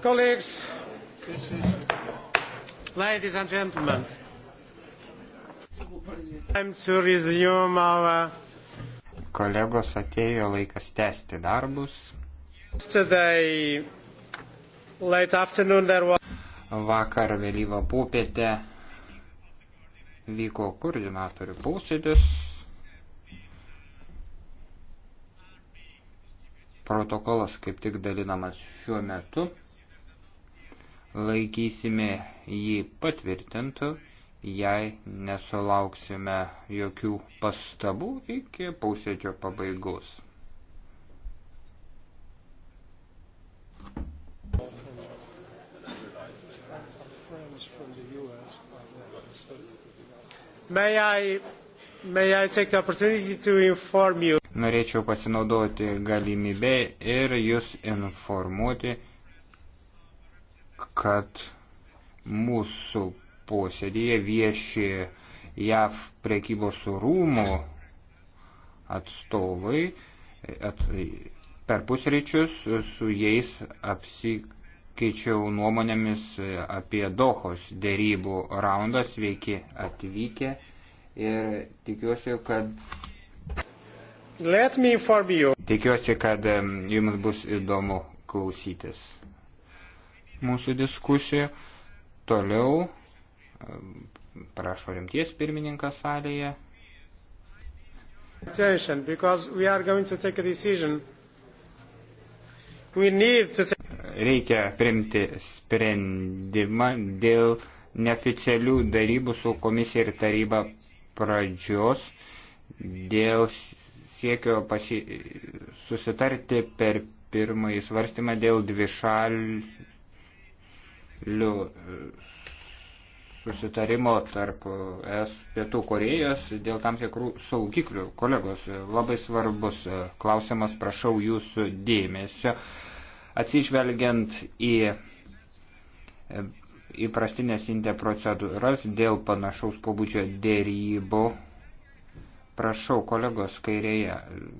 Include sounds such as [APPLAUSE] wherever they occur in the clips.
Colleagues, ladies and gentlemen, time to resume our. Kolegos atėjo laikas tęsti darbus. Yesterday, late afternoon, there was. Vakar vėlyvą popietę vyko koordinatorių posėdis. Protokolas kaip tik dalinamas šiuo metu. Laikysime jį patvirtintų, jei nesulauksime jokių pastabų iki pusėdžio pabaigos. May I, may I take the opportunity to inform you Norėčiau pasinaudoti galimybę ir jūs informuoti, kad mūsų posėdėje vieši JAV prekybos rūmų atstovai at, per pusryčius su jais apsikeičiau nuomonėmis apie Dohos dėrybų raundą. Sveiki atvykę ir tikiuosi, kad Tikiuosi, kad jums bus įdomu klausytis mūsų diskusijų. Toliau prašo rimties pirmininkas salėje. Reikia primti sprendimą dėl neoficialių darybų su komisija ir taryba pradžios dėl siekio pasi... susitarti per pirmąjį svarstymą dėl dvišalių e, susitarimo tarp es pietų Korejos dėl tam tikrų saugiklių. Kolegos, labai svarbus e, klausimas, prašau jūsų dėmesio. Atsižvelgiant į e, įprastinės inte procedūras dėl panašaus pobūdžio dėrybų Prašau, kolegos kairėje,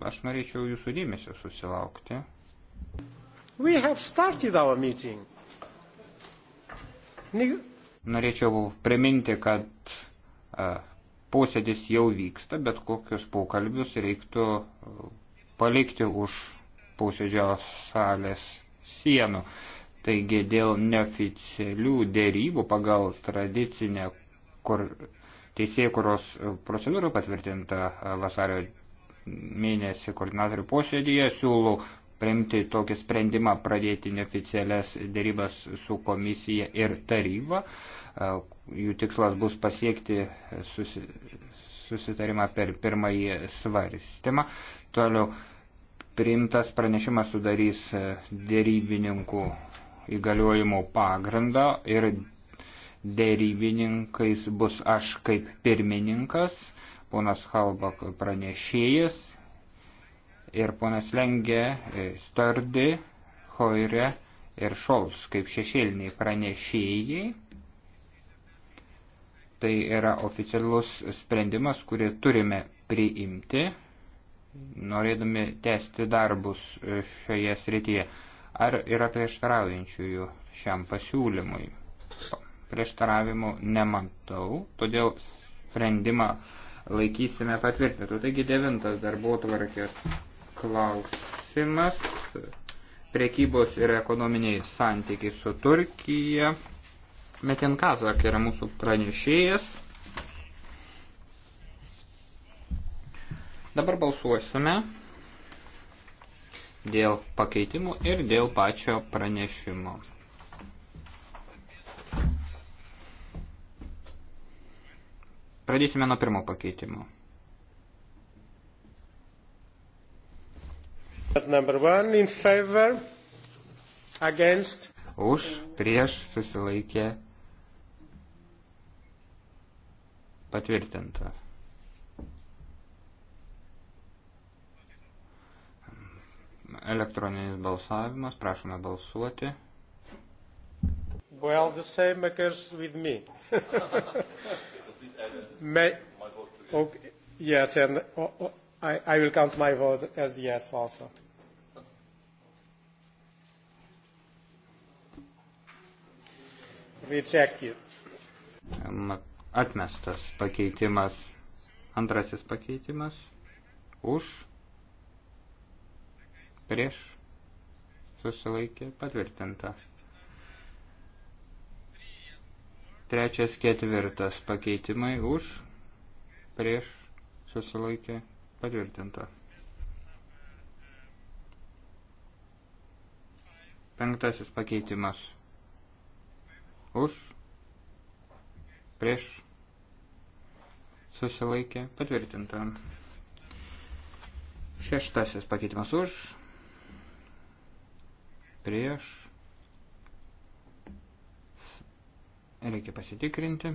aš norėčiau jūsų dėmesio susilaukti. Norėčiau priminti, kad a, posėdis jau vyksta, bet kokius pokalbius reiktų palikti už posėdžio salės sienų. Taigi dėl neoficialių dėrybų pagal tradicinę kur teisėkuros procedūra patvirtinta vasario mėnesį koordinatorių posėdėje. Siūlau priimti tokį sprendimą, pradėti neoficialias dėrybas su komisija ir taryba. Jų tikslas bus pasiekti susi, susitarimą per pirmąjį svarstymą. Toliau priimtas pranešimas sudarys dėrybininkų įgaliojimų pagrindą ir dėrybininkais bus aš kaip pirmininkas, ponas Halbak pranešėjas ir ponas Lengė, e, Stardi, Hoire ir Šols kaip šešėliniai pranešėjai. Tai yra oficialus sprendimas, kurį turime priimti, norėdami tęsti darbus e, šioje srityje. Ar yra prieštaraujančiųjų šiam pasiūlymui? prieštaravimų nematau, todėl sprendimą laikysime patvirtintų. Taigi devintas darbo tvarkės klausimas. Prekybos ir ekonominiai santykiai su Turkija. Metin Kazak yra mūsų pranešėjas. Dabar balsuosime dėl pakeitimų ir dėl pačio pranešimo. Pradėsime nuo pirmo pakeitimo. Favor, against... Už, prieš, susilaikė, patvirtinta. Elektroninis balsavimas, prašome balsuoti. Well, the same occurs with me. [LAUGHS] May, okay, yes, and oh, oh, I, I will count my vote as yes also. Rejected. Atmestas pakeitimas. Antrasis pakeitimas. Už. Prieš. Susilaikė. Patvirtinta. Trečias, ketvirtas pakeitimai už, prieš, susilaikė, patvirtinta. Penktasis pakeitimas už, prieš, susilaikė, patvirtinta. Šeštasis pakeitimas už, prieš, Reikia pasitikrinti.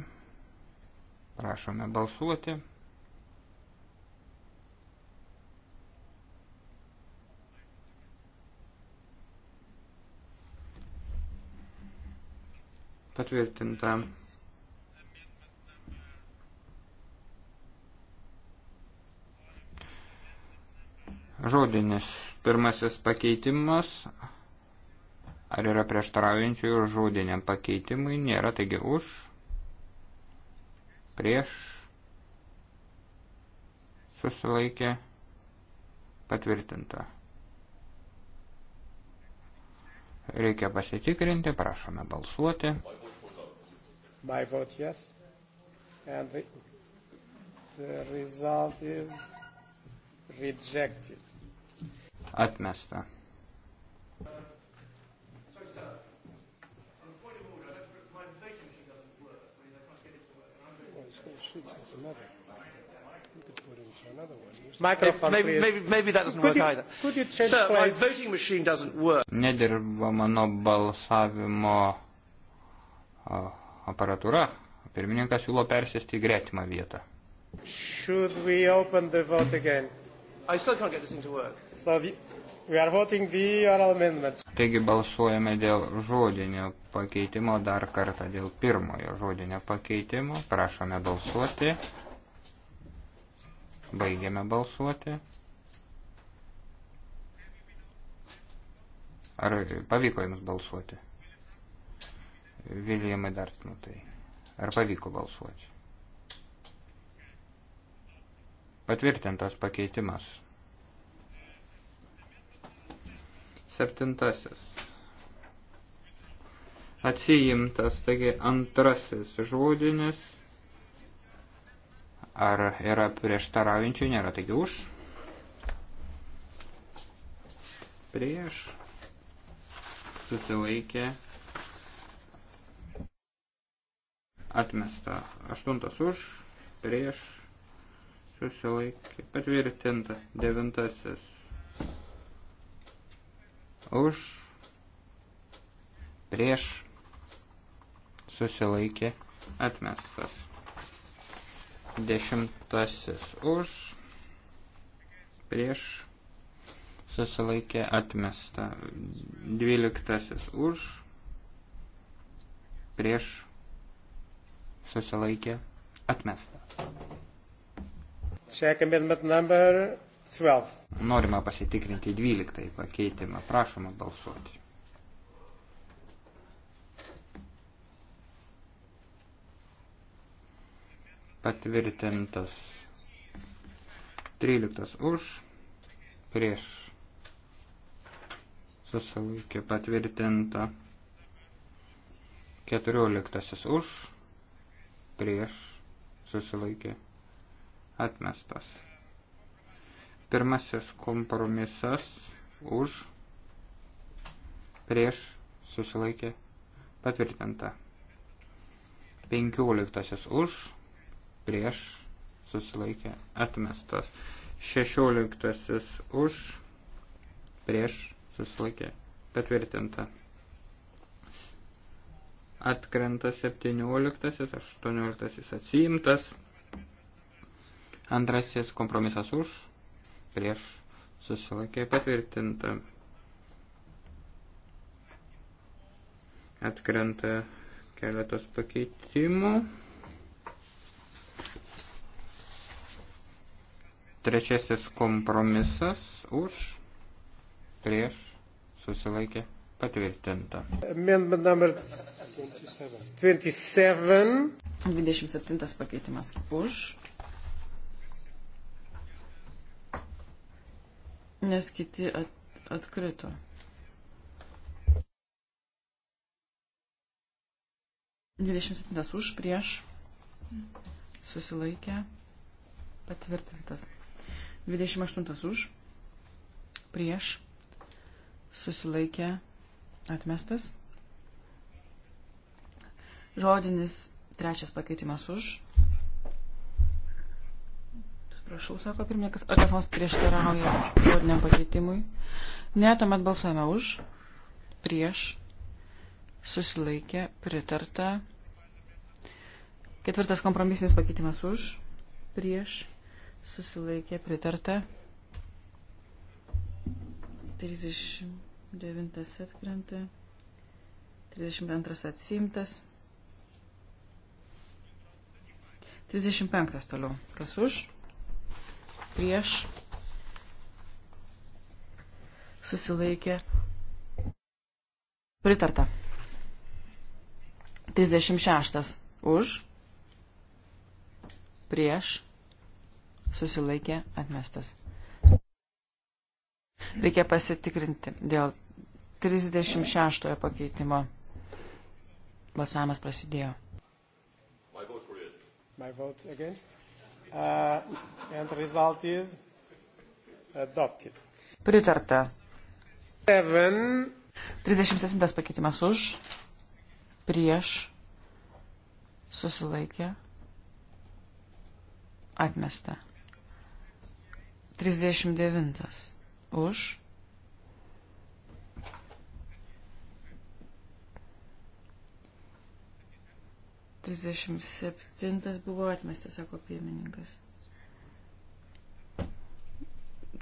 Prašome balsuoti. Patvirtinta. Žodinis pirmasis pakeitimas Ar yra prieštaraujančių žodiniam pakeitimui? Nėra, taigi už, prieš, susilaikė, patvirtinta. Reikia pasitikrinti, prašome balsuoti. My vote yes. And the, the result is rejected. Atmesta. six is another. You could put into another one. You Microphone, maybe, please. maybe, maybe that doesn't could work you, either. Could you change Sir, place? my voting machine doesn't work. Nedirba mano balsavimo aparatūra. Pirmininkas siūlo persėsti į gretimą vietą. Should we open the vote again? I still can't get this thing to work. So Taigi balsuojame dėl žodinio pakeitimo, dar kartą dėl pirmojo žodinio pakeitimo. Prašome balsuoti. Baigiame balsuoti. Ar pavyko jums balsuoti? Viljamai Dartmutai. Nu ar pavyko balsuoti? Patvirtintas pakeitimas. Septintasis. Atsijimtas, taigi antrasis žodinis. Ar yra prieštaraujančių, nėra, taigi už. Prieš. Susilaikė. Atmesta. Aštuntas už. Prieš. Susilaikė. Patvirtinta. Devintasis už, prieš, susilaikė, atmestas. Dešimtasis už, prieš, susilaikė, atmesta. Dvyliktasis už, prieš, susilaikė, atmesta. Check amendment number 12. Norima pasitikrinti 12 pakeitimą. Prašoma balsuoti. Patvirtintas 13 už, prieš susilaikė patvirtinta 14 už, prieš susilaikė atmestas. Pirmasis kompromisas už, prieš, susilaikė, patvirtinta. Penkioliktasis už, prieš, susilaikė, atmestas. Šešioliktasis už, prieš, susilaikė, patvirtinta. Atkrenta 17, 18 atsiimtas. Antrasis kompromisas už, prieš susilaikė patvirtinta. Atkrenta keletas pakeitimų. Trečiasis kompromisas už, prieš, susilaikė, patvirtinta. Amendment number 27. 27 pakeitimas už, nes kiti at, atkrito. Dvidešimt septintas už, prieš, susilaikė, patvirtintas. Dvidešimt aštuntas už, prieš, susilaikė, atmestas. Žodinis trečias pakeitimas už, Atsiprašau, sako pirmininkas, ar kas nors prieštarauja žodiniam pakeitimui? Ne, tuomet balsuojame už, prieš, susilaikė, pritarta. Ketvirtas kompromisinis pakeitimas už, prieš, susilaikė, pritarta. 39 atkrenta, 32 atsimtas. 35 toliau. Kas už? prieš susilaikė pritarta. 36 už prieš susilaikė atmestas. Reikia pasitikrinti dėl 36 pakeitimo. Balsavimas prasidėjo. My vote against. Uh, and result is adopted. Pritarta. 7. 37 pakeitimas už, prieš, susilaikė, atmesta. 39 už, 37 buvo atmestas, sako pirmininkas.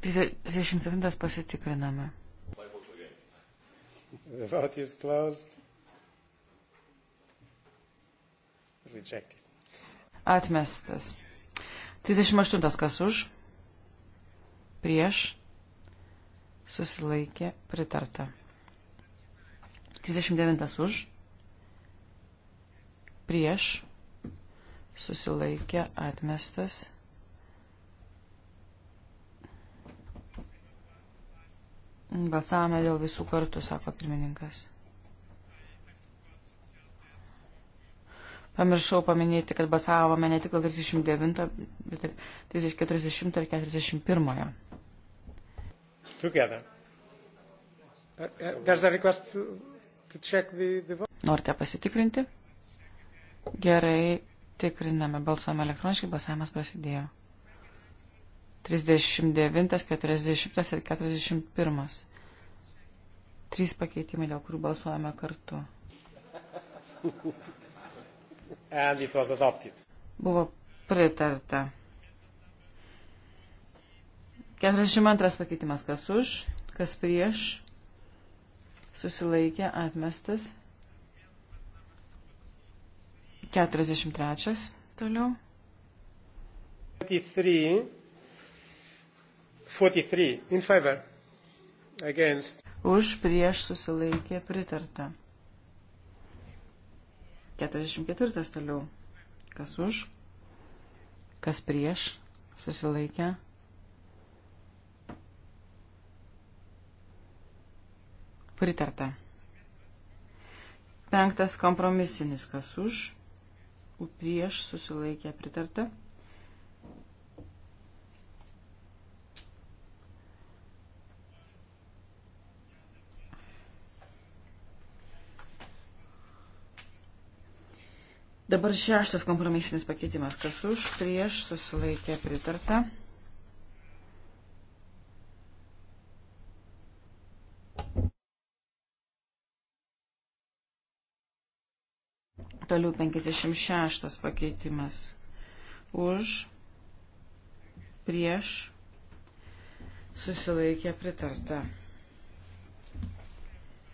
37 pasitikriname. The vote is closed. Rejected. Atmestas. 38 kas už, prieš, susilaikė, pritarta. 39 už, prieš, susilaikė atmestas. Balsavome dėl visų kartų, sako pirmininkas. Pamiršau paminėti, kad balsavome ne tik dėl 39, bet ir 40 ir 41. Together. Uh, uh, Norite pasitikrinti? Gerai, tikriname. Balsuojame elektroniškai, balsavimas prasidėjo. 39, 40 ir 41. Trys pakeitimai, dėl kurių balsuojame kartu. Buvo pritarta. 42 pakeitimas, kas už, kas prieš, susilaikė, atmestas. 43 toliau. 43. 43 in favor. Against. Už prieš susilaikė pritarta. 44 toliau. Kas už? Kas prieš? Susilaikė. Pritarta. Penktas kompromisinis. Kas už? prieš susilaikė pritarta. Dabar šeštas kompromisinis pakeitimas, kas už, prieš susilaikė pritarta. Toliau 56 pakeitimas. Už, prieš, susilaikė pritarta.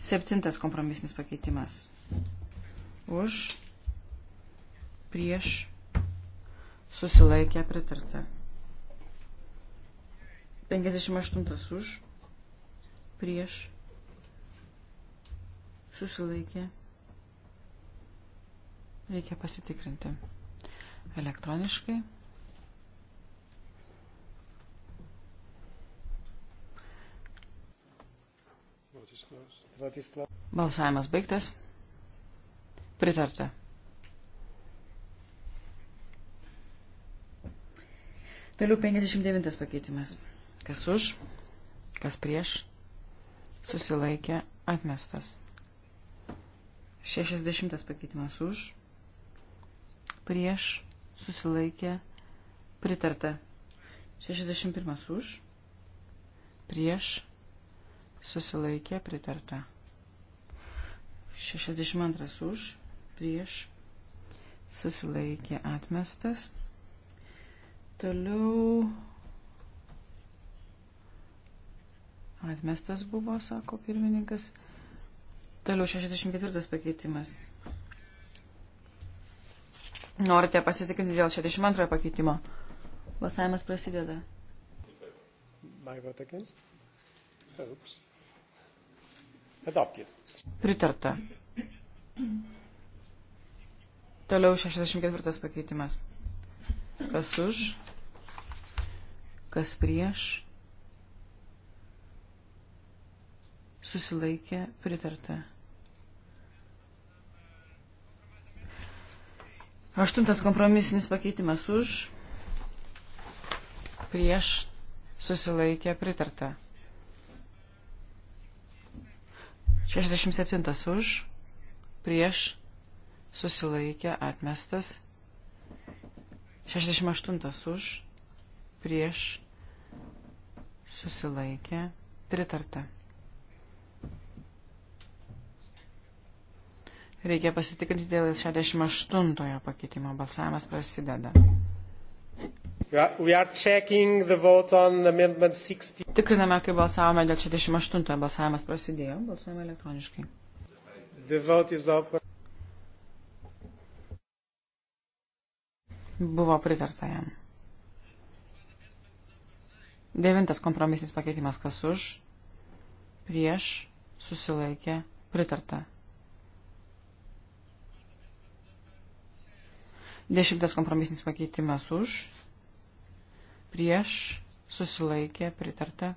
Septintas kompromisinis pakeitimas. Už, prieš, susilaikė pritarta. 58 už, prieš, susilaikė pritarta Reikia pasitikrinti elektroniškai. Balsavimas baigtas. Pritarta. Toliau 59 pakeitimas. Kas už, kas prieš, susilaikė, atmestas. 60 pakeitimas už, prieš, susilaikė, pritarta. 61 už, prieš, susilaikė, pritarta. 62 už, prieš, susilaikė, atmestas. Toliau atmestas buvo, sako pirmininkas. Toliau 64 pakeitimas. Norite pasitikinti dėl 62 pakeitimo? Balsavimas prasideda. Pritarta. Toliau 64 pakeitimas. Kas už? Kas prieš? Susilaikė pritarta. Aštuntas kompromisinis pakeitimas už, prieš, susilaikė, pritarta. 67 už, prieš, susilaikė, atmestas. 68 už, prieš, susilaikė, pritarta. Reikia pasitikrinti dėl 68 pakeitimo. Balsavimas prasideda. Tikriname, kaip balsavome dėl 68 balsavimas prasidėjo. Balsuojame elektroniškai. Buvo pritarta jam. Devintas kompromisinis pakeitimas kas už, prieš, susilaikė, pritarta. Dešimtas kompromisinis pakeitimas už, prieš, susilaikė, pritarta.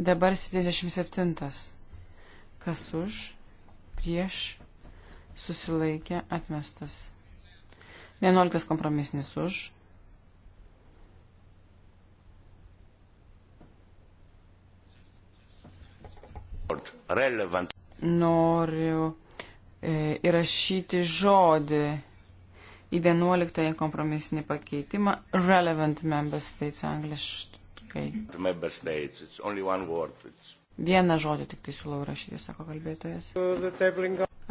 Dabar 77. Kas už, prieš, susilaikė, atmestas. 11 kompromisinis už, Noriu e, įrašyti žodį į 11 kompromisinį pakeitimą relevant member states angliškai. Member states, it's only one word. It's... Vieną žodį tik tai siūlau rašyti, sako kalbėtojas.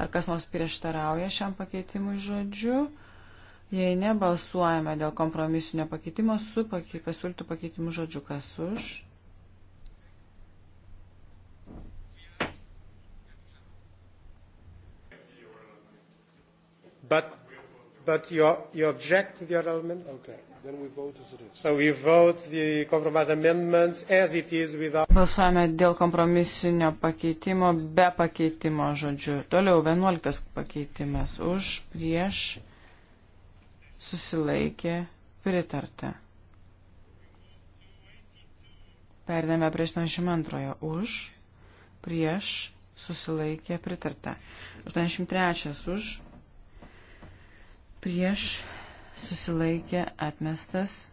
Ar kas nors prieštarauja šiam pakeitimui žodžiu? Jei nebalsuojame dėl kompromisinio pakeitimo su pakei, pasiūlytų pakeitimu žodžiu, kas už, But, but you, you object to the oral amendment? Okay. Then we vote as it is. So we vote the compromise amendments as it is without... Balsuojame dėl kompromisinio pakeitimo be pakeitimo žodžiu. Toliau 11 pakeitimas. Už, prieš, susilaikė, pritarta. Perdėme prie 82. Už, prieš, susilaikė, pritarta. 83. Už, prieš susilaikė atmestas.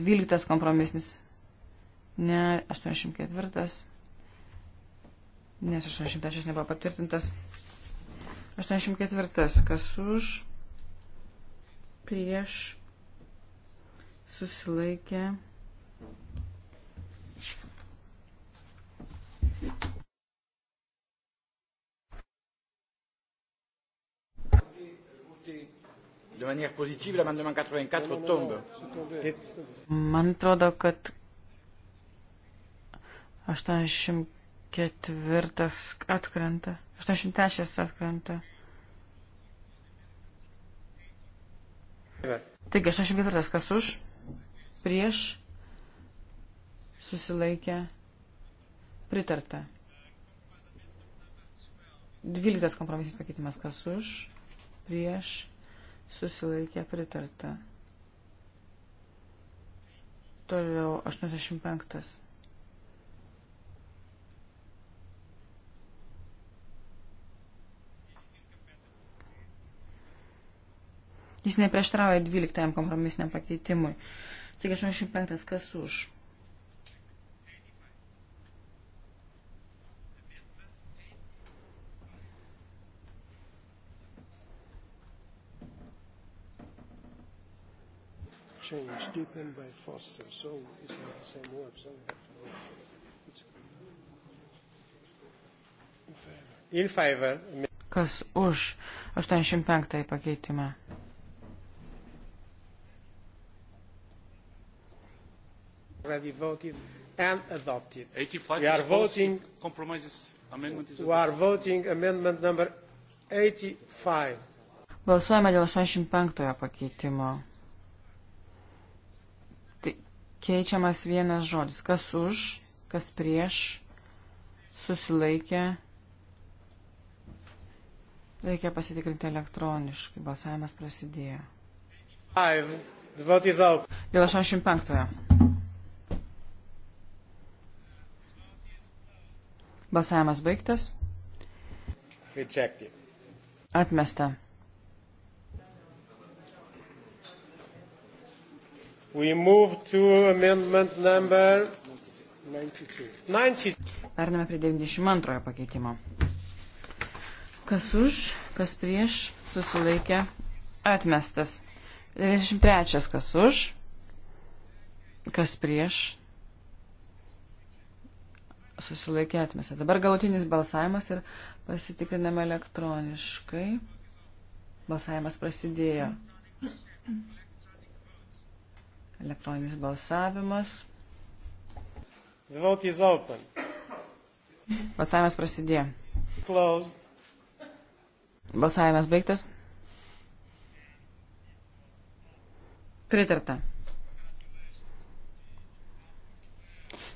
Dvyliktas kompromisnis. Ne 84. Nes 86 nebuvo patvirtintas. 84. Kas už? Prieš susilaikė atmestas manière positive, l'amendement 84 tombe. Man atrodo, kad 84 atkrenta. 83 atkrenta. Taigi, 84 kas už, prieš, susilaikė, pritarta. 12 kompromisinis pakeitimas kas už, prieš, susilaikė pritarta. Toliau 85. Jis neprieštrauja 12 kompromisiniam pakeitimui. Tik 85. Kas už? changed, deepened by foster, so it's not the same word, so we have to work it. In favor. In favor. Kas už 85 pakeitimą? Already voted and adopted. 85 we are voting compromises amendment is adopted. We are voting amendment number 85. Balsuojame dėl 85 pakeitimo keičiamas vienas žodis. Kas už, kas prieš, susilaikė. Reikia pasitikrinti elektroniškai. Balsavimas prasidėjo. Dėl 85. Balsavimas baigtas. Atmesta. We move to amendment number 92. Pername prie 92 pakeitimo. Kas už, kas prieš, susilaikė, atmestas. 93 kas už, kas prieš, susilaikė, atmestas. Dabar galutinis balsavimas ir pasitikriname elektroniškai. Balsavimas prasidėjo. Mm -hmm. Elektroninis balsavimas. The vote is open. Balsavimas prasidėjo. Closed. Balsavimas baigtas. Pritarta.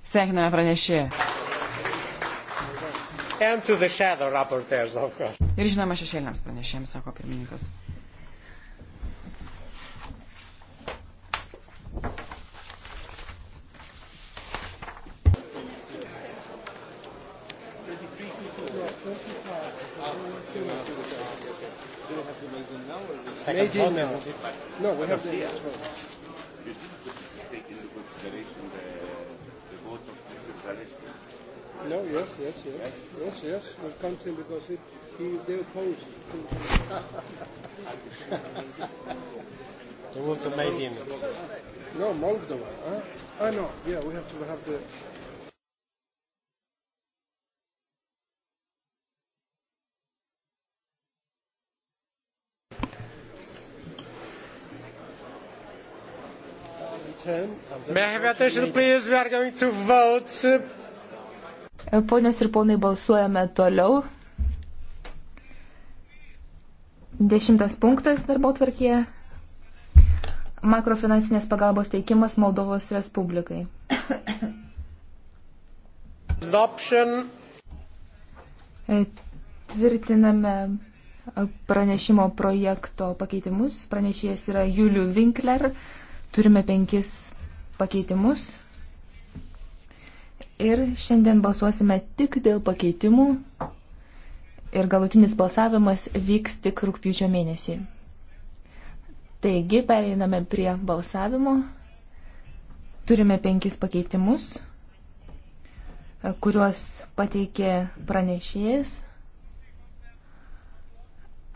Sveikiname pranešėją. Ir žinoma šešėliniams pranešėjams, sako pirmininkas. Second Maybe vote, no. isn't it? No, we have the yeah. You didn't take into consideration the, the vote of Mr. Zaleski. No, yes, yes, yes. Yes, yes, yes. we counting because it, he, they opposed. To [LAUGHS] they want to make him. No, Moldova. Huh? Ah, no, yeah, we have to have the... May I have attention, please? We are going to vote. Ponios ir ponai, balsuojame toliau. Dešimtas punktas darbo tvarkėje. Makrofinansinės pagalbos teikimas Moldovos Respublikai. Adoption. E, tvirtiname pranešimo projekto pakeitimus. Pranešėjas yra Juliu Winkler. Turime penkis pakeitimus ir šiandien balsuosime tik dėl pakeitimų ir galutinis balsavimas vyks tik rūpjūčio mėnesį. Taigi, pereiname prie balsavimo. Turime penkis pakeitimus, kuriuos pateikė pranešėjas.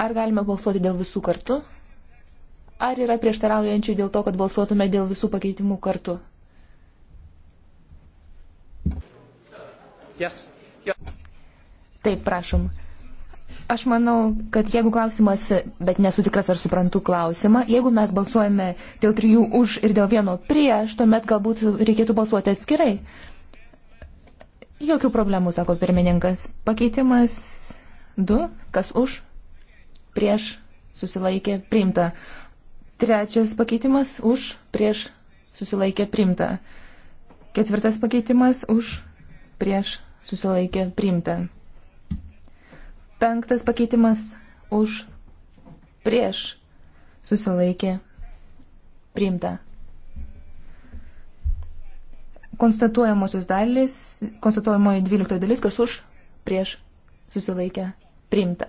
Ar galime balsuoti dėl visų kartų? Ar yra prieštaraujančių dėl to, kad balsuotume dėl visų pakeitimų kartu? Yes. Yeah. Taip, prašom. Aš manau, kad jeigu klausimas, bet nesu tikras, ar suprantu klausimą, jeigu mes balsuojame dėl trijų už ir dėl vieno prieš, tuomet galbūt reikėtų balsuoti atskirai. Jokių problemų, sako pirmininkas. Pakeitimas 2, kas už, prieš, susilaikė, priimta. Trečias pakeitimas už, prieš, susilaikė primta. Ketvirtas pakeitimas už, prieš, susilaikė primta. Penktas pakeitimas už, prieš, susilaikė primta. Konstatuojamosios dalys, konstatuojamoji 12 dalis, kas už, prieš, susilaikė primta.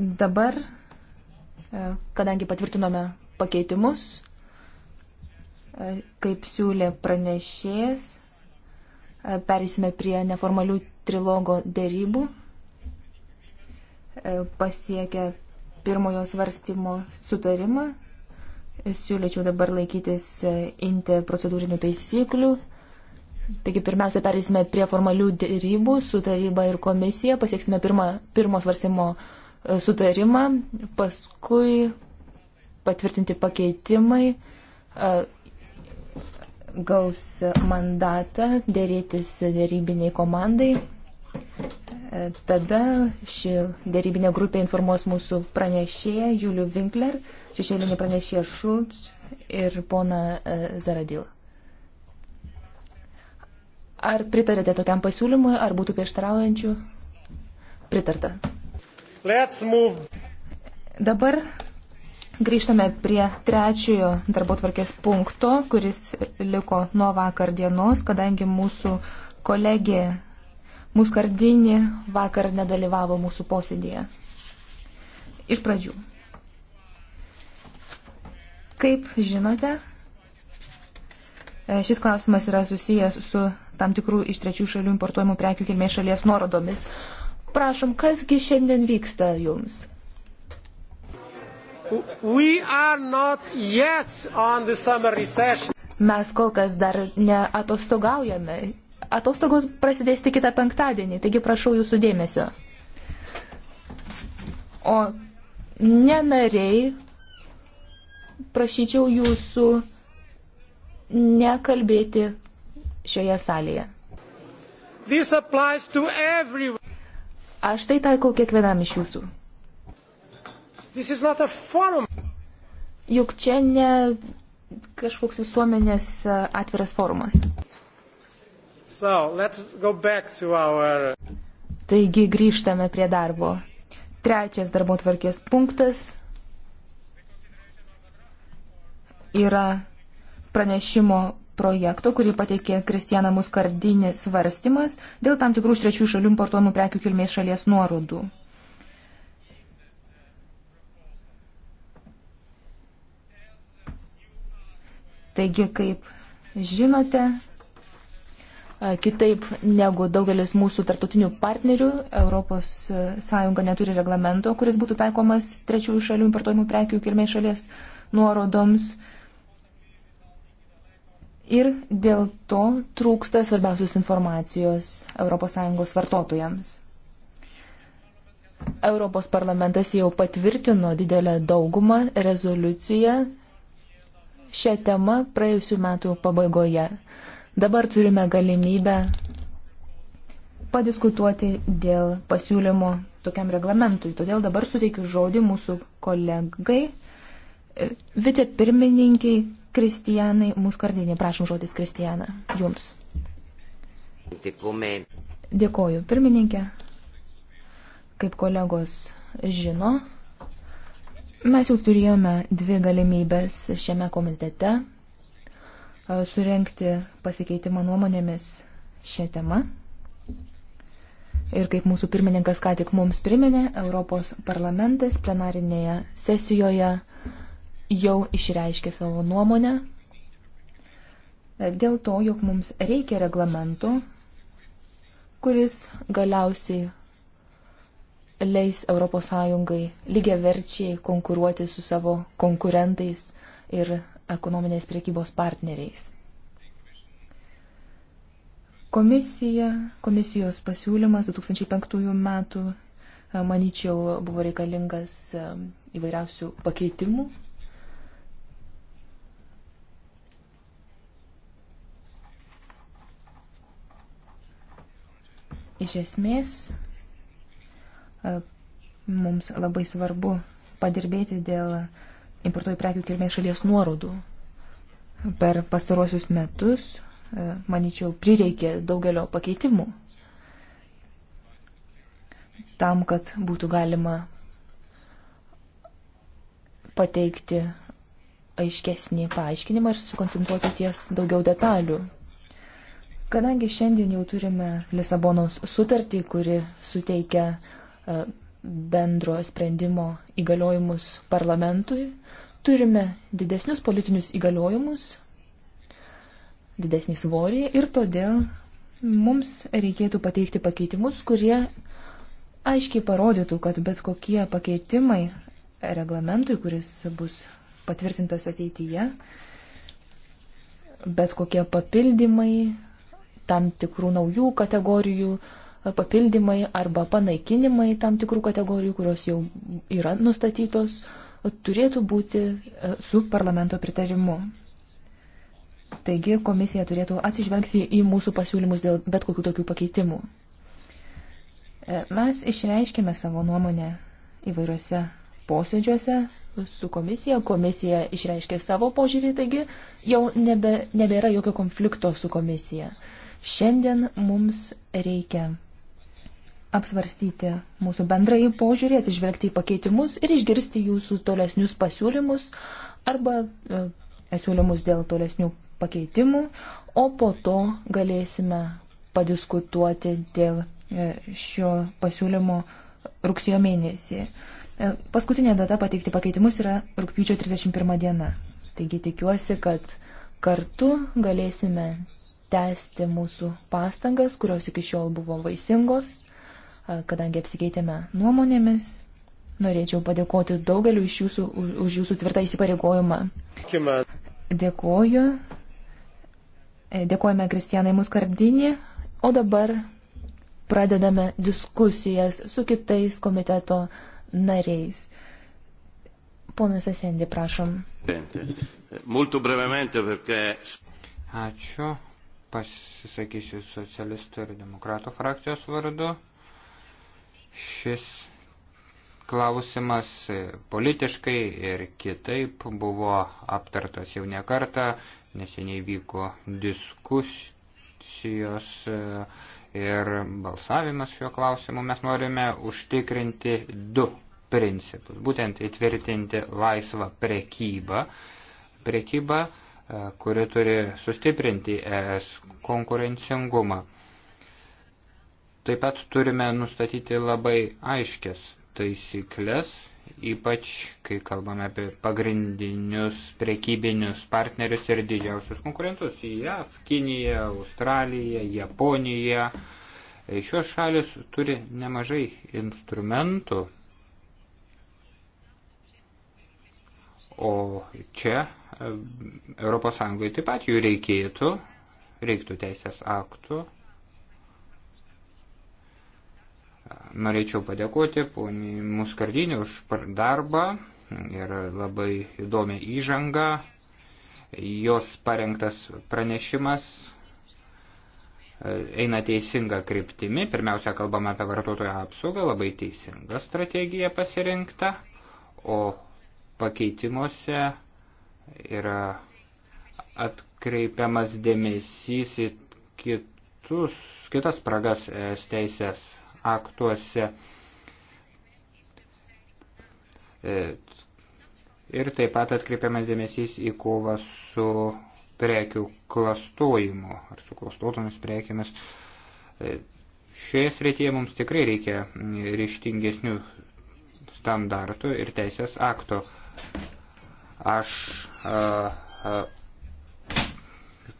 Dabar E, kadangi patvirtinome pakeitimus, e, kaip siūlė pranešėjas, e, perėsime prie neformalių trilogo dėrybų, pasiekę pirmojo svarstymo sutarimą. Siūlyčiau dabar laikytis inte procedūrinių taisyklių. Taigi pirmiausia, perėsime prie formalių dėrybų su taryba ir komisija, pasieksime pirmą, pirmo svarstymo uh, sutarimą, paskui patvirtinti pakeitimai gaus mandatą dėrėtis dėrybiniai komandai. Tada ši dėrybinė grupė informuos mūsų pranešėją Julių Winkler, šešėlinį pranešėją Šulc ir pona Zaradilą. Ar pritarėte tokiam pasiūlymui, ar būtų prieštaraujančių? Pritarta. Dabar grįžtame prie trečiojo darbo tvarkės punkto, kuris liko nuo vakar dienos, kadangi mūsų kolegė Muskardinė vakar nedalyvavo mūsų posėdėje. Iš pradžių. Kaip žinote, šis klausimas yra susijęs su tam tikrų iš trečių šalių importuojamų prekių kilmės šalies nuorodomis. Prašom, kasgi šiandien vyksta jums? Mes kol kas dar neatostogaujame. Atostogos prasidės tik kitą penktadienį, taigi prašau jūsų dėmesio. O nenariai prašyčiau jūsų nekalbėti šioje salėje. This applies to everyone. Aš tai taikau kiekvienam iš jūsų. Juk čia ne kažkoks visuomenės e, atviras forumas. So, our... Taigi grįžtame prie darbo. Trečias darbo tvarkės punktas yra pranešimo projekto, kurį pateikė Kristijana Muskardinė svarstymas dėl tam tikrų iš trečių šalių importuojamų prekių kilmės šalies nuorodų. Taigi, kaip žinote, kitaip negu daugelis mūsų tartutinių partnerių, ES neturi reglamento, kuris būtų taikomas trečiųjų šalių importuojamų prekių kilmės šalies nuorodoms ir dėl to trūksta svarbiausios informacijos ES vartotojams. Europos parlamentas jau patvirtino didelę daugumą rezoliuciją šią temą praėjusių metų pabaigoje. Dabar turime galimybę padiskutuoti dėl pasiūlymo tokiam reglamentui. Todėl dabar suteikiu žodį mūsų kolegai, vicepirmininkiai Kristijanai Muskardinė. Prašom žodis Kristijana jums. Dėkoju, pirmininkė. Kaip kolegos žino, mes jau turėjome dvi galimybės šiame komitete e, surenkti pasikeitimą nuomonėmis šią temą. Ir kaip mūsų pirmininkas ką tik mums priminė, Europos parlamentas plenarinėje sesijoje jau išreiškė savo nuomonę dėl to, jog mums reikia reglamento, kuris galiausiai leis ES lygiai verčiai konkuruoti su savo konkurentais ir ekonominės priekybos partneriais. Komisija, komisijos pasiūlymas 2005 metų, manyčiau, buvo reikalingas e, įvairiausių pakeitimų Iš esmės, e, mums labai svarbu padirbėti dėl importuojų prekių kilmės šalies nuorodų. Per pastarosius metus, e, manyčiau, prireikė daugelio pakeitimų tam, kad būtų galima pateikti aiškesnį paaiškinimą ir susikoncentruoti ties daugiau detalių Kadangi šiandien jau turime Lisabonos sutartį, kuri suteikia e, bendro sprendimo įgaliojimus parlamentui, turime didesnius politinius įgaliojimus, didesnį svorį ir todėl mums reikėtų pateikti pakeitimus, kurie aiškiai parodytų, kad bet kokie pakeitimai reglamentui, kuris bus patvirtintas ateityje, bet kokie papildymai, tam tikrų naujų kategorijų e, papildymai arba panaikinimai tam tikrų kategorijų, kurios jau yra nustatytos, e, turėtų būti e, su parlamento pritarimu. Taigi komisija turėtų atsižvelgti į mūsų pasiūlymus dėl bet kokių tokių pakeitimų. Mes išreiškėme savo nuomonę įvairiuose posėdžiuose su komisija, komisija išreiškė savo požiūrį, taigi jau nebe, nebėra jokio konflikto su komisija. Šiandien mums reikia apsvarstyti mūsų bendrąjį požiūrį, atsižvelgti į pakeitimus ir išgirsti jūsų tolesnius pasiūlymus arba e, siūlymus dėl tolesnių pakeitimų, o po to galėsime padiskutuoti dėl e, šio pasiūlymo rugsėjo mėnesį. E, paskutinė data pateikti pakeitimus yra rugpjūčio 31 diena. Taigi tikiuosi, kad kartu galėsime tęsti mūsų pastangas, kurios iki šiol buvo vaisingos, kadangi apsikeitėme nuomonėmis. Norėčiau padėkoti daugeliu iš jūsų už jūsų tvirtą įsipareigojimą. Dėkoju. E, dėkojame Kristijanai Muskardinį, o dabar pradedame diskusijas su kitais komiteto nariais. Ponas Asendi, prašom. Ačiū pasisakysiu socialistų ir demokratų frakcijos vardu. Šis klausimas politiškai ir kitaip buvo aptartas jau ne kartą, neseniai vyko diskusijos e, ir balsavimas šiuo klausimu. Mes norime užtikrinti du principus. Būtent įtvirtinti laisvą prekybą. Prekyba, prekyba E, kuri turi sustiprinti ES konkurencingumą. Taip pat turime nustatyti labai aiškias taisyklės, ypač kai kalbame apie pagrindinius prekybinius partnerius ir didžiausius konkurentus - JAV, Kinija, Australija, Japonija. E, šios šalis turi nemažai instrumentų, o čia ES taip pat jų reikėtų, reiktų teisės aktų. Norėčiau padėkoti poniai Muskardinį už darbą ir labai įdomią įžangą. Jos parengtas pranešimas e, eina teisinga kryptimi. Pirmiausia, kalbame apie vartotojo apsaugą, labai teisinga strategija pasirinkta, o pakeitimuose yra atkreipiamas dėmesys į kitus, kitas spragas teisės aktuose. E, ir taip pat atkreipiamas dėmesys į kovą su prekių klastojimu ar su klastotomis prekiamis. E, šioje srityje mums tikrai reikia ryštingesnių standartų ir teisės akto. Aš a, a,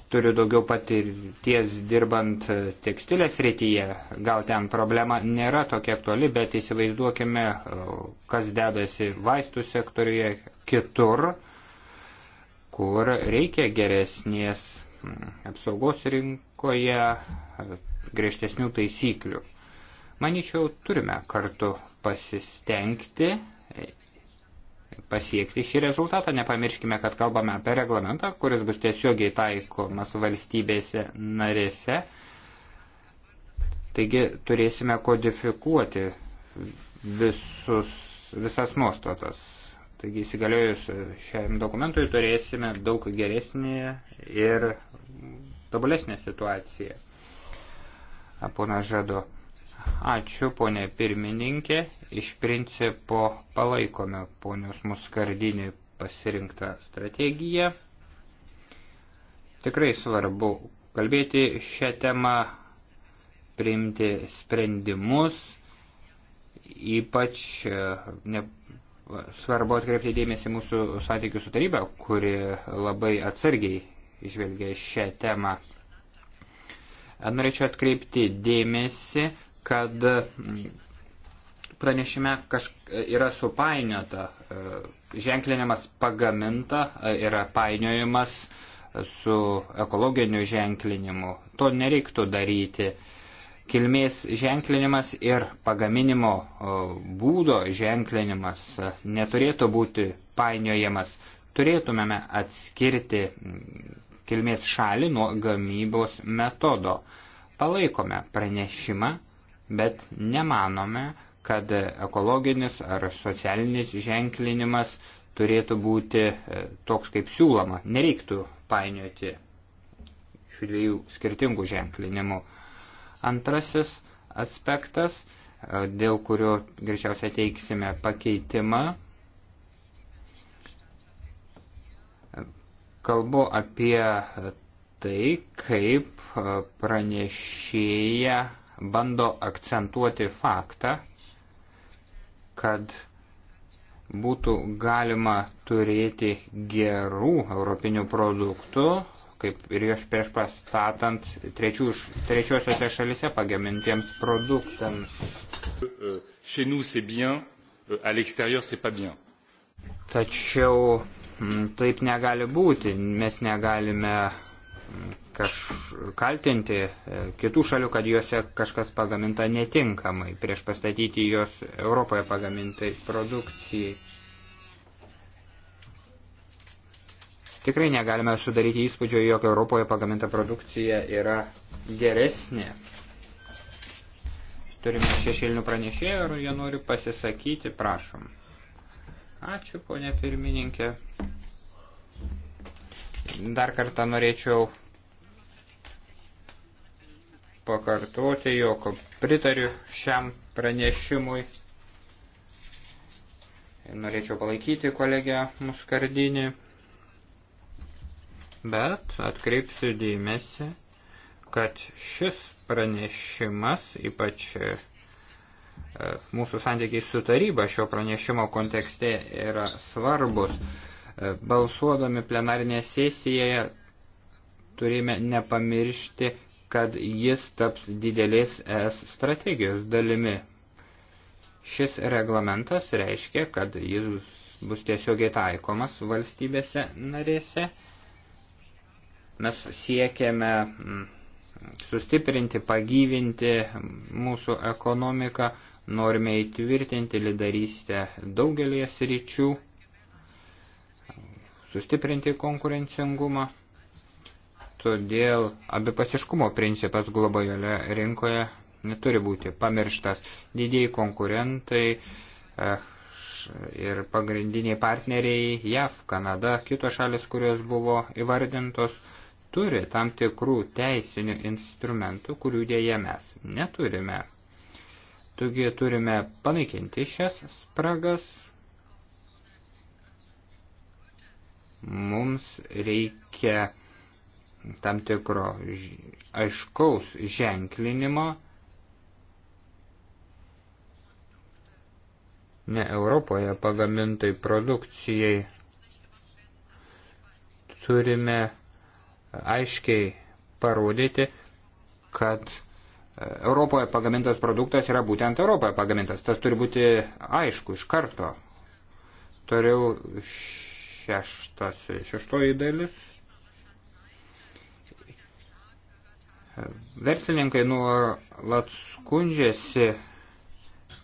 turiu daugiau patirties dirbant tekstilės rytyje, gal ten problema nėra tokia aktuali, bet įsivaizduokime, kas dedasi vaistų sektoriuje kitur, kur reikia geresnės apsaugos rinkoje, griežtesnių taisyklių. Maničiau, turime kartu pasistengti, pasiekti šį rezultatą. Nepamirškime, kad kalbame apie reglamentą, kuris bus tiesiogiai taikomas valstybėse narėse. Taigi turėsime kodifikuoti visus, visas nuostatas. Taigi įsigaliojus šiam dokumentui turėsime daug geresnį ir tobulesnę situaciją. Pona Žado Ačiū, ponė pirmininkė. Iš principo palaikome ponios muskardinį pasirinktą strategiją. Tikrai svarbu kalbėti šią temą, priimti sprendimus, ypač e, ne, svarbu atkreipti dėmesį mūsų santykių su taryba, kuri labai atsargiai išvelgia šią temą. Norėčiau atkreipti dėmesį, kad mm, pranešime yra supainiota, e, ženklinimas pagaminta e, yra painiojimas e, su ekologiniu ženklinimu. To nereiktų daryti. Kilmės ženklinimas ir pagaminimo būdo ženklinimas neturėtų būti painiojamas. Turėtumėme atskirti mm, kilmės šalį nuo gamybos metodo. Palaikome pranešimą bet nemanome, kad ekologinis ar socialinis ženklinimas turėtų būti e, toks kaip siūloma. Nereiktų painioti šių dviejų skirtingų ženklinimų. Antrasis aspektas, e, dėl kurio greičiausiai teiksime pakeitimą, kalbu apie tai, kaip e, pranešėja bando akcentuoti faktą, kad būtų galima turėti gerų europinių produktų, kaip ir jos prieš pastatant trečių, trečiosiose šalise pagamintiems produktams. Chez nous c'est bien, euh, à l'extérieur c'est pas bien. Tačiau mm, taip negali būti, mes negalime kaž, kaltinti e, kitų šalių, kad juose kažkas pagaminta netinkamai, prieš pastatyti juos Europoje pagamintai produkcijai. Tikrai negalime sudaryti įspūdžio, jog Europoje pagaminta produkcija yra geresnė. Turime šešėlinių pranešėjų ir jie nori pasisakyti, prašom. Ačiū, ponė pirmininkė. Dar kartą norėčiau pakartoti, jog pritariu šiam pranešimui. Norėčiau palaikyti kolegę Muskardinį, bet atkreipsiu dėmesį, kad šis pranešimas, ypač e, mūsų santykiai su taryba šio pranešimo kontekste yra svarbus. Balsuodami plenarinėje sesijoje turime nepamiršti, kad jis taps didelės ES strategijos dalimi. Šis reglamentas reiškia, kad jis bus tiesiogiai taikomas valstybėse narėse. Mes siekiame mm, sustiprinti, pagyvinti mūsų ekonomiką, norime įtvirtinti lyderystę daugelį sričių sustiprinti konkurencingumą. Todėl abipasiškumo principas globalioje rinkoje neturi būti pamirštas. Didieji konkurentai eh, ir pagrindiniai partneriai JAV, Kanada, kitos šalis, kurios buvo įvardintos, turi tam tikrų teisinių instrumentų, kurių dėje mes neturime. Taigi turime panaikinti šias spragas, mums reikia tam tikro aiškaus ženklinimo ne Europoje pagamintai produkcijai. Turime aiškiai parodyti, kad e, Europoje pagamintas produktas yra būtent Europoje pagamintas. Tas turi būti aišku iš karto. Toliau šeštas, šeštoji dalis. Verslininkai nuolat skundžiasi,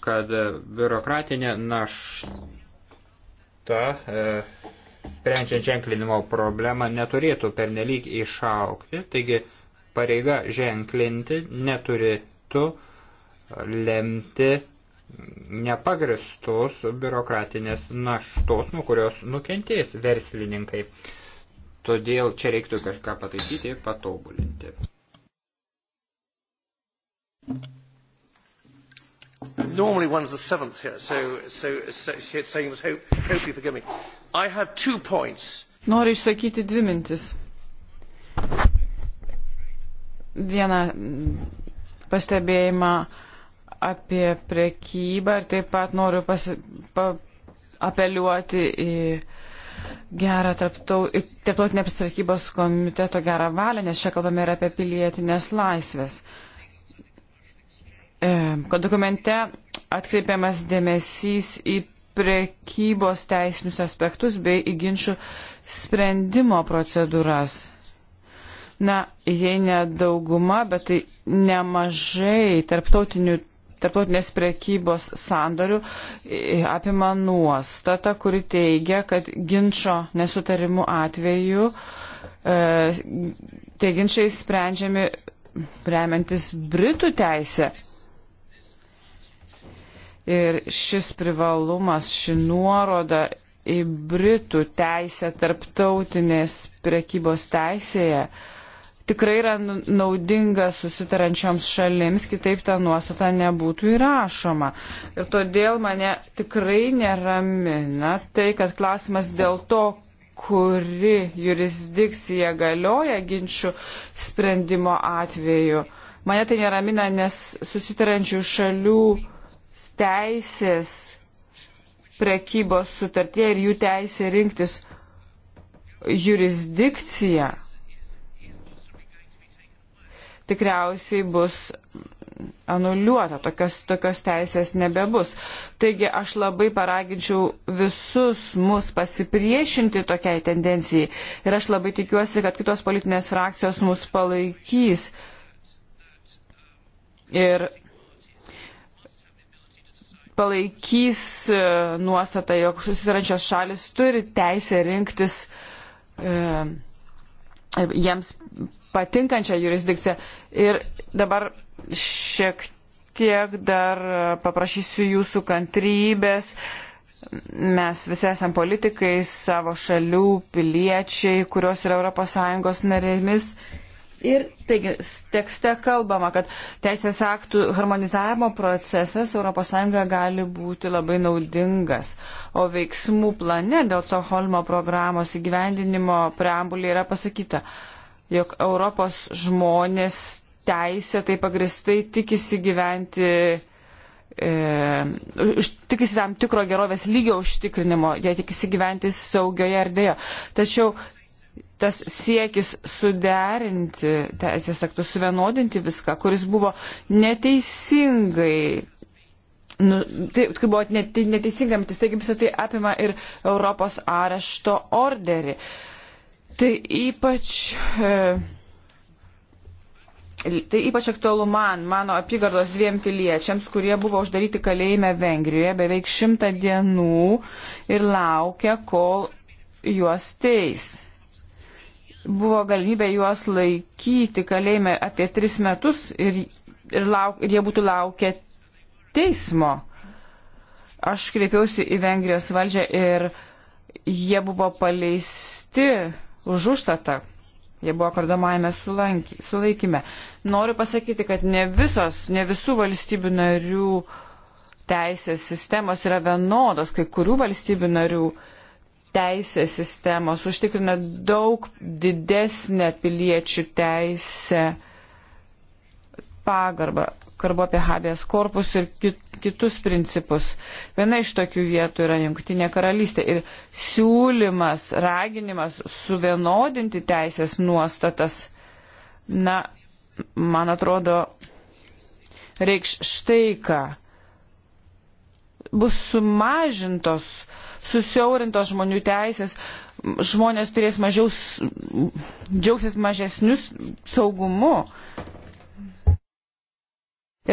kad biurokratinė našta, e, sprendžiant ženklinimo problemą, neturėtų pernelyg išaukti, taigi pareiga ženklinti neturėtų lemti nepagristos biurokratinės naštos, nuo kurios nukentės verslininkai. Todėl čia reiktų kažką pataisyti, patobulinti. Normally one's the seventh here, so, so, so it's saying was hope, hope you forgive me. I have two points. Noriu išsakyti dvi mintis. Vieną pastebėjimą apie prekybą ir taip pat noriu pasi, pa, apeliuoti į gerą tarptautinės prekybos komiteto gerą valią, nes čia kalbame ir apie pilietinės laisvės. E, kad dokumente atkreipiamas dėmesys į prekybos teisinius aspektus bei į ginčių sprendimo procedūras. Na, jei ne dauguma, bet tai nemažai tarptautinių tarptautinės prekybos sandorių e, apima nuostata, kuri teigia, kad ginčio nesutarimų atveju e, tie ginčiai sprendžiami remiantis Britų teisė. Ir šis privalumas, ši nuoroda į Britų teisę tarptautinės prekybos teisėje uh, tikrai yra naudinga susitarančioms šalims, kitaip ta nuostata nebūtų įrašoma. Ir todėl mane tikrai neramina tai, kad klausimas dėl to, kuri jurisdikcija galioja ginčių sprendimo atveju. Mane tai neramina, nes susitarančių šalių teisės prekybos sutartie ir jų teisė rinktis jurisdikciją tikriausiai bus anuliuota, tokios, tokios teisės nebebus. Taigi aš labai paraginčiau visus mus pasipriešinti tokiai tendencijai ir aš labai tikiuosi, kad kitos politinės frakcijos mus palaikys. Ir palaikys e, nuostatą, jog susidarančios šalis turi teisę rinktis e, jiems patinkančią jurisdikciją. Ir dabar šiek tiek dar paprašysiu jūsų kantrybės. Mes visi esame politikai, savo šalių piliečiai, kurios yra ES narėmis. Ir taigi tekste kalbama, kad teisės aktų harmonizavimo procesas ES gali būti labai naudingas, o veiksmų plane dėl Soholmo programos įgyvendinimo preambulė yra pasakyta, jog Europos žmonės teisė tai pagristai tikisi gyventi. E, tikisi tam tikro gerovės lygio užtikrinimo, jie tikisi gyventi saugioje erdvėje. Tačiau tas siekis suderinti teisės aktus, suvienodinti viską, kuris buvo neteisingai. Nu, tai, kai buvo neteisinga mintis, taigi visą tai apima ir Europos arešto orderį. Tai ypač, e, tai ypač aktualu man, mano apygardos dviem piliečiams, kurie buvo uždaryti kalėjime Vengrijoje beveik šimtą dienų ir laukia, kol juos teis buvo galimybė juos laikyti kalėjime apie tris metus ir, ir, lauk, ir jie būtų laukę teismo. Aš kreipiausi į Vengrijos valdžią ir jie buvo paleisti už užtatą. Jie buvo kardomajame sulaikime. Noriu pasakyti, kad ne visos, ne visų valstybių narių teisės sistemos yra vienodos, kai kurių valstybių narių uh, teisės sistemos, užtikrina daug didesnę piliečių teisę pagarbą. Kalbu apie habės korpus ir kit, kitus principus. Viena iš tokių vietų yra Junktinė karalystė. Ir siūlymas, raginimas suvienodinti teisės nuostatas, na, man atrodo, reikš štai ką. Bus sumažintos uh, susiaurintos žmonių teisės, žmonės turės mažiau, džiaugsis mažesnius saugumu.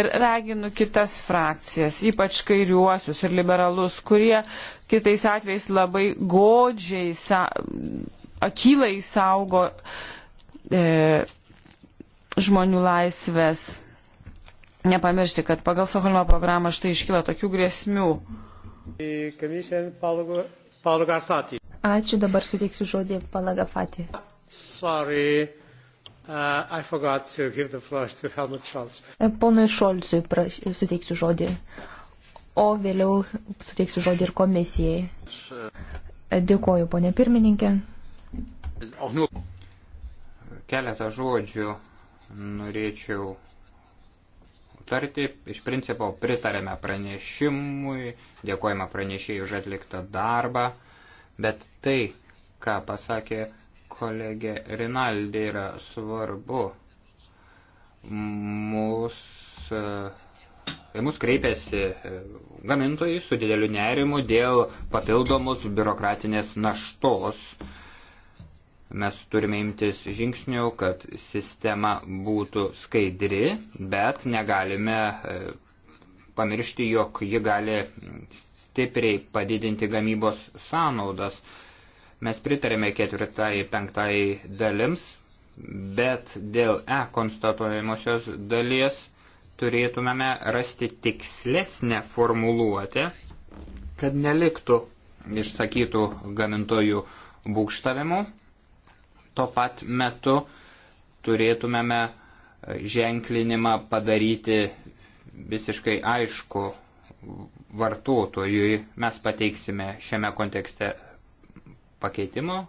Ir raginu kitas frakcijas, ypač kairiuosius ir liberalus, kurie kitais atvejais labai godžiai, sa, akylai saugo e, žmonių laisvės. Nepamiršti, kad pagal Soholmo programą štai iškyla tokių grėsmių. Ačiū, dabar suteiksiu žodį Palagafati. Sorry. Uh, e, Ponui Šolcui praš... suteiksiu žodį, o vėliau suteiksiu žodį ir komisijai. E, dėkoju, ponė pirmininkė. Keletą žodžių norėčiau aptarti. Iš principo pritarėme pranešimui, dėkojame pranešėjai už atliktą darbą, bet tai, ką pasakė kolegė Rinaldi, yra svarbu. Mūsų į mus e, kreipiasi e, gamintojai su dideliu nerimu dėl papildomus biurokratinės naštos Mes turime imtis žingsnių, kad sistema būtų skaidri, bet negalime e, pamiršti, jog ji gali stipriai padidinti gamybos sąnaudas. Mes pritarėme ketvirtai, penktai dalims, bet dėl E konstatuojamosios dalies turėtumėme rasti tikslesnę formuluotę, kad neliktų išsakytų gamintojų būkštavimų tuo pat metu turėtumėme e, ženklinimą padaryti visiškai aišku vartotojui. Mes pateiksime šiame kontekste pakeitimo.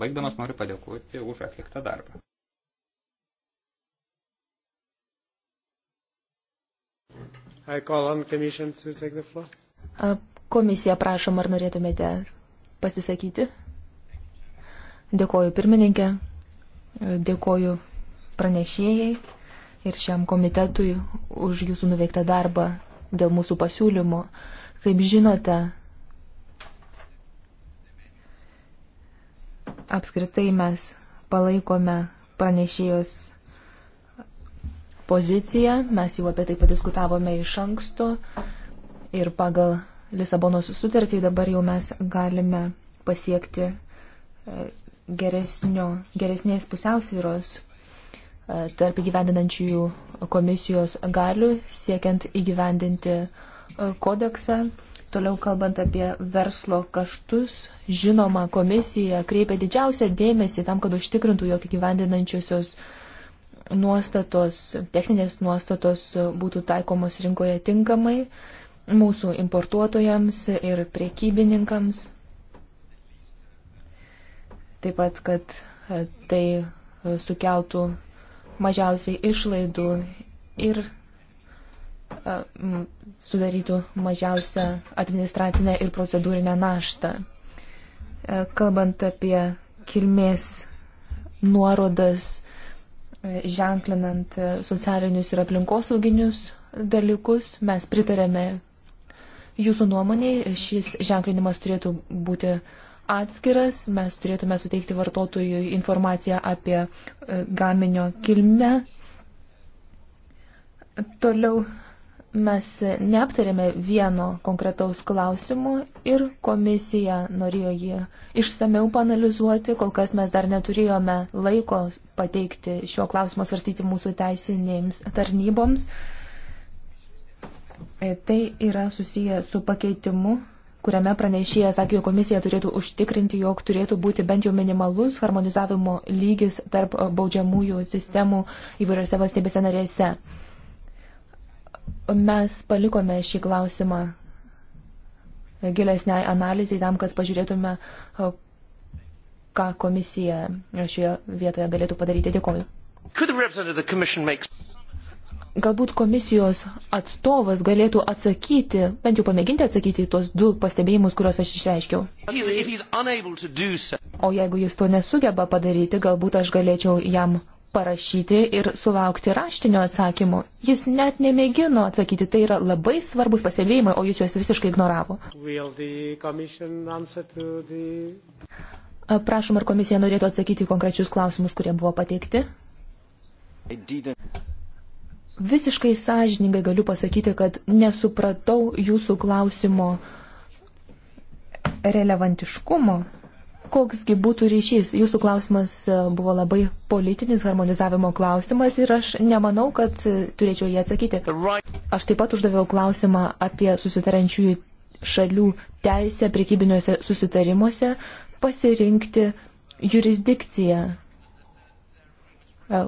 Baigdamas noriu padėkoti už atliktą darbą. Komisija prašom, ar norėtumėte pasisakyti? Dėkoju pirmininkė, dėkoju pranešėjai ir šiam komitetui už jūsų nuveiktą darbą dėl mūsų pasiūlymų. Kaip žinote, apskritai mes palaikome pranešėjos poziciją, mes jau apie tai padiskutavome iš anksto ir pagal Lisabonos sutartį dabar jau mes galime pasiekti geresnio, geresnės pusiausvyros e, tarp įgyvendinančiųjų komisijos galių, siekiant įgyvendinti e, kodeksą. Toliau kalbant apie verslo kaštus, žinoma, komisija kreipia didžiausią dėmesį tam, kad užtikrintų, jog įgyvendinančiosios nuostatos, techninės nuostatos būtų taikomos rinkoje tinkamai mūsų importuotojams ir priekybininkams Taip pat, kad e, tai e, sukeltų mažiausiai išlaidų ir e, sudarytų mažiausią administracinę ir procedūrinę naštą. Kalbant apie kilmės nuorodas, ženklinant socialinius ir aplinkosauginius dalykus, mes pritarėme jūsų nuomonėje, šis ženklinimas turėtų būti uh, atskiras, mes turėtume suteikti vartotojui informaciją apie e, gaminio kilmę. Toliau mes neaptarėme vieno konkretaus klausimo ir komisija norėjo jį išsameu panalizuoti, kol kas mes dar neturėjome laiko pateikti šio klausimo svarstyti mūsų teisinėms tarnyboms. E, tai yra susiję su pakeitimu kuriame pranešėjas sakė, jog komisija turėtų užtikrinti, jog turėtų būti bent jau minimalus harmonizavimo lygis tarp baudžiamųjų sistemų įvairiose valstybėse narėse. Mes palikome šį klausimą gilesniai analizai tam, kad pažiūrėtume, ką komisija šioje vietoje galėtų padaryti. Dėkoju. Makes... Galbūt komisijos atstovas galėtų atsakyti, bent jau pamėginti atsakyti į tuos du pastebėjimus, kuriuos aš išreiškiau. O jeigu jis to nesugeba padaryti, galbūt aš galėčiau jam parašyti ir sulaukti raštinio atsakymo. Jis net nemėgino atsakyti, tai yra labai svarbus pastebėjimai, o jis juos visiškai ignoravo. Prašom, ar komisija norėtų atsakyti konkrečius klausimus, kurie buvo pateikti? visiškai sąžiningai galiu pasakyti, kad nesupratau jūsų klausimo relevantiškumo. Koksgi būtų ryšys? Jūsų klausimas e, buvo labai politinis harmonizavimo klausimas ir aš nemanau, kad e, turėčiau jį atsakyti. Aš taip pat uždaviau klausimą apie susitarančiųjų šalių teisę prekybiniuose susitarimuose pasirinkti jurisdikciją, e,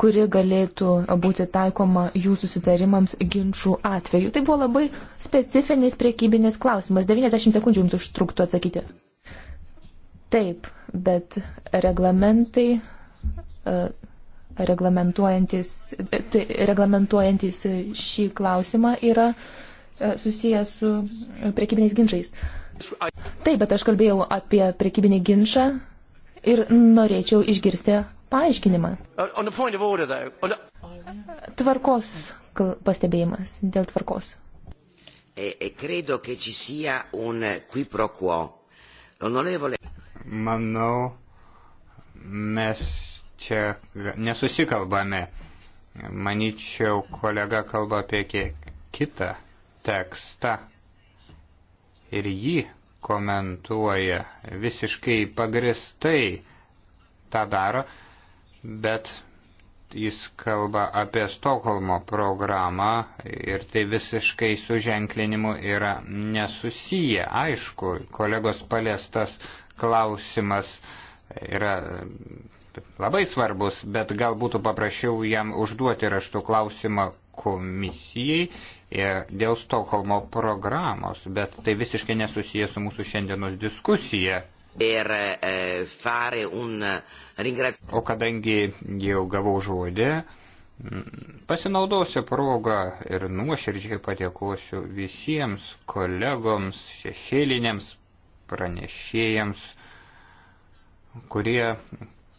kuri galėtų būti taikoma jų susitarimams ginčių atveju. Tai buvo labai specifinis priekybinis klausimas. 90 sekundžių jums užtruktų atsakyti. Taip, bet reglamentai. E, reglamentuojantis, tai, reglamentuojantis šį klausimą yra e, susijęs su priekybiniais ginčiais. Taip, bet aš kalbėjau apie priekybinį ginčą ir norėčiau išgirsti paaiškinimą. Order, tvarkos pastebėjimas dėl tvarkos. E, e Manau, mes čia nesusikalbame. Maničiau, kolega kalba apie kiek kitą tekstą ir jį komentuoja visiškai pagristai tą daro, bet jis kalba apie Stokholmo programą ir tai visiškai su ženklinimu yra nesusiję. Aišku, kolegos paliestas klausimas yra labai svarbus, bet gal būtų paprašiau jam užduoti raštų klausimą komisijai dėl Stokholmo programos, bet tai visiškai nesusiję su mūsų šiandienos diskusija. Eh, o kadangi jau gavau žodį, Pasinaudosiu progą ir nuoširdžiai padėkosiu visiems kolegoms, šešėliniams pranešėjams, kurie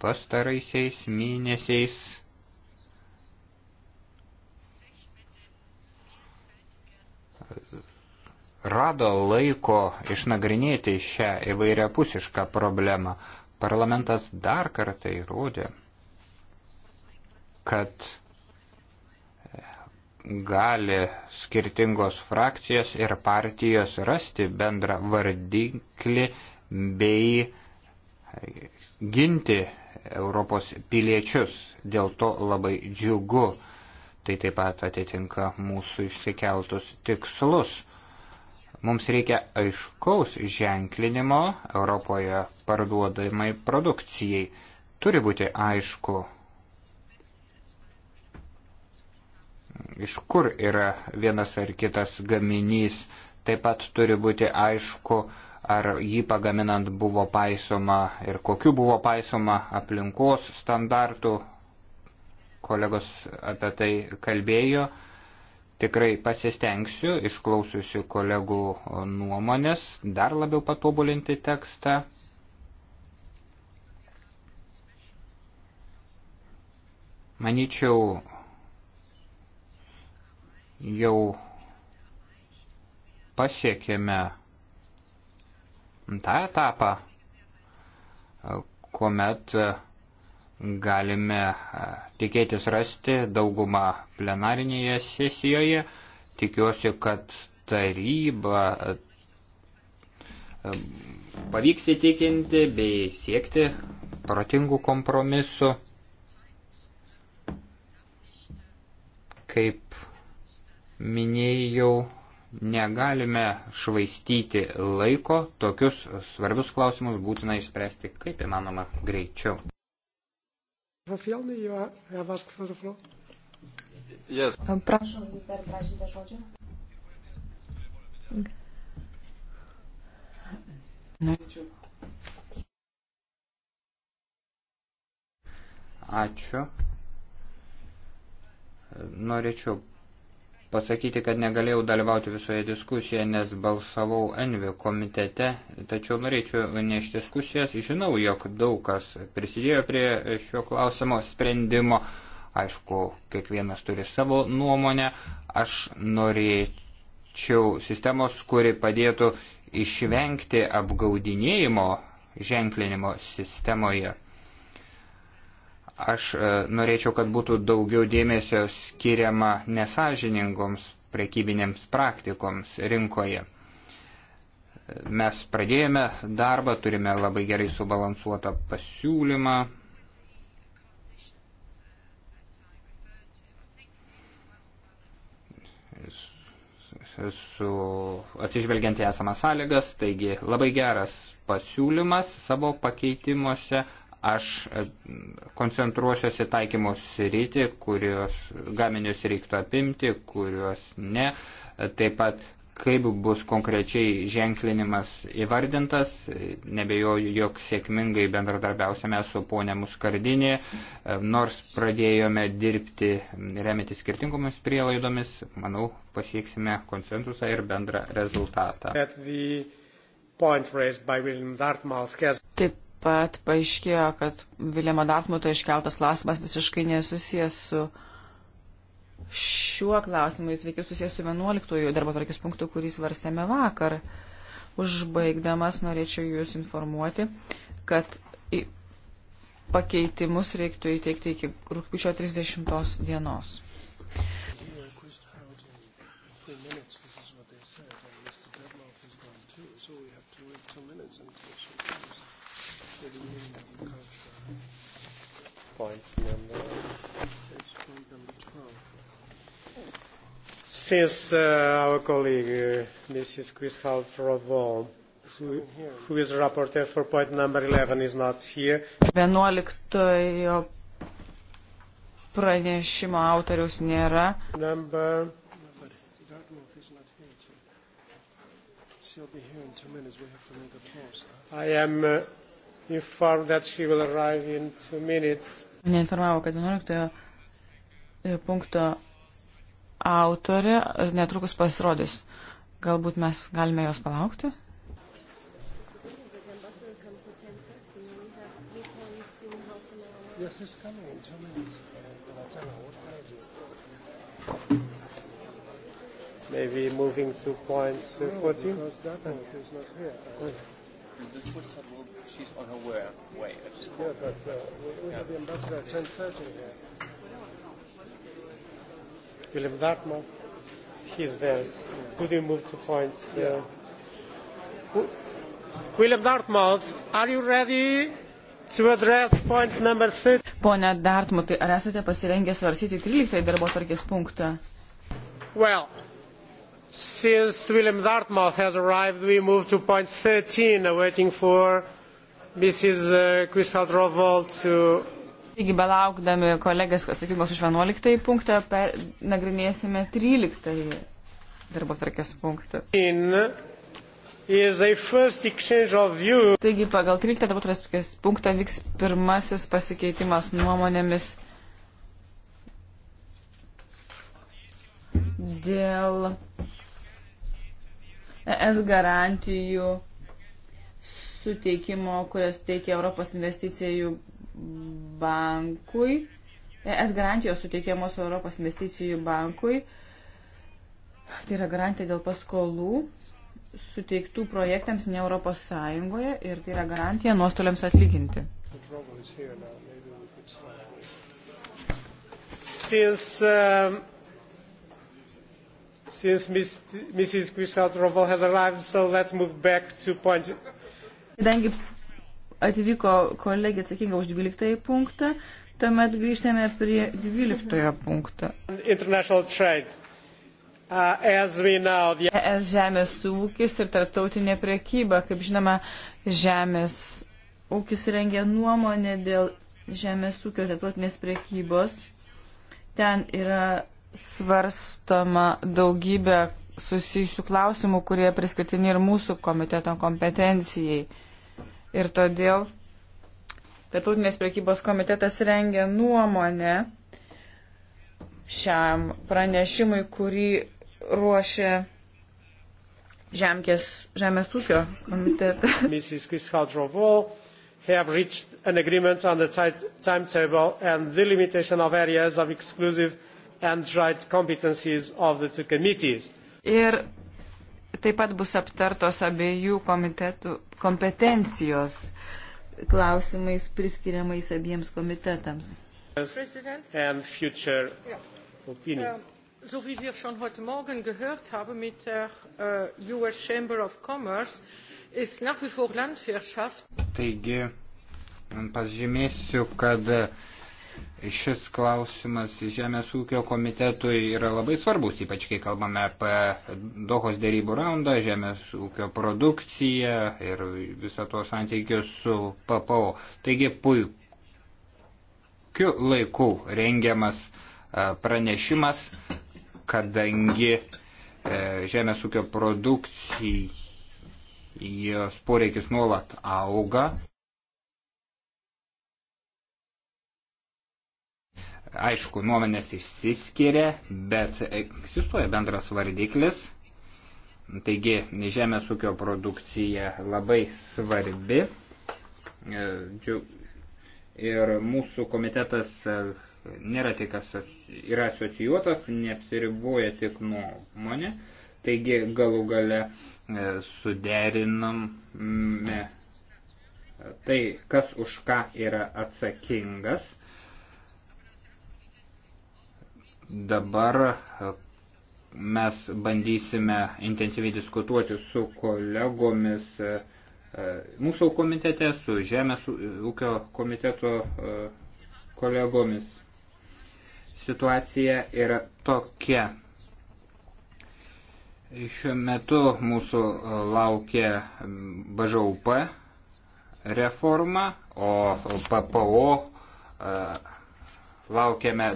pastaraisiais mėnesiais rado laiko išnagrinėti šią įvairiapusišką problemą. Parlamentas dar kartą įrodė, kad gali skirtingos frakcijos ir partijos rasti bendrą vardiklį bei ginti Europos piliečius. Dėl to labai džiugu. Tai taip pat atitinka mūsų išsikeltus tikslus. Mums reikia aiškaus ženklinimo Europoje parduodamai produkcijai. Turi būti aišku, iš kur yra vienas ar kitas gaminys. Taip pat turi būti aišku, ar jį pagaminant buvo paisoma ir kokiu buvo paisoma aplinkos standartų. Kolegos apie tai kalbėjo. Tikrai pasistengsiu, išklausiusiu kolegų nuomonės, dar labiau patobulinti tekstą. Manyčiau, jau pasiekėme tą etapą, kuomet galime tikėtis rasti daugumą plenarinėje sesijoje. Tikiuosi, kad taryba pavyks įtikinti bei siekti protingų kompromisų. Kaip minėjau, negalime švaistyti laiko, tokius svarbius klausimus būtina išspręsti kaip įmanoma greičiau. Fiona, you have asked for the floor. Yes. Prašom, jūs dar prašyte žodžio. Norėčiau. Ačiū. Norėčiau pasakyti, kad negalėjau dalyvauti visoje diskusijoje, nes balsavau Envi komitete, tačiau norėčiau neš diskusijas. Žinau, jog daug kas prisidėjo prie šio klausimo sprendimo. Aišku, kiekvienas turi savo nuomonę. Aš norėčiau sistemos, kuri padėtų išvengti apgaudinėjimo ženklinimo sistemoje. Aš e, norėčiau, kad būtų daugiau dėmesio skiriama nesažiningoms prekybinėms praktikoms rinkoje. Mes pradėjome darbą, turime labai gerai subalansuotą pasiūlymą. su atsižvelgiant į esamas sąlygas, taigi labai geras pasiūlymas savo pakeitimuose Aš e, koncentruosiuosi taikymus rytį, kurios gaminius reiktų apimti, kuriuos ne. E, taip pat, kaip bus konkrečiai ženklinimas įvardintas. E, nebejoju, jog sėkmingai bendradarbiausime su ponė Muskardinė, nors pradėjome dirbti remėti skirtingomis prielaidomis, manau, pasieksime konsensusą ir bendrą rezultatą. Taip pat paaiškėjo, kad Viljamo Dartmuto iškeltas klausimas visiškai nesusijęs su šiuo klausimu, jis veikia susijęs su 11 darbo tvarkės punktu, kurį svarstėme vakar. Užbaigdamas norėčiau Jūs informuoti, kad pakeitimus reiktų įteikti iki rūpiučio 30 dienos. point number. Since uh, our colleague, uh, Mrs. Quishalf Rovol, who, who is rapporteur for point number 11, is not here. 11 pranešimo autoriaus nėra. Number she'll be here in two minutes. We have to make a pause. I am uh, informed that she will arrive in two minutes. Neinformavo, kad 11 punkto autorė netrukus pasirodys. Galbūt mes galime jos palaukti? Yes, it's coming in two minutes. Uh, I don't know what can I do. Maybe moving to point no, 14? Because that one is not here. Uh, because the Swiss had, well, she's on her way, way I just Yeah, but uh, we, we yeah. have the ambassador at 10.30 here. Willem Dartmouth, he's there. Yeah. Could you move to point? Uh, yeah. Who, William Dartmouth, are you ready to address point number 30? Pone Dartmouth, ar esate pasirengę svarsyti 13 darbo tvarkės punktą? Well, Since William Dartmouth has arrived, we move to point 13, waiting for Mrs. Uh, Christophe to. Taigi, belaukdami kolegės atsakymos už 11 punktą, per, nagrinėsime 13 darbo tarkės punktą. In Taigi pagal 13 darbotvarkės punktą vyks pirmasis pasikeitimas nuomonėmis dėl ES garantijų suteikimo, kurias teikia Europos investicijų bankui. ES garantijos suteikiamos Europos investicijų bankui. Tai yra garantija dėl paskolų suteiktų projektams ne Europos Sąjungoje ir tai yra garantija nuostoliams atlyginti. Since, uh, Since Ms. Mrs. Christel Trovo has arrived, so let's move back to point. Kadangi atvyko kolegė atsakinga už 12 punktą, tuomet grįžtame prie 12 punkto. International trade. Uh, ES žemės ūkis ir tarptautinė priekyba. Kaip žinoma, žemės ūkis rengia nuomonę dėl žemės ūkio tarptautinės priekybos. Ten yra svarstama daugybė susijusių klausimų, kurie priskirtini ir mūsų komiteto kompetencijai. Ir todėl Tartutinės priekybos komitetas rengia nuomonę šiam pranešimui, kurį ruošia Žemkės, Žemės ūkio komitetas. [LAUGHS] have reached an agreement on the timetable and the limitation of areas of exclusive and right competencies of the two committees. Ir taip pat bus aptartos abiejų komitetų kompetencijos klausimais priskiriamais abiems komitetams. And future opinion. Ähm, so wie wir schon heute Morgen gehört haben mit der uh, äh, US Chamber of Commerce, ist nach wie vor Landwirtschaft. Taigi, pažymėsiu, kad uh, Šis klausimas Žemės ūkio komitetui yra labai svarbus, ypač kai kalbame apie Dohos dėrybų raundą, Žemės ūkio produkciją ir visą to santykius su PPO. Taigi puikiu laiku rengiamas e, pranešimas, kadangi e, Žemės ūkio produkcijos poreikis nuolat auga. Aišku, nuomonės išsiskiria, bet egzistuoja bendras vardiklis. Taigi, žemės ūkio produkcija labai svarbi. E, ir mūsų komitetas e, nėra tik yra asocijuotas, neapsiriboja tik nuomonė. Taigi galų gale e, suderiname tai, kas už ką yra atsakingas. Dabar e, mes bandysime intensyviai diskutuoti su kolegomis e, e, mūsų komitete, su Žemės ūkio komiteto kolegomis. Situacija yra tokia. Šiuo metu mūsų laukia BŽUP reforma, o PPO laukiame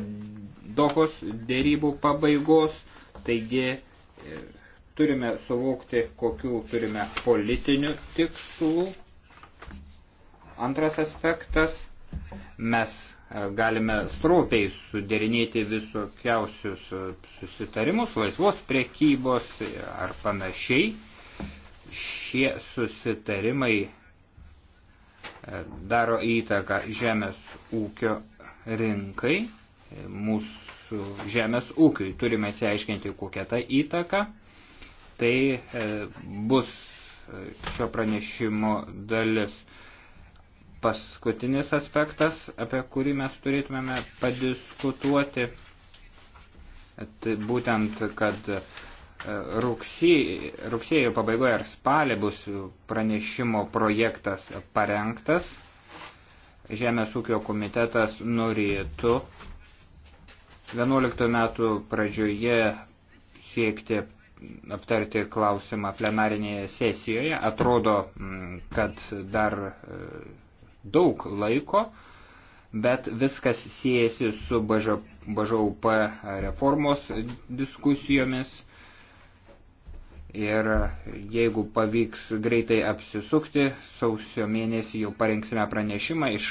Dohos dėrybų pabaigos, taigi e, turime suvokti, kokių turime politinių tikslų. Antras aspektas, mes e, galime stropiai suderinėti visokiausius e, susitarimus, laisvos priekybos ar panašiai. Šie susitarimai daro įtaką žemės ūkio rinkai, mūsų žemės ūkiui. Turime įsiaiškinti, kokia ta įtaka. Tai e, bus e, šio pranešimo dalis. Paskutinis aspektas, apie kurį mes turėtumėme padiskutuoti, tai būtent, kad e, rugsėjo pabaigoje ar spalį bus pranešimo projektas parengtas Žemės ūkio komitetas norėtų 11 metų pradžioje siekti aptarti klausimą plenarinėje sesijoje. Atrodo, mm, kad dar e, daug laiko, bet viskas siejasi su BŽP reformos diskusijomis ir jeigu pavyks greitai apsisukti, sausio mėnesį jau parengsime pranešimą. Iš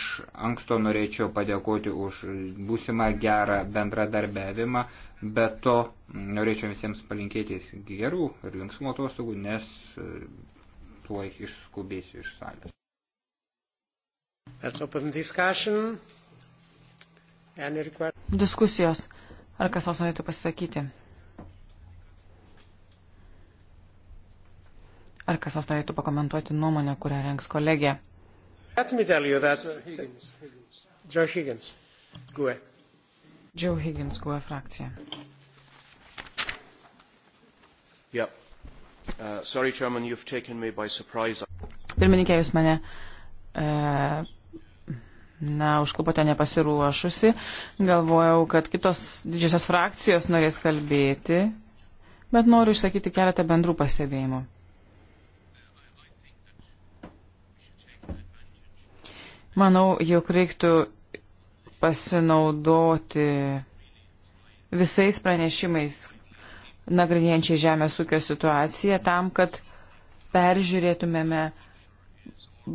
anksto norėčiau padėkoti už būsimą gerą bendradarbiavimą, bet to norėčiau visiems palinkėti gerų ir linksmų atostogų, nes e, tuoj išskubėsiu iš salės. Diskusijos. Ar kas nors norėtų pasisakyti? Ar kas nors norėtų pakomentuoti nuomonę, kurią rengs kolegė? Joe Higgins, GUE. Joe Higgins, GUE frakcija. Yep. Uh, sorry, Chairman, you've taken me by surprise. Pirmininkė, jūs mane uh, Na, užklupote nepasiruošusi, galvojau, kad kitos didžiosios frakcijos norės kalbėti, bet noriu išsakyti keletą bendrų pastebėjimų. Manau, jog reiktų pasinaudoti visais pranešimais nagrinėjančiai žemės ūkio situaciją tam, kad peržiūrėtumėme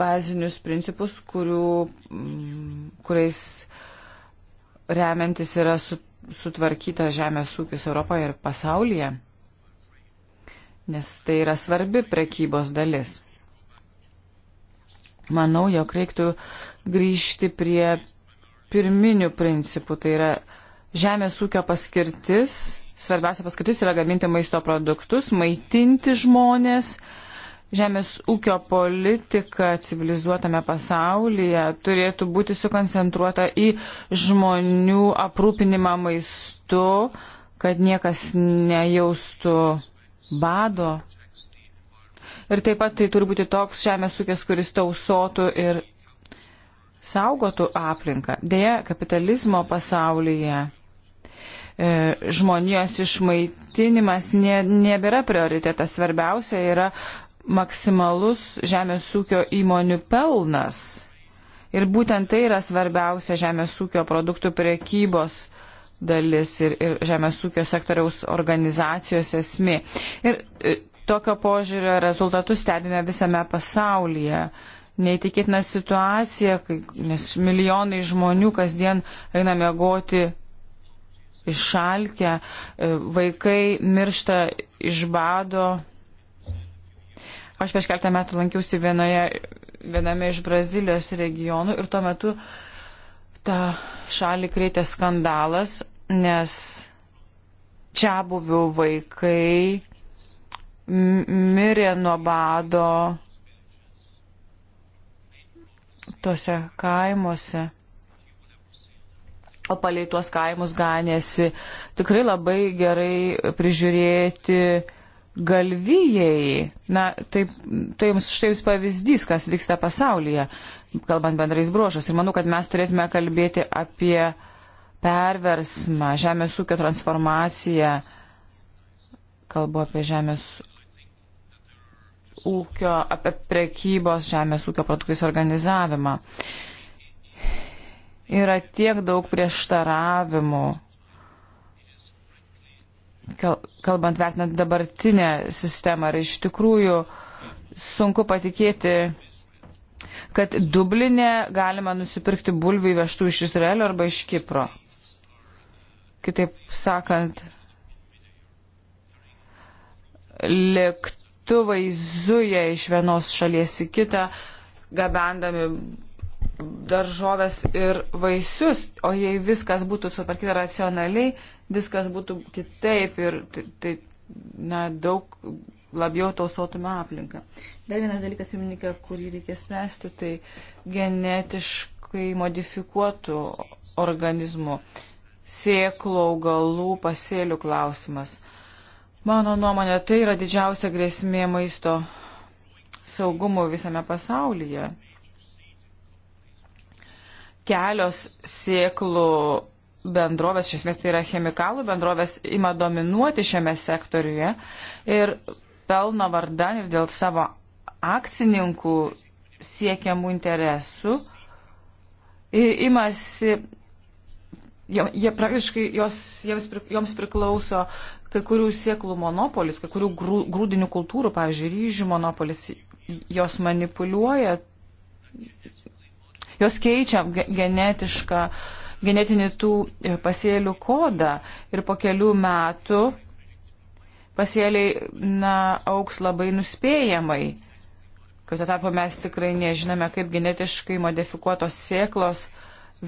bazinius principus, kurių, mm, kuriais remiantis yra sutvarkyta žemės ūkis Europoje ir pasaulyje, nes tai yra svarbi prekybos dalis manau, jog reiktų grįžti prie pirminių principų. Tai yra žemės ūkio paskirtis. Svarbiausia paskirtis yra gaminti maisto produktus, maitinti žmonės. Žemės ūkio politika civilizuotame pasaulyje turėtų būti sukoncentruota į žmonių aprūpinimą maistu, kad niekas nejaustų bado, Ir taip pat tai turi būti toks žemės ūkis, kuris tausotų ir saugotų aplinką. Deja, kapitalizmo pasaulyje e, žmonijos išmaitinimas nė, nebėra prioritetas. Svarbiausia yra maksimalus žemės ūkio įmonių pelnas. Ir būtent tai yra svarbiausia žemės ūkio produktų priekybos dalis ir, ir žemės ūkio sektoriaus organizacijos esmė. Ir e, Tokio požiūrio rezultatus stebime visame pasaulyje. Neįtikėtina situacija, kai, nes milijonai žmonių kasdien eina mėgoti išalkę, e, vaikai miršta iš bado. Aš prieš keletą metų lankiausi vienoje, viename iš Brazilijos regionų ir tuo metu tą šalį kreitė skandalas, nes čia buvių vaikai mirė nuo bado tuose kaimuose. O palei tuos kaimus ganėsi tikrai labai gerai prižiūrėti galvijai. Na, tai, tai jums štai jums pavyzdys, kas vyksta pasaulyje, kalbant bendrais bruožas. Ir manau, kad mes turėtume kalbėti apie perversmą, žemės ūkio transformaciją. Kalbu apie žemės ūkio, apie prekybos žemės ūkio produktais organizavimą. Yra tiek daug prieštaravimų, kalbant vertinant dabartinę sistemą, ar iš tikrųjų sunku patikėti, kad Dublinė galima nusipirkti bulvių įvežtų iš Izraelio arba iš Kipro. Kitaip sakant, lėkt lėktuvai zuja iš vienos šalies į kitą, gabendami daržovės ir vaisius, o jei viskas būtų sutvarkyta racionaliai, viskas būtų kitaip ir tai, tai na, daug labiau tausotume aplinką. Dar vienas dalykas, pirmininkė, kurį reikia spręsti, tai genetiškai modifikuotų organizmų, sėklų, augalų, pasėlių klausimas. Mano nuomonė, tai yra didžiausia grėsmė maisto saugumui visame pasaulyje. Kelios sėklų bendrovės, iš esmės tai yra chemikalų bendrovės, ima dominuoti šiame sektoriuje ir pelno vardan ir dėl savo akcininkų siekiamų interesų imasi, jie, jie praktiškai jos, jiems, joms priklauso kai kurių sieklų monopolis, kai kurių grūdinių kultūrų, pavyzdžiui, ryžių monopolis, jos manipuliuoja, jos keičia genetišką, genetinį tų e, pasėlių kodą ir po kelių metų pasėliai, na, auks labai nuspėjamai kad tuo tarpu mes tikrai nežinome, kaip genetiškai modifikuotos sėklos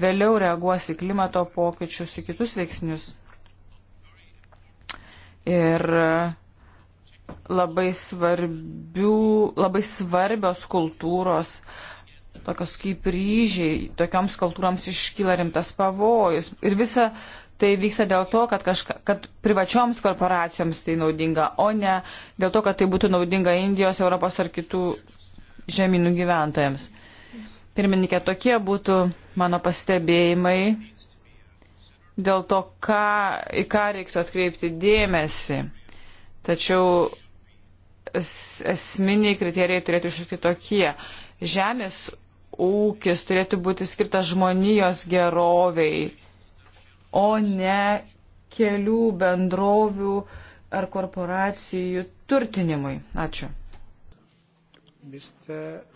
vėliau reaguos į klimato pokyčius, į kitus veiksnius ir labai, svarbių, labai svarbios kultūros, tokios kaip ryžiai, tokioms kultūroms iškyla rimtas pavojus. Ir visa tai vyksta dėl to, kad, kažka, kad privačioms korporacijoms tai naudinga, o ne dėl to, kad tai būtų naudinga Indijos, Europos ar kitų žemynų gyventojams. Pirmininkė, tokie būtų mano pastebėjimai dėl to, ką, į ką reiktų atkreipti dėmesį. Tačiau esminiai kriterijai turėtų išlikti tokie. Žemės ūkis turėtų būti skirtas žmonijos geroviai, o ne kelių bendrovių ar korporacijų turtinimui. Ačiū.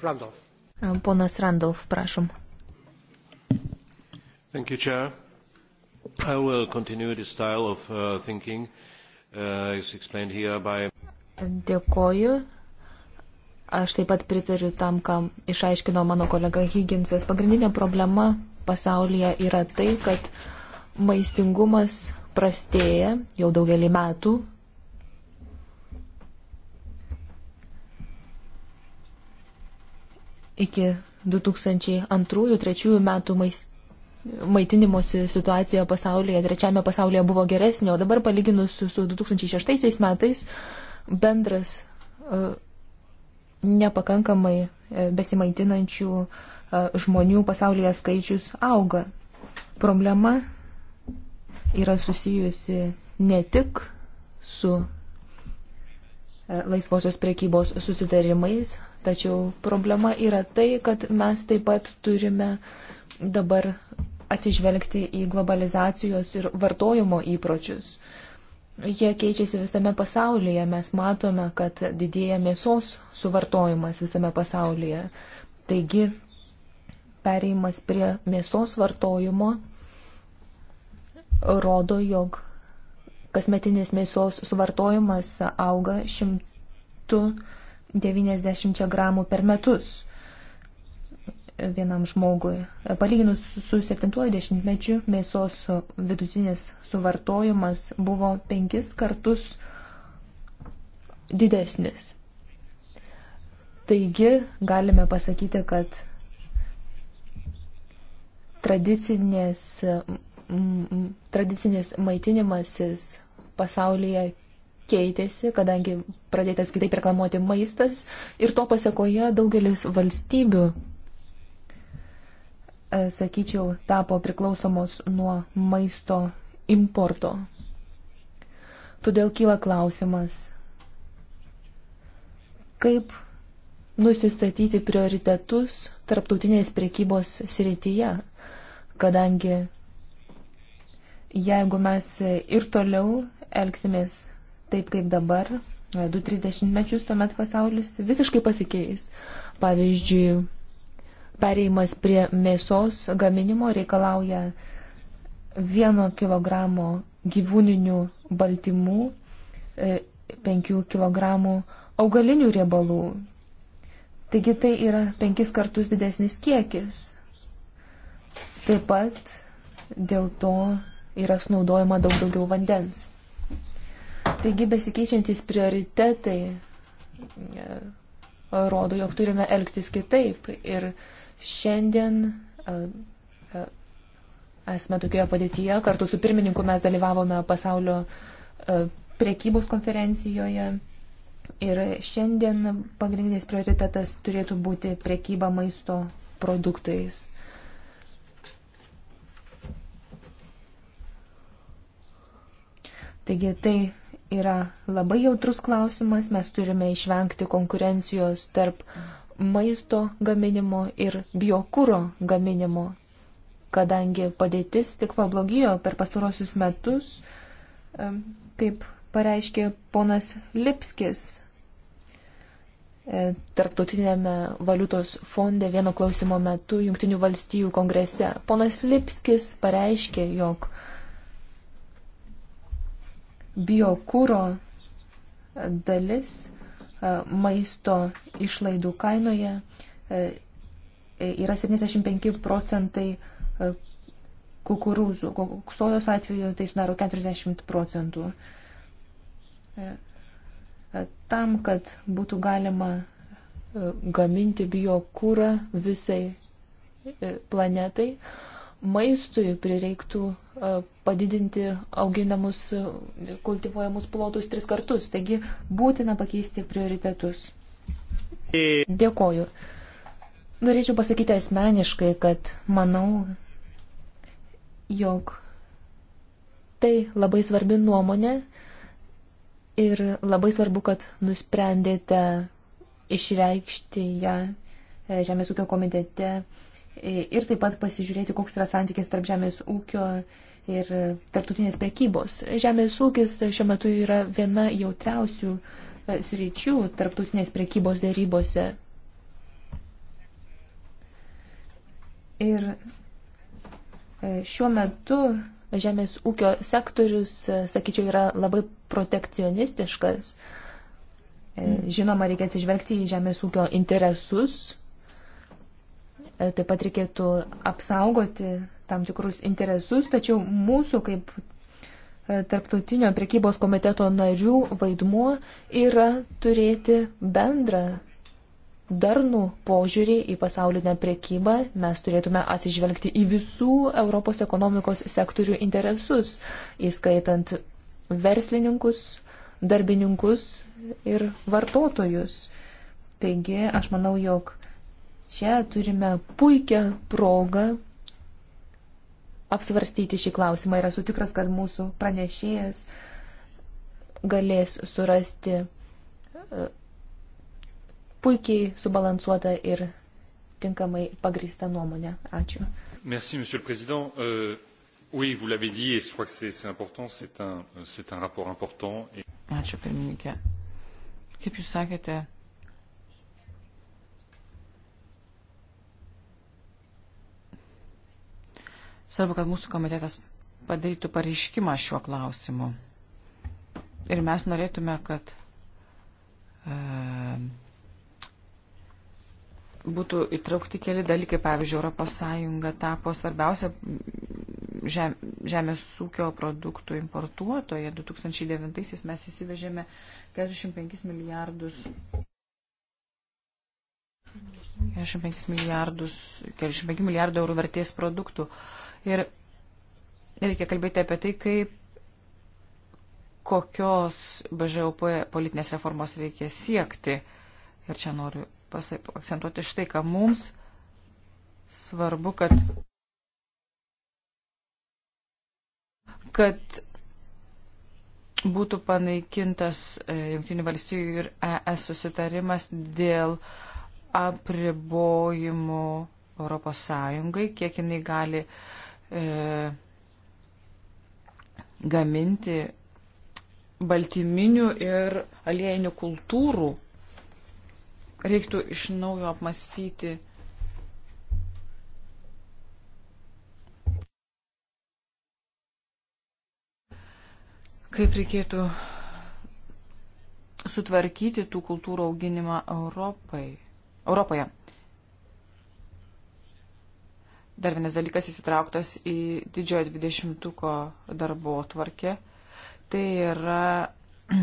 Randolph. Ponas Randolph, prašom. Thank you, Chair. I will continue the style of uh, thinking uh, is explained here by. Dėkoju. Aš taip pat pritariu tam, kam išaiškino mano kolega Higginsas. Pagrindinė problema pasaulyje yra tai, kad maistingumas prastėja jau daugelį metų. Iki 2002-2003 metų maistingumas maitinimosi situacija pasaulyje, trečiame pasaulyje buvo geresnė, o dabar palyginus su, su 2006 metais bendras e, nepakankamai e, besimaitinančių e, žmonių pasaulyje skaičius auga. Problema yra susijusi ne tik su laisvosios priekybos susitarimais, tačiau problema yra tai, kad mes taip pat turime dabar atsižvelgti į globalizacijos ir vartojimo įpročius. Jie keičiasi visame pasaulyje, mes matome, kad didėja mėsos suvartojimas visame pasaulyje. Taigi, pereimas prie mėsos vartojimo rodo, jog kasmetinis mėsos suvartojimas auga 190 gramų per metus vienam žmogui. Palyginus su 70-mečiu mėsos vidutinis suvartojimas buvo penkis kartus didesnis. Taigi galime pasakyti, kad tradicinės, m, tradicinės maitinimasis pasaulyje keitėsi, kadangi pradėtas kitaip reklamuoti maistas ir to pasiekoje daugelis valstybių E, sakyčiau, tapo priklausomos nuo maisto importo. Todėl kyla klausimas, kaip nusistatyti prioritetus tarptautinės priekybos srityje, kadangi jeigu mes ir toliau elgsimės taip kaip dabar, 2-30 e, mečius tuomet pasaulis visiškai pasikeis. Pavyzdžiui, Pereimas prie mėsos gaminimo reikalauja vieno kilogramo gyvūninių baltymų, 5 e, kilogramų augalinių riebalų. Taigi tai yra penkis kartus didesnis kiekis. Taip pat dėl to yra sunaudojama daug daugiau vandens. Taigi besikeičiantys prioritetai e, rodo, jog turime elgtis kitaip ir Šiandien esame tokioje padėtyje. Kartu su pirmininku mes dalyvavome pasaulio priekybos konferencijoje. Ir šiandien pagrindinis prioritetas turėtų būti priekyba maisto produktais. Taigi tai yra labai jautrus klausimas, mes turime išvengti konkurencijos tarp maisto gaminimo ir biokūro gaminimo, kadangi padėtis tik pablogijo per pastarosius metus, kaip pareiškė ponas Lipskis e, Tarptautinėme valiutos fonde vieno klausimo metu Junktinių valstijų kongrese. Ponas Lipskis pareiškė, jog biokūro dalis E, maisto išlaidų kainoje e, e, yra 75 procentai kukurūzų, sojos atveju tai sudaro 40 procentų. Tam, kad būtų galima gaminti biokūrą visai planetai, maistui prireiktų e, padidinti auginamus e, kultivuojamus plotus tris kartus. Taigi būtina pakeisti prioritetus. Dėkoju. Norėčiau pasakyti asmeniškai, kad manau, jog tai labai svarbi nuomonė ir labai svarbu, kad nusprendėte išreikšti ją e, Žemės ūkio komitete ir taip pat pasižiūrėti, koks yra santykis tarp žemės ūkio ir tarptautinės prekybos. Žemės ūkis šiuo metu yra viena jautriausių e, sričių tarptautinės prekybos dėrybose. Ir e, šiuo metu žemės ūkio sektorius, e, sakyčiau, yra labai protekcionistiškas. Žinoma, reikia atsižvelgti į žemės ūkio interesus Taip pat reikėtų apsaugoti tam tikrus interesus, tačiau mūsų kaip e, tarptautinio prekybos komiteto narių vaidmuo yra turėti bendrą darnų požiūrį į pasaulinę prekybą. Mes turėtume atsižvelgti į visų Europos ekonomikos sektorių interesus, įskaitant verslininkus, darbininkus ir vartotojus. Taigi, aš manau, jog Čia turime puikią progą apsvarstyti šį klausimą ir esu tikras, kad mūsų pranešėjas galės surasti e, puikiai subalansuotą ir tinkamai pagrįstą nuomonę. Ačiū. Merci, Monsieur le Président. Euh, oui, vous l'avez dit, et je crois que c'est important, c'est un, un rapport important. Et... Ačiū, pirmininkė. Kaip Jūs sakėte, Svarbu, kad mūsų komitetas padarytų pareiškimą šiuo klausimu. Ir mes norėtume, kad e, būtų įtraukti keli dalykai. Pavyzdžiui, ES tapo svarbiausia žem, žemės ūkio produktų importuotoje. 2009 mes įsivežėme 45 milijardus. 45 milijardus, 45 milijardų eurų vertės produktų. Uh, Ir reikia kalbėti apie tai, kaip kokios BŽOP politinės reformos reikia siekti. Ir čia noriu akcentuoti štai, ką mums svarbu, kad, kad būtų panaikintas e, Junktinių valstybių ir ES susitarimas dėl apribojimų ES, kiek jinai gali uh, e, gaminti baltyminių ir aliejinių kultūrų. Reiktų iš naujo apmastyti. Kaip reikėtų sutvarkyti tų kultūrų auginimą Europai, Europoje. Dar vienas dalykas įsitrauktas į didžiojo dvidešimtuko darbo tvarkę. Tai yra [CLEARS THROAT]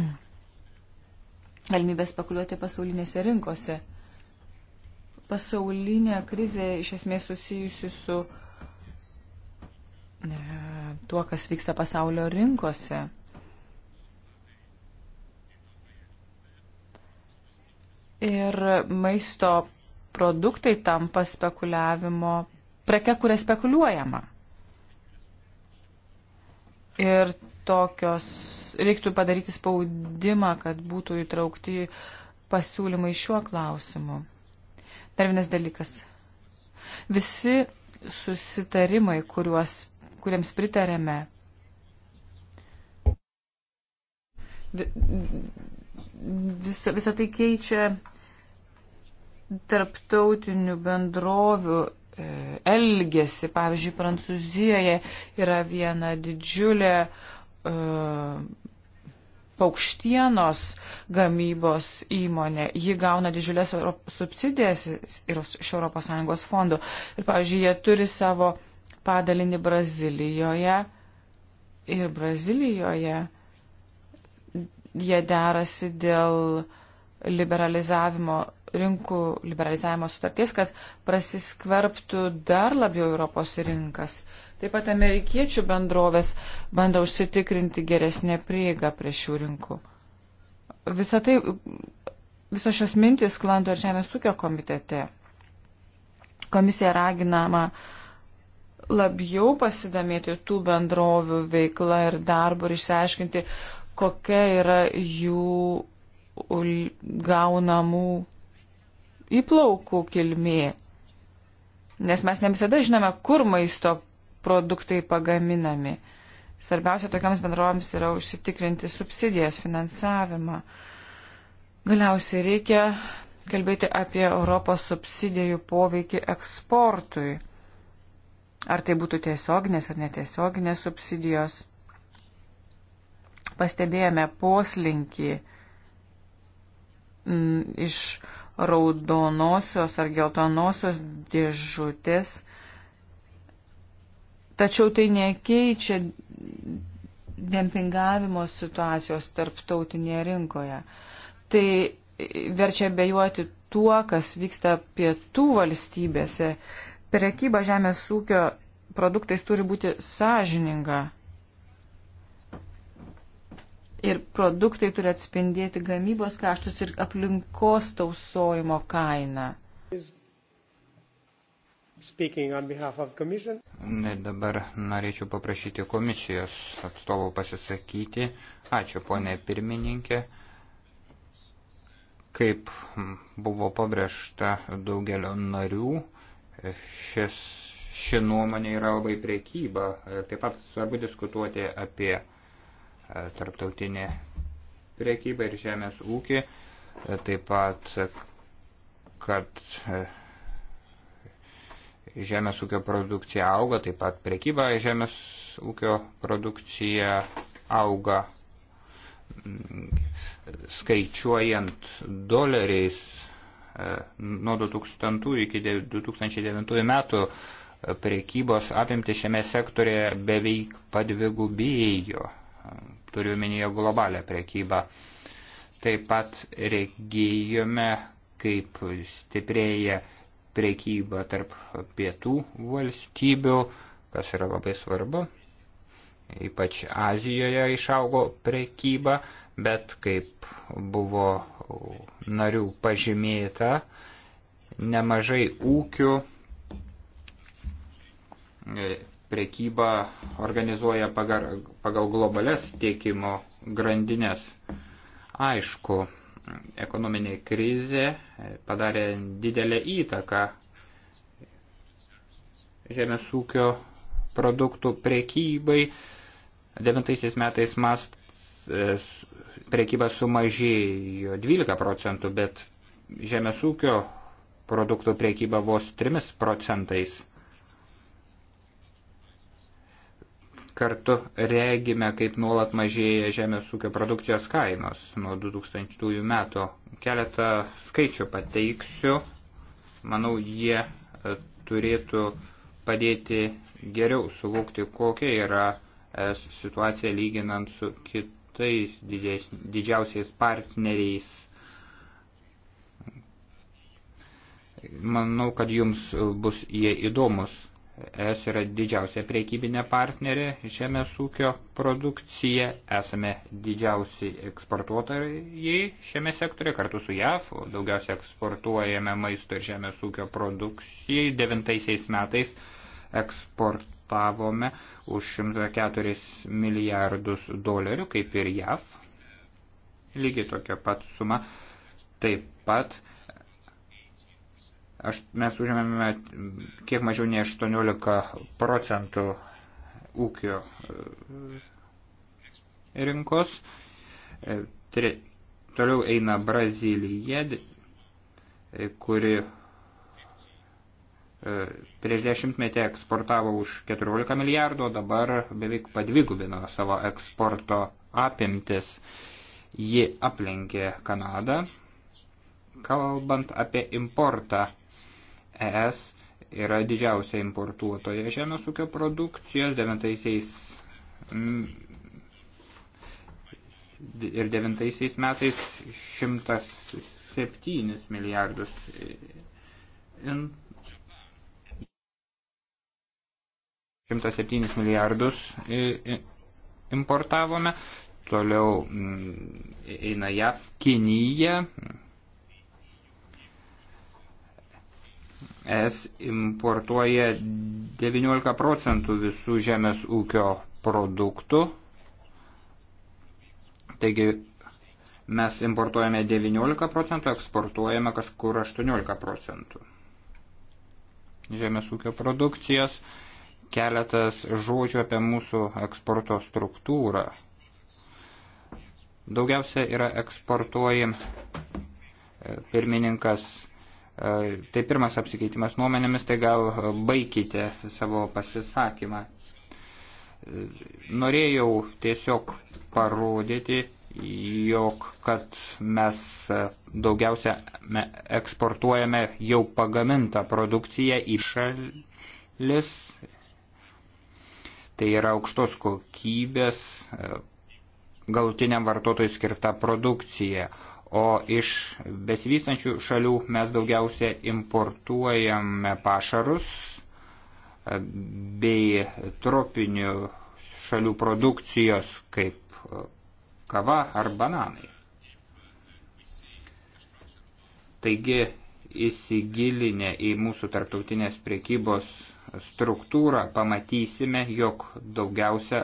galimybė spekuliuoti pasaulinėse rinkose. Pasaulinė krizė iš esmės susijusi su ne, tuo, kas vyksta pasaulio rinkose. Ir maisto produktai tampa spekuliavimo preke, kuria spekuliuojama. Ir tokios reiktų padaryti spaudimą, kad būtų įtraukti pasiūlymai šiuo klausimu. Dar vienas dalykas. Visi susitarimai, kuriuos, kuriems pritarėme, visą tai keičia tarptautinių bendrovių E, elgesi. Pavyzdžiui, Prancūzijoje yra viena didžiulė e, paukštienos gamybos įmonė. Ji gauna didžiulės subsidijas iš ES fondų. Ir, pavyzdžiui, jie turi savo padalinį Brazilijoje. Ir Brazilijoje jie derasi dėl liberalizavimo rinkų liberalizavimo sutarties, kad prasiskverbtų dar labiau Europos rinkas. Taip pat amerikiečių bendrovės bando užsitikrinti geresnę prieigą prie šių rinkų. Visa tai, visos šios mintis klando ir Žemės ūkio komitete. Komisija raginama labiau pasidomėti tų bendrovių veiklą ir darbą ir išsiaiškinti, kokia yra jų gaunamų įplaukų kilmė, nes mes ne visada žinome, kur maisto produktai pagaminami. Svarbiausia tokiams bendrovėms yra užsitikrinti subsidijas, finansavimą. Galiausiai reikia kalbėti apie Europos subsidijų poveikį eksportui. Ar tai būtų tiesioginės ar netiesioginės subsidijos. Pastebėjome poslinkį m, mm, iš raudonosios ar geltonosios dėžutės, tačiau tai nekeičia dempingavimo situacijos tarptautinėje rinkoje. Tai verčia bejuoti tuo, kas vyksta pietų valstybėse. Prekyba žemės ūkio produktais turi būti sąžininga ir produktai turi atspindėti gamybos kaštus ir aplinkos tausojimo kainą. Ne, dabar norėčiau paprašyti komisijos atstovų pasisakyti. Ačiū, ponė pirmininkė. Kaip buvo pabrėžta daugelio narių, šis, ši nuomonė yra labai priekyba. Taip pat svarbu diskutuoti apie tarptautinę priekybą ir žemės ūkį, taip pat, kad e, žemės ūkio produkcija auga, taip pat priekyba žemės ūkio produkcija auga skaičiuojant doleriais e, nuo 2000 iki 2009 metų e, priekybos apimti šiame sektorėje beveik padvigubėjo turiu minėjo globalią prekybą. Taip pat regėjome, kaip stiprėja prekyba tarp pietų valstybių, kas yra labai svarbu. Ypač Azijoje išaugo prekyba, bet kaip buvo narių pažymėta, nemažai ūkių prekybą organizuoja pagal, pagal globales tiekimo grandinės. Aišku, ekonominė krizė e, padarė didelę įtaką žemės ūkio produktų prekybai. 9 metais mast e, prekyba sumažėjo 12 procentų, bet žemės ūkio produktų prekyba vos 3 procentais. Kartu regime, kaip nuolat mažėja žemės ūkio produkcijos kainos nuo 2000 metų. Keletą skaičių pateiksiu. Manau, jie e, turėtų padėti geriau suvokti, kokia yra e, situacija lyginant su kitais didės, didžiausiais partneriais. Manau, kad jums bus jie įdomus. Es yra didžiausia priekybinė partnerė žemės ūkio produkcija, esame didžiausi eksportuotojai šiame sektoriu kartu su JAV, daugiausia eksportuojame maisto ir žemės ūkio produkcijai. Devintaisiais metais eksportavome už 104 milijardus dolerių, kaip ir JAV, lygiai tokia pat suma. Taip pat Aš, mes užėmėme mm, kiek mažiau nei 18 procentų ūkio e, rinkos. E, Tri, toliau eina Brazilyje, kuri e, prieš dešimtmetį eksportavo už 14 milijardų, dabar beveik padvigubino savo eksporto apimtis. Ji aplenkė Kanadą. Kalbant apie importą, ES yra didžiausia importuotoja žemės ūkio produkcijos, devintaisiais ir devintaisiais metais 107 milijardus in, 107 milijardus importavome, toliau eina JAV, Kinija, es importuoja 19 procentų visų žemės ūkio produktų. Taigi mes importuojame 19 procentų, eksportuojame kažkur 18 procentų. Žemės ūkio produkcijos keletas žodžių apie mūsų eksporto struktūrą. Daugiausia yra eksportuojam e, pirmininkas E, tai pirmas apsikeitimas nuomenėmis, tai gal baikite savo pasisakymą. Norėjau tiesiog parodyti, jog kad mes daugiausia eksportuojame jau pagamintą produkciją į šalis. Tai yra aukštos kokybės e, galutiniam vartotojui skirta produkcija o iš besivystančių šalių mes daugiausia importuojame pašarus e, bei tropinių šalių produkcijos kaip e, kava ar bananai. Taigi įsigilinę į mūsų tarptautinės priekybos struktūrą, pamatysime, jog daugiausia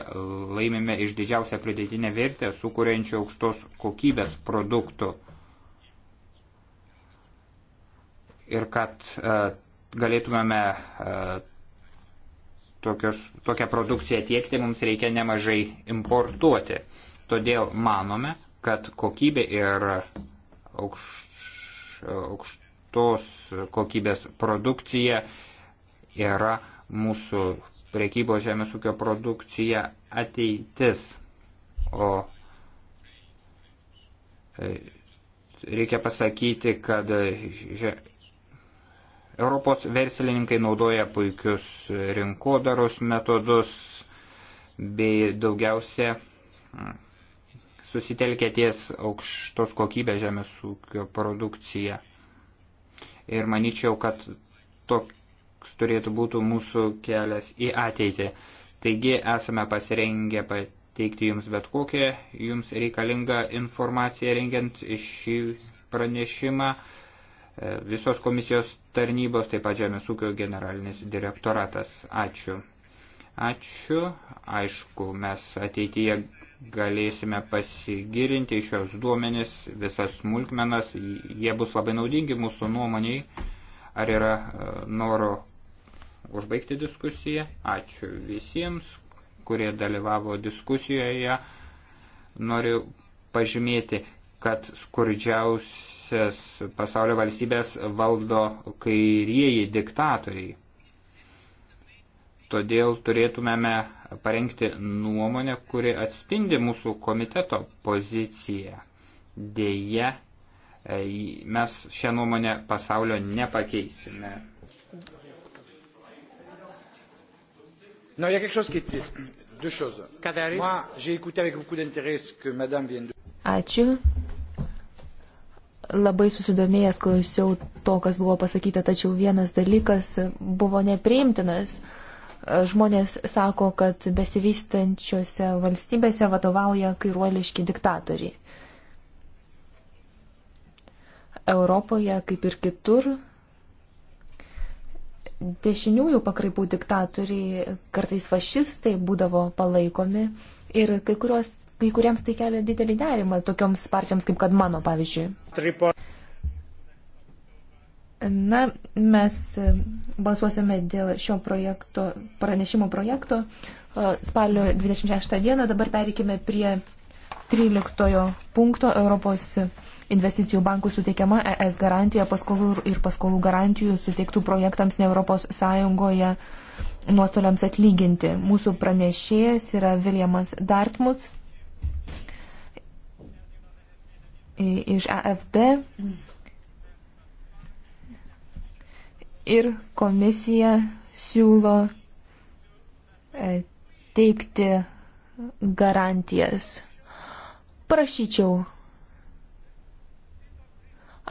laimime iš didžiausią pridėtinę vertę sukūrenčių aukštos kokybės produktų. Ir kad e, galėtumėme e, tokios, tokią produkciją tiekti, mums reikia nemažai importuoti. Todėl manome, kad kokybė ir aukš, aukštos kokybės produkcija e, yra mūsų prekybos žemės ūkio produkcija ateitis. O e, reikia pasakyti, kad že... Europos verslininkai naudoja puikius rinkodaros metodus bei daugiausia susitelkia ties aukštos kokybės žemės ūkio produkcija. Ir manyčiau, kad tokia koks turėtų būti mūsų kelias į ateitį. Taigi esame pasirengę pateikti jums bet kokią jums reikalingą informaciją rengiant šį pranešimą. E, Visos komisijos tarnybos, taip pat Žemės ūkio generalinis direktoratas. Ačiū. Ačiū. Aišku, mes ateityje galėsime pasigirinti šios duomenis, visas smulkmenas. Jie bus labai naudingi mūsų nuomoniai ar yra e, noro užbaigti diskusiją. Ačiū visiems, kurie dalyvavo diskusijoje. Noriu pažymėti, kad skurdžiausias pasaulio valstybės valdo kairieji diktatoriai. Todėl turėtumėme parengti nuomonę, kuri atspindi mūsų komiteto poziciją. Deja, mes šią nuomonę pasaulio nepakeisime. Non, il y a quelque chose qui était deux choses. Moi, j'ai écouté avec beaucoup d'intérêt ce que madame vient de. Ačiū. Labai susidomėjęs klausiau to, kas buvo pasakyta, tačiau vienas dalykas buvo nepriimtinas. Žmonės sako, kad besivystančiose valstybėse vadovauja kairuoliški diktatoriai. Europoje, kaip ir kitur, dešiniųjų pakraipų diktatoriai, kartais fašistai būdavo palaikomi ir kai, kurios, kai kuriems tai kelia didelį nerimą, tokioms partijoms kaip kad mano, pavyzdžiui. Na, mes e, balsuosime dėl šio projekto, pranešimo projekto e, spalio 26 dieną. Dabar pereikime prie 13 punkto Europos investicijų bankų suteikiama ES garantija paskolų ir paskolų garantijų suteiktų projektams ne ES nuostoliams atlyginti. Mūsų pranešėjas yra Viljamas Dartmut iš AFD. Ir komisija siūlo e, teikti garantijas. Prašyčiau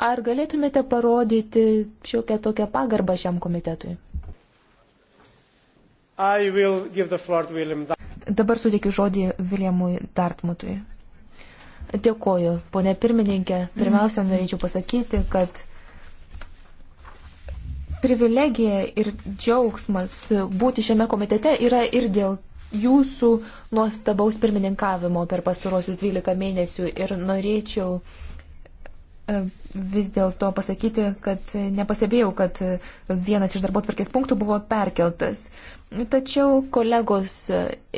Ar galėtumėte parodyti šiokią tokią pagarbą šiam komitetui? Dabar suteikiu žodį Viljamui Dartmutui. Dėkoju, ponė pirmininkė. Pirmiausia, norėčiau pasakyti, kad privilegija ir džiaugsmas būti šiame komitete yra ir dėl jūsų nuostabaus pirmininkavimo per pastarosius 12 mėnesių ir norėčiau uh, vis dėlto pasakyti, kad nepastebėjau, kad vienas iš darbo tvarkės punktų buvo perkeltas. Tačiau kolegos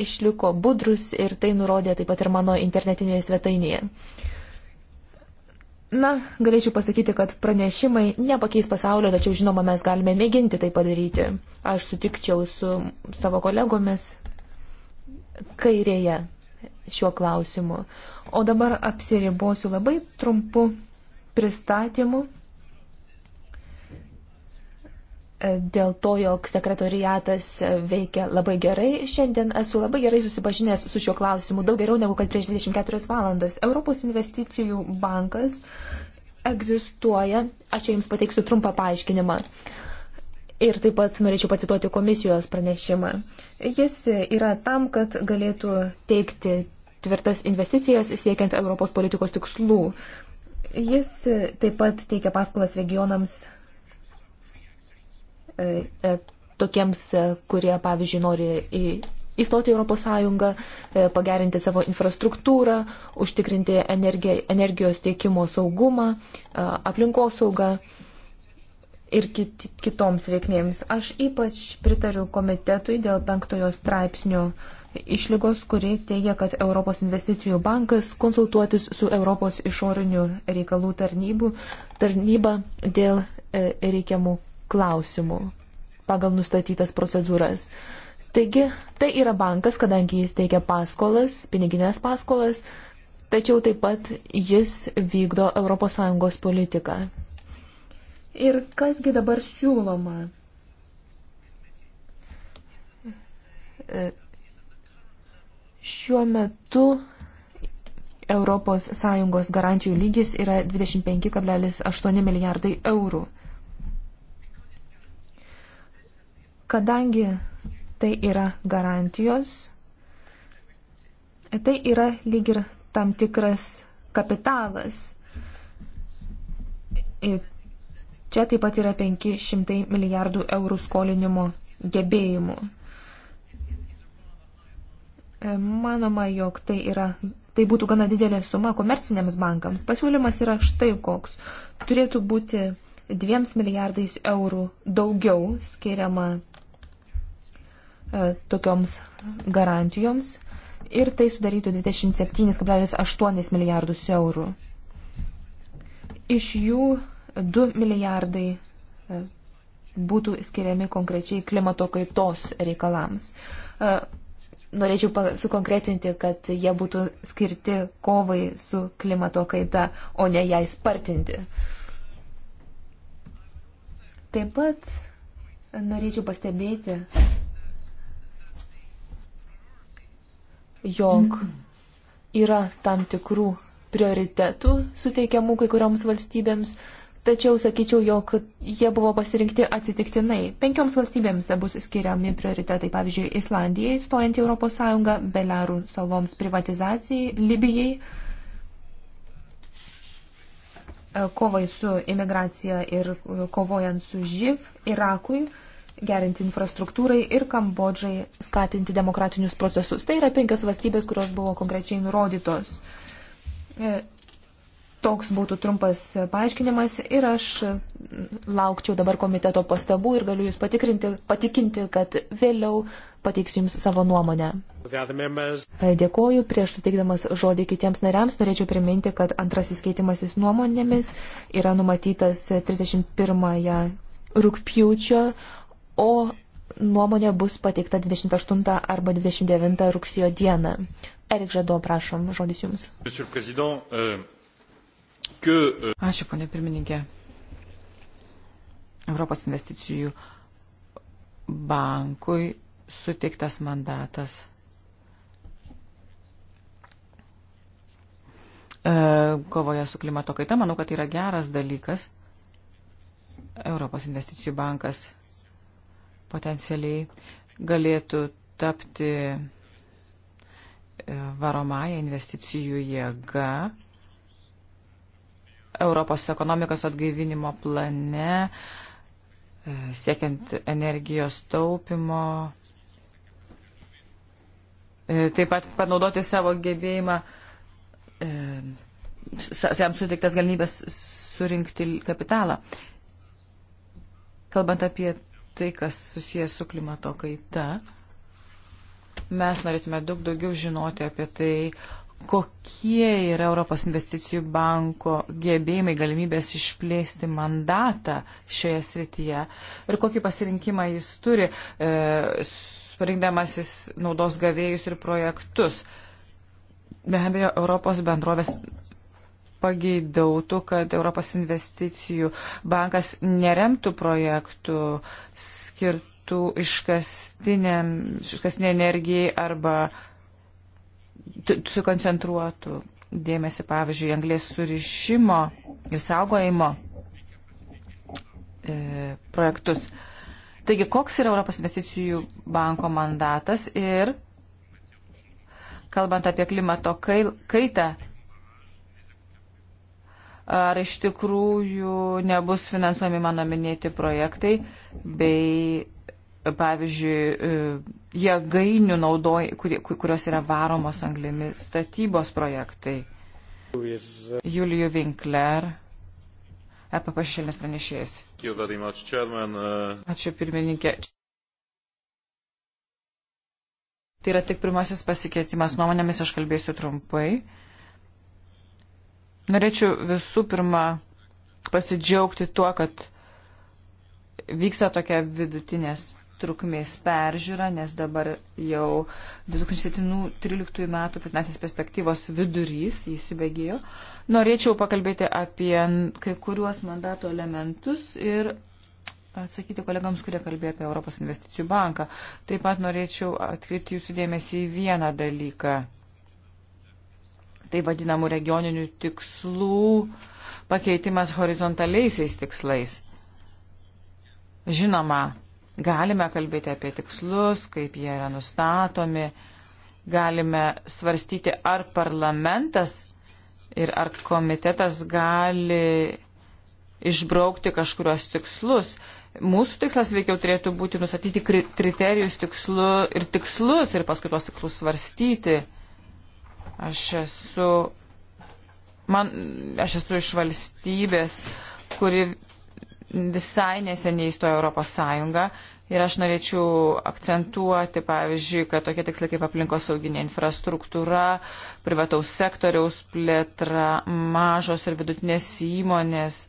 išliko budrus ir tai nurodė taip pat ir mano internetinėje svetainėje. Na, galėčiau pasakyti, kad pranešimai nepakeis pasaulio, tačiau žinoma, mes galime mėginti tai padaryti. Aš sutikčiau su savo kolegomis kairėje šiuo klausimu. O dabar apsiribosiu labai trumpu pristatymu dėl to, jog sekretoriatas veikia labai gerai. Šiandien esu labai gerai susipažinęs su šiuo klausimu, daug geriau negu kad prieš 24 valandas. Europos investicijų bankas egzistuoja, aš čia jums pateiksiu trumpą paaiškinimą. Ir taip pat norėčiau pacituoti komisijos pranešimą. Jis yra tam, kad galėtų teikti tvirtas investicijas siekiant Europos politikos tikslų. Jis taip pat teikia paskolas regionams e, e, tokiems, e, kurie, pavyzdžiui, nori įstoti Europos Sąjungą, pagerinti savo infrastruktūrą, užtikrinti energijos tiekimo saugumą, aplinkosaugą ir kit, kitoms reikmėms. Aš ypač pritariu komitetui dėl penktojo straipsnio uh, išlygos, kuri teigia, kad Europos investicijų bankas konsultuotis su Europos išorinių reikalų tarnybų, tarnyba dėl e, reikiamų klausimų pagal nustatytas procedūras. Taigi, tai yra bankas, kadangi jis teikia paskolas, piniginės paskolas, tačiau taip pat jis vykdo ES politiką. Ir kasgi dabar siūloma? E, Šiuo metu ES garantijų lygis yra 25,8 milijardai eurų. Kadangi tai yra garantijos, tai yra lyg ir tam tikras kapitalas. Ir čia taip pat yra 500 milijardų eurų skolinimo gebėjimų. Manoma, jog tai, yra, tai būtų gana didelė suma komerciniams bankams. Pasiūlymas yra štai koks. Turėtų būti 2 milijardais eurų daugiau skiriama e, tokioms garantijoms ir tai sudarytų 27,8 milijardus eurų. Iš jų 2 milijardai e, būtų skiriami konkrečiai klimato kaitos reikalams. E, norėčiau sukonkretinti, kad jie būtų skirti kovai su klimato kaita, o ne jai spartinti. Taip pat norėčiau pastebėti, jog yra tam tikrų prioritetų suteikiamų kai kurioms valstybėms, tačiau sakyčiau, jog jie buvo pasirinkti atsitiktinai. Penkioms valstybėms bus skiriami prioritetai, pavyzdžiui, Islandijai, stojant į Europos Sąjungą, Belarų saloms privatizacijai, Libijai, e, kovai su imigracija ir kovojant su živ, Irakui, gerinti infrastruktūrai ir Kambodžai skatinti demokratinius procesus. Tai yra penkios valstybės, kurios buvo konkrečiai nurodytos. E, Toks būtų trumpas paaiškinimas ir aš laukčiau dabar komiteto pastabų ir galiu Jūs patikinti, kad vėliau pateiksiu Jums savo nuomonę. Dėkoju, prieš suteikdamas žodį kitiems nariams, norėčiau priminti, kad antrasis keitimasis nuomonėmis yra numatytas 31 rūpjūčio, o nuomonė bus pateikta 28 arba 29 rugsėjo dieną. Erik Žado, prašom, žodis Jums que... Euh, Ačiū, ponė pirmininkė. Europos investicijų bankui suteiktas mandatas e, kovoje su klimato kaita. Manau, kad tai yra geras dalykas. Europos investicijų bankas potencialiai galėtų tapti e, varomąją investicijų jėgą Europos ekonomikos atgaivinimo plane, e, siekiant energijos taupimo, e, taip pat panaudoti savo gebėjimą, e, jam suteiktas galimybės surinkti kapitalą. Kalbant apie tai, kas susijęs su klimato kaita, mes norėtume daug daugiau žinoti apie tai, kokie yra Europos investicijų banko gebėjimai, galimybės išplėsti mandatą šioje srityje ir kokį pasirinkimą jis turi, e, parinkdamasis naudos gavėjus ir projektus. Be abejo, Europos bendrovės pageidautų, kad Europos investicijų bankas neremtų projektų skirtų iškastiniai energijai arba sukoncentruotų dėmesį, pavyzdžiui, anglės surišimo ir saugojimo e, projektus. Taigi, koks yra Europos investicijų banko mandatas ir, kalbant apie klimato kaitą, ar iš tikrųjų nebus finansuojami mano minėti projektai bei, pavyzdžiui, e, jėgainių, naudoj, kur, kurios yra varomos anglėmis, statybos projektai. Julijų Winkler, EPP šešėlės pranešėjas. Uh, Ačiū pirmininkė. Tai yra tik pirmasis pasikeitimas nuomonėmis, aš kalbėsiu trumpai. Norėčiau visų pirma pasidžiaugti tuo, kad vyksta tokia vidutinės trukmės peržiūrą, nes dabar jau 2013 metų finansinės perspektyvos vidurys įsibėgėjo. Norėčiau pakalbėti apie kai kuriuos mandato elementus ir atsakyti kolegams, kurie kalbėjo apie Europos investicijų banką. Taip pat norėčiau atkreipti jūsų dėmesį į vieną dalyką. Tai vadinamų regioninių tikslų pakeitimas horizontaliaisiais tikslais. Žinoma, Galime kalbėti apie tikslus, kaip jie yra nustatomi, galime svarstyti, ar parlamentas ir ar komitetas gali išbraukti kažkurios tikslus. Mūsų tikslas veikiau turėtų būti nusatyti kriterijus tikslu ir tikslus ir paskui tuos tikslus svarstyti. Aš esu, man, aš esu iš valstybės, kuri visai neseniai įstojo Europos Sąjunga ir aš norėčiau akcentuoti, pavyzdžiui, kad tokie tikslai kaip aplinkos sauginė infrastruktūra, privataus sektoriaus plėtra, mažos ir vidutinės įmonės.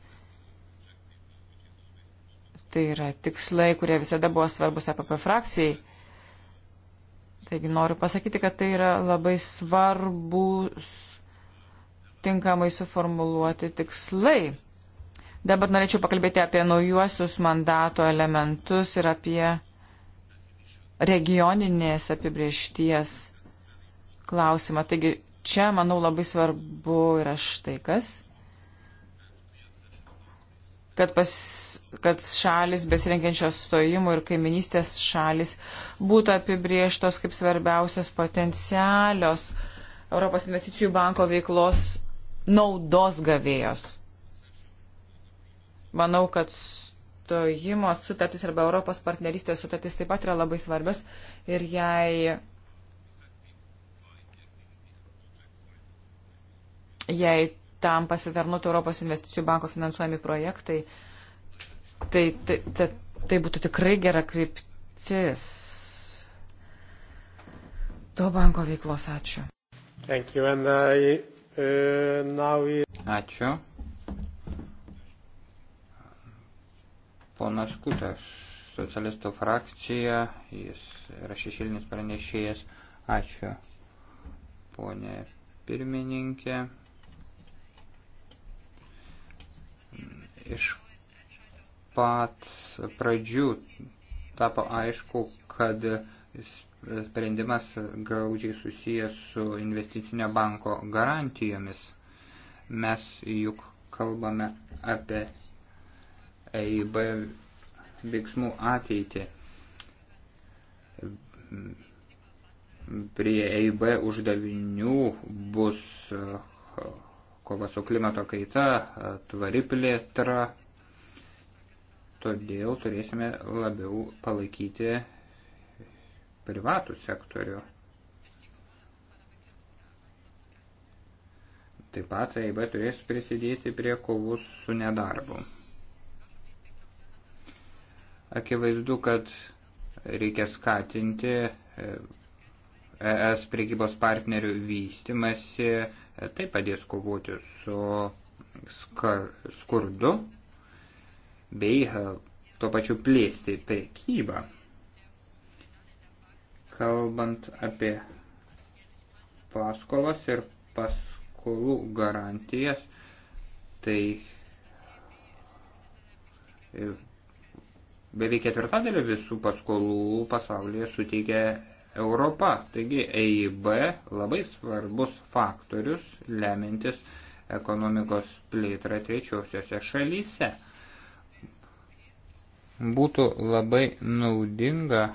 Tai yra tikslai, kurie visada buvo svarbus APP e frakcijai. Taigi noriu pasakyti, kad tai yra labai svarbus tinkamai suformuluoti tikslai Dabar norėčiau pakalbėti apie naujuosius mandato elementus ir apie regioninės apibriešties klausimą. Taigi čia, manau, labai svarbu yra štai kas, kad, pas, kad šalis besirengiančios stojimų ir kaiminystės šalis būtų apibrieštos kaip svarbiausios potencialios Europos investicijų banko veiklos naudos gavėjos. Manau, kad stojimo sutartis arba Europos partnerystės sutartis taip pat yra labai svarbios ir jei, jei tam pasitarnutų Europos investicijų banko finansuojami projektai, tai, tai, tai, tai būtų tikrai gera kryptis. To banko veiklos ačiū. Thank you. And, uh, uh, now we... Ačiū. ponas Kutaš, socialistų frakcija, jis yra šešilinis pranešėjas. Ačiū, ponė pirmininkė. Iš pat pradžių tapo aišku, kad sprendimas gaudžiai susijęs su investicinio banko garantijomis. Mes juk kalbame apie EIB veiksmų ateitį. Prie EIB uždavinių bus e, kova su klimato kaita, e, tvari plėtra, todėl turėsime labiau palaikyti privatų sektorių. Taip pat EIB turės prisidėti prie kovų su nedarbu. Akivaizdu, kad reikia skatinti ES e priekybos partnerių vystimasi, e, tai padės kovoti su skar, skurdu bei e, tuo pačiu plėsti priekybą. Kalbant apie paskolas ir paskolų garantijas, tai Beveik ketvirtadalį visų paskolų pasaulyje suteikia Europa. Taigi EIB labai svarbus faktorius lemintis ekonomikos plėtrą trečiosiose šalyse. Būtų labai naudinga,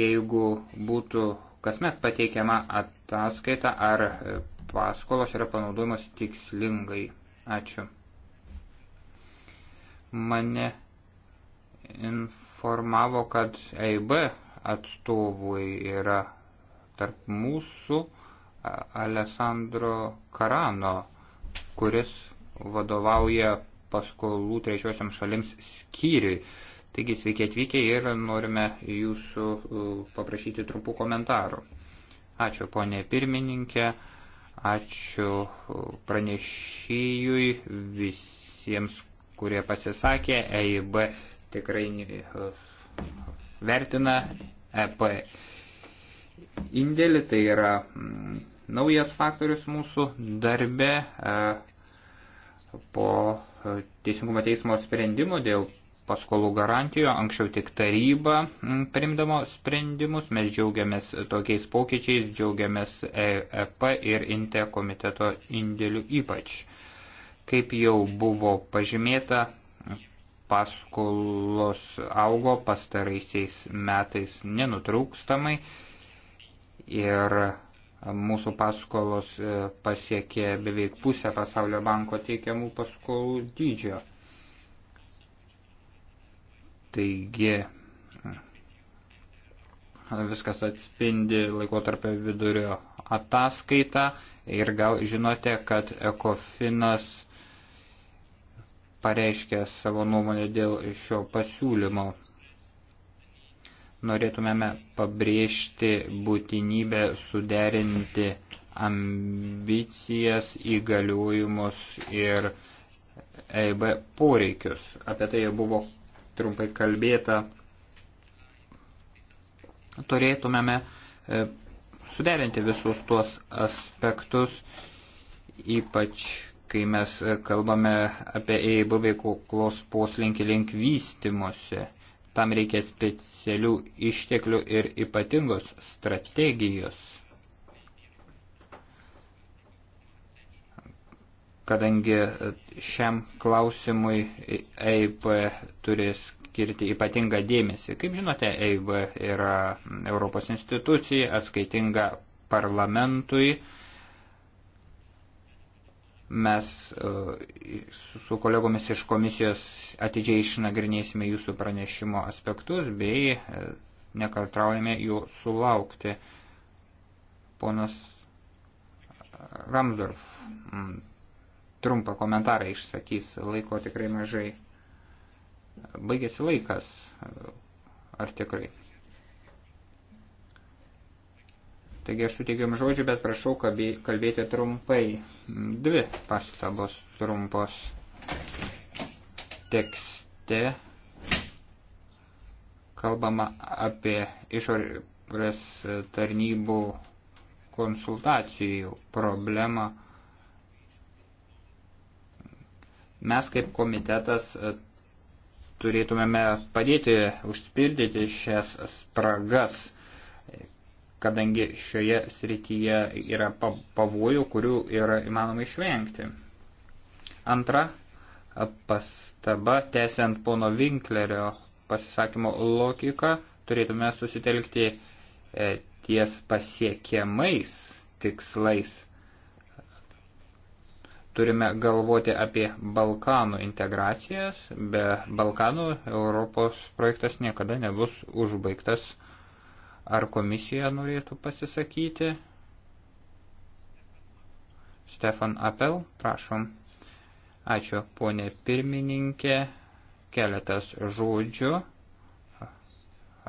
jeigu būtų kasmet pateikiama ataskaita, ar paskolos yra panaudojamos tikslingai. Ačiū. Mane informavo, kad EIB atstovui yra tarp mūsų Alessandro Karano, kuris vadovauja paskolų trečiosiam šalims skyriui. Taigi sveiki atvykę ir norime jūsų paprašyti trumpų komentarų. Ačiū ponė pirmininkė, ačiū pranešėjui visiems, kurie pasisakė. EIB tikrai e, vertina EP indėlį, tai yra naujas faktorius mūsų darbe e, po e, Teisingumo teismo sprendimo dėl paskolų garantijų, anksčiau tik taryba primdamo sprendimus, mes džiaugiamės tokiais pokyčiais, džiaugiamės EP ir INTE komiteto indėlių ypač. Kaip jau buvo pažymėta, paskolos augo pastaraisiais metais nenutrūkstamai ir mūsų paskolos e, pasiekė beveik pusę pasaulio banko teikiamų paskolų dydžio. Taigi viskas atspindi laikotarpio vidurio ataskaitą ir gal žinote, kad Ekofinas pareiškė savo nuomonę dėl šio pasiūlymo. Norėtumėme pabrėžti būtinybę suderinti ambicijas, įgaliojimus ir EIB poreikius. Apie tai jau buvo trumpai kalbėta. Turėtumėme e, suderinti visus tuos aspektus, ypač kai mes kalbame apie EIB veiklos poslinkį link vystimuose. Tam reikia specialių išteklių ir ypatingos strategijos. Kadangi šiam klausimui EIB turės skirti ypatingą dėmesį. Kaip žinote, EIB yra Europos institucija atskaitinga parlamentui Mes e, su kolegomis iš komisijos atidžiai išnagrinėsime jūsų pranešimo aspektus bei e, nekartraujame jų sulaukti. Ponas Ramsdorf trumpą komentarą išsakys, laiko tikrai mažai. Baigėsi laikas, ar tikrai? Taigi aš suteikiam žodžiu, bet prašau kalbėti trumpai. Dvi pastabos trumpos tekste kalbama apie išorės tarnybų konsultacijų problemą. Mes kaip komitetas e, turėtumėme padėti užpildyti šias spragas kadangi šioje srityje yra pavojų, kurių yra įmanoma išvengti. Antra pastaba, tęsiant pono Winklerio pasisakymo logiką, turėtume susitelkti e, ties pasiekiamais tikslais. Turime galvoti apie Balkanų integracijas, be Balkanų Europos projektas niekada nebus užbaigtas Ar komisija norėtų pasisakyti? Stefan Apel, prašom. Ačiū, ponė pirmininkė. Keletas žodžių.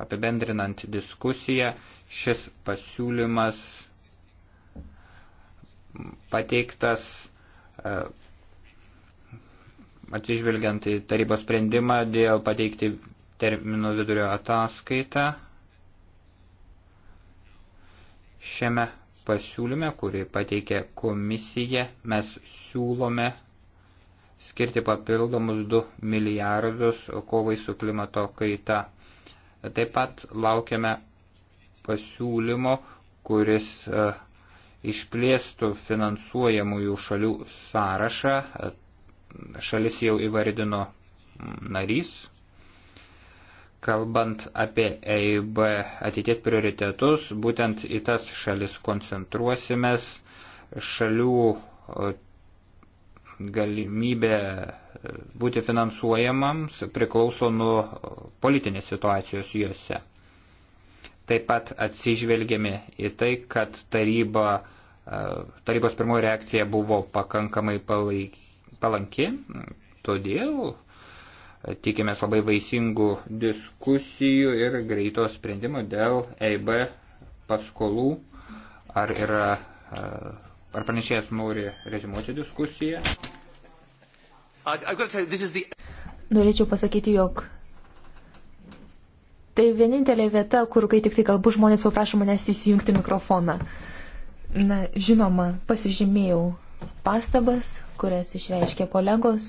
Apibendrinant diskusiją, šis pasiūlymas pateiktas e, atsižvelgiant į tarybos sprendimą dėl pateikti terminų vidurio ataskaitą Šiame pasiūlyme, kurį pateikė komisija, mes siūlome skirti papildomus 2 milijardus kovai su klimato kaita. Taip pat laukiame pasiūlymo, kuris e, išplėstų finansuojamųjų šalių sąrašą. Šalis jau įvardino narys kalbant apie EIB ateities prioritetus, būtent į tas šalis koncentruosimės, šalių galimybė e, būti finansuojamams priklauso nuo politinės situacijos juose. Taip pat atsižvelgėme į tai, kad taryba, e, tarybos pirmoji reakcija buvo pakankamai palaik, palanki, todėl Tikimės labai vaisingų diskusijų ir greito sprendimo dėl EIB paskolų. Ar, yra, ar pranešėjas nori rezimuoti diskusiją? Norėčiau pasakyti, jog tai vienintelė vieta, kur kai tik tai kalbu, žmonės paprašo manęs įsijungti mikrofoną. Na, žinoma, pasižymėjau pastabas, kurias išreiškė kolegos,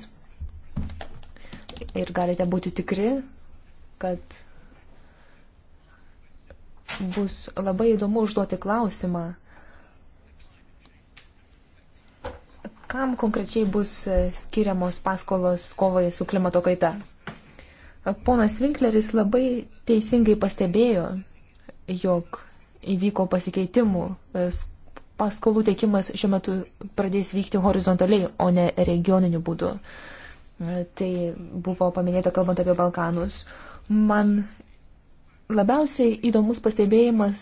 ir galite būti tikri, kad bus labai įdomu užduoti klausimą, kam konkrečiai bus skiriamos paskolos kovai su klimato kaita. Ponas Winkleris labai teisingai pastebėjo, jog įvyko pasikeitimų. Paskolų teikimas šiuo metu pradės vykti horizontaliai, o ne regioniniu būdu. Uh, Tai buvo paminėta kalbant apie Balkanus. Man labiausiai įdomus pastebėjimas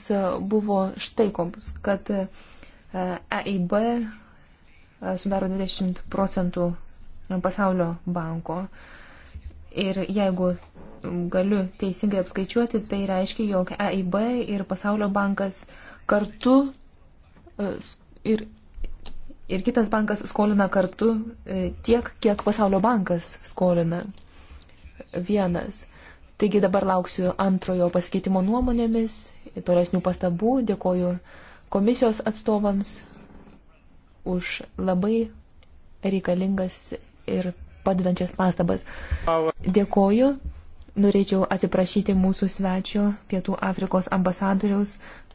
buvo štai koms, kad EIB e e, sudaro 20 procentų pasaulio banko. Ir jeigu galiu teisingai apskaičiuoti, tai reiškia, jog EIB ir pasaulio bankas kartu e, ir ir kitas bankas skolina kartu e, tiek, kiek pasaulio bankas skolina. Vienas. Taigi dabar lauksiu antrojo pasikeitimo nuomonėmis, tolesnių pastabų. Dėkoju komisijos atstovams už labai reikalingas ir padedančias pastabas. Dėkoju. Norėčiau atsiprašyti mūsų svečio Pietų Afrikos ambasadoriaus,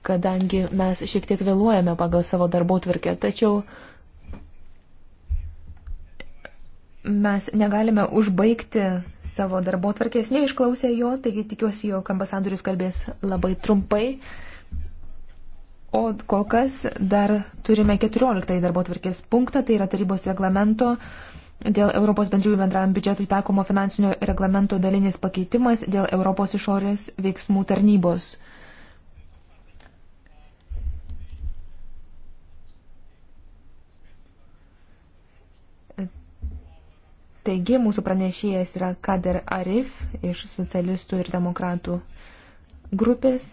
kadangi mes šiek tiek vėluojame pagal savo darbo tvarkę, tačiau mes negalime užbaigti savo darbo tvarkės, neišklausę jo, taigi tikiuosi, jog ambasadorius kalbės labai trumpai. O kol kas dar turime 14 darbo tvarkės punktą, tai yra tarybos reglamento dėl Europos bendrijų bendram biudžetui taikomo finansinio reglamento dalinis pakeitimas dėl Europos išorės veiksmų tarnybos. Taigi mūsų pranešėjas yra Kader Arif iš socialistų ir demokratų grupės.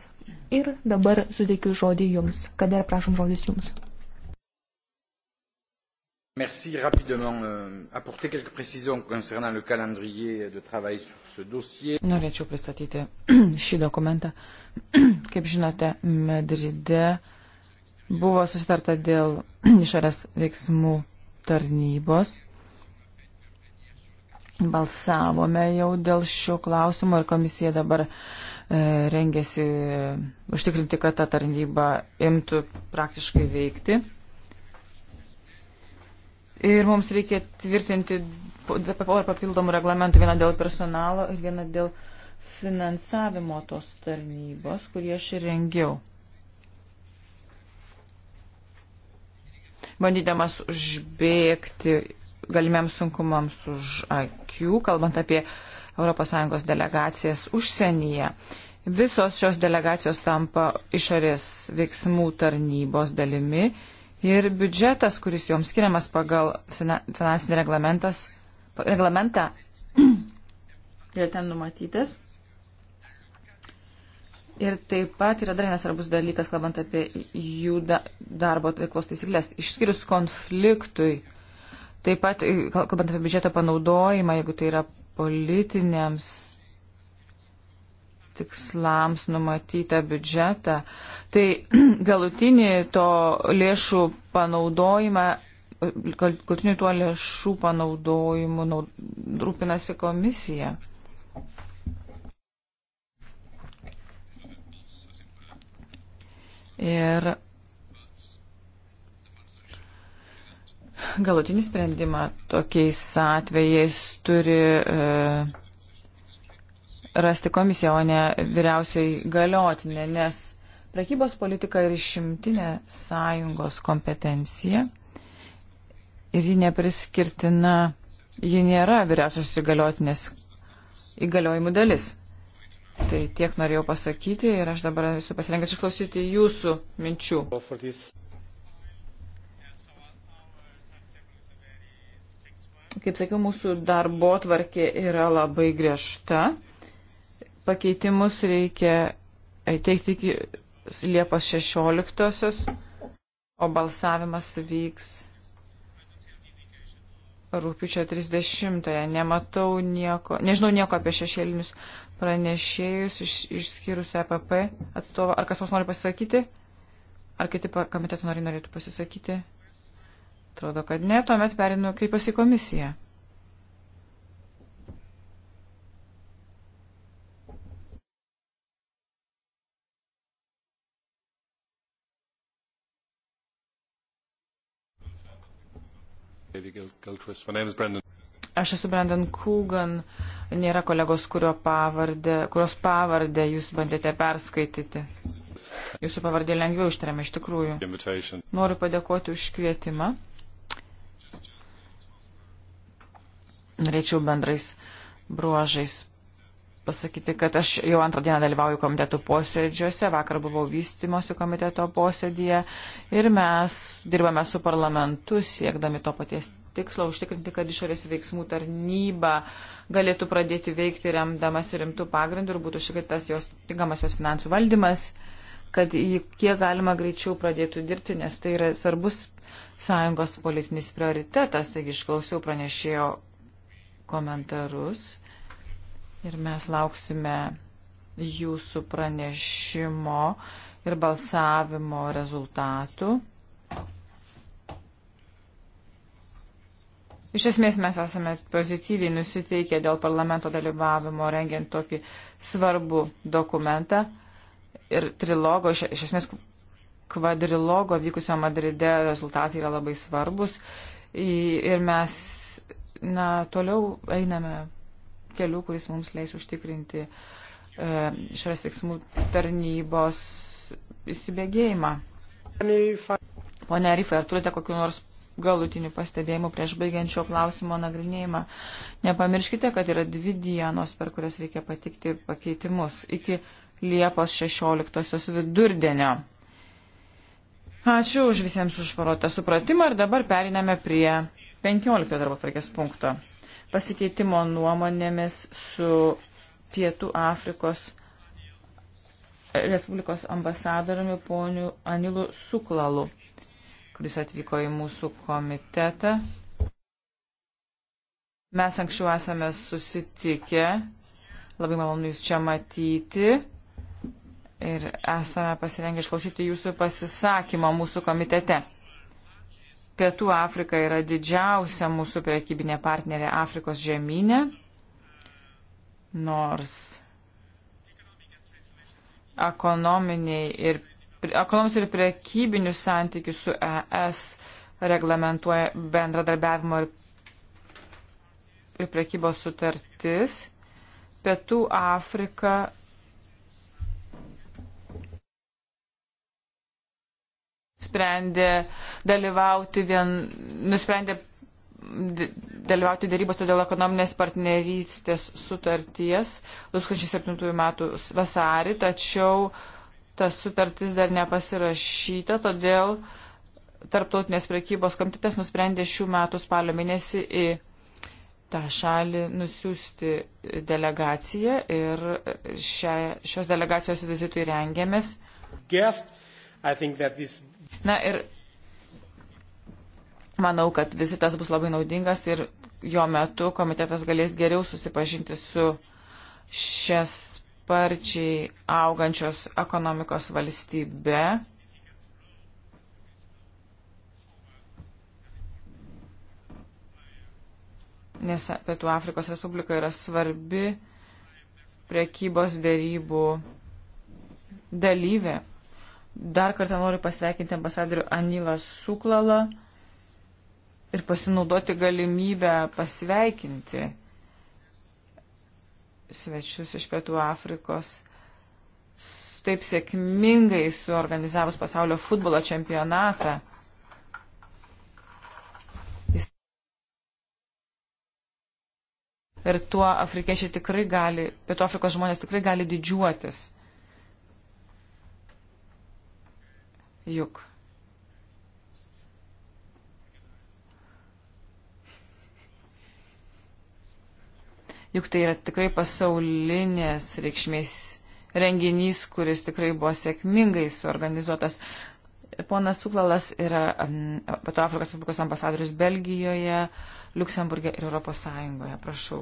Ir dabar suteikiu žodį jums. Kader, prašom žodis jums. Merci rapidement. Euh, apporter quelques précisions concernant le calendrier de travail sur ce dossier. Norėčiau pristatyti [CLEARS THROAT] šį dokumentą. [CLEARS THROAT] Kaip žinote, Madride buvo susitarta dėl [CLEARS THROAT] išorės veiksmų tarnybos Balsavome jau dėl šio klausimo ir komisija dabar e, rengiasi užtikrinti, kad ta tarnyba imtų praktiškai veikti. Ir mums reikia tvirtinti porą papildomų reglamentų, vieną dėl personalo ir vieną dėl finansavimo tos tarnybos, kurį aš ir rengiau. Bandydamas užbėgti galimiems sunkumams už akių, kalbant apie ES delegacijas užsienyje. Visos šios delegacijos tampa išorės veiksmų tarnybos dalimi ir biudžetas, kuris joms skiriamas pagal finansinį reglamentą, [CLEARS THROAT] yra ten numatytas. Ir taip pat yra dar vienas svarbus dalykas, kalbant apie jų da, darbo veiklos taisyklės, išskyrus konfliktui Taip pat, e, kalbant apie biudžeto panaudojimą, jeigu tai yra politiniams tikslams numatytą biudžetą, tai [CLEARS THROAT] galutinį to lėšų panaudojimą, e, galutinių tuo lėšų panaudojimu naud, rūpinasi komisija. Ir galutinį sprendimą tokiais atvejais turi e, rasti komisija, o ne vyriausiai galiotinė, nes prekybos politika yra išimtinė sąjungos kompetencija ir ji nepriskirtina, ji nėra vyriausios įgaliotinės įgaliojimų dalis. Tai tiek norėjau pasakyti ir aš dabar esu pasirengęs išklausyti jūsų minčių. Kaip sakiau, mūsų darbo tvarkė yra labai griežta. Pakeitimus reikia teikti iki Liepos 16-osios, o balsavimas vyks rūpiučio 30-ąją. Nematau nieko, nežinau nieko apie šešėlinius pranešėjus iš, išskyrus EPP atstovą. Ar kas nors nori pasisakyti? Ar kiti komiteto nariai norėtų pasisakyti? Atrodo, kad ne, tuomet perinu kreipiasi į komisiją. Aš esu Brendan Coogan, nėra kolegos, kurio pavardę, kurios pavardę jūs bandėte perskaityti. Jūsų pavardė lengviau ištariama iš tikrųjų. Noriu padėkoti už kvietimą. norėčiau bendrais bruožais pasakyti, kad aš jau antrą dieną dalyvauju komitetų posėdžiuose, vakar buvau vystimosi komiteto posėdėje ir mes dirbame su parlamentu siekdami to paties tikslo užtikrinti, kad išorės veiksmų tarnyba galėtų pradėti veikti remdamas rimtų pagrindų ir būtų užtikrintas jos tinkamas jos finansų valdymas, kad jį kiek galima greičiau pradėtų dirbti, nes tai yra svarbus sąjungos politinis prioritetas, taigi išklausiau pranešėjo komentarus ir mes lauksime jūsų pranešimo ir balsavimo rezultatų. Iš esmės mes esame pozityviai nusiteikę dėl parlamento dalyvavimo rengiant tokį svarbų dokumentą ir trilogo, iš, iš esmės kvadrilogo vykusio Madride rezultatai yra labai svarbus ir mes na, toliau einame keliu, kuris mums leis užtikrinti e, šios veiksmų tarnybos įsibėgėjimą. Pone Arifai, ar turite kokiu nors galutinių pastebėjimų prieš baigiančio klausimo nagrinėjimą? Nepamirškite, kad yra dvi dienos, per kurias reikia patikti pakeitimus iki Liepos 16 vidurdienio. Ačiū už visiems už parotą supratimą ir dabar periname prie 15 darbo tvarkės punkto. Pasikeitimo nuomonėmis su Pietų Afrikos e, Respublikos ambasadoriumi poniu Anilu Suklalu, kuris atvyko į mūsų komitetą. Mes anksčiau esame susitikę, labai malonu Jūs čia matyti ir esame pasirengę išklausyti Jūsų pasisakymą mūsų komitete. Pietų Afrika yra didžiausia mūsų prekybinė partnerė Afrikos žemynė, nors ekonominiai ir, ekonomis ir prekybinius santykius su ES reglamentuoja bendradarbiavimo ir, ir prekybos sutartis. Pietų Afrika sprendė dalyvauti vien, nusprendė dalyvauti dėrybose dėl ekonominės partnerystės sutarties 2007 metų vasarį, tačiau tas sutartis dar nepasirašyta, todėl Tarptautinės prekybos komitetas nusprendė šių metų spalio mėnesį į tą šalį nusiųsti delegaciją ir šia, šios delegacijos vizitui rengiamės. Guest, I think that this Na ir manau, kad vizitas bus labai naudingas ir jo metu komitetas galės geriau susipažinti su šias sparčiai augančios ekonomikos valstybe. Nes Pietų Afrikos Respublika yra svarbi priekybos dėrybų dalyvė. Dar kartą noriu pasveikinti ambasadorių Anilą Suklalą ir pasinaudoti galimybę pasveikinti svečius iš Pietų Afrikos taip sėkmingai suorganizavus pasaulio futbolo čempionatą. ir tuo afrikiečiai tikrai gali, pietų Afrikos žmonės tikrai gali didžiuotis. Juk Juk tai yra tikrai pasaulinės reikšmės renginys, kuris tikrai buvo sėkmingai suorganizuotas. Ponas Suklalas yra mm, Pietų Afrikos Republikos ambasadorius Belgijoje, Luksemburgė ir Europos Sąjungoje. Prašau.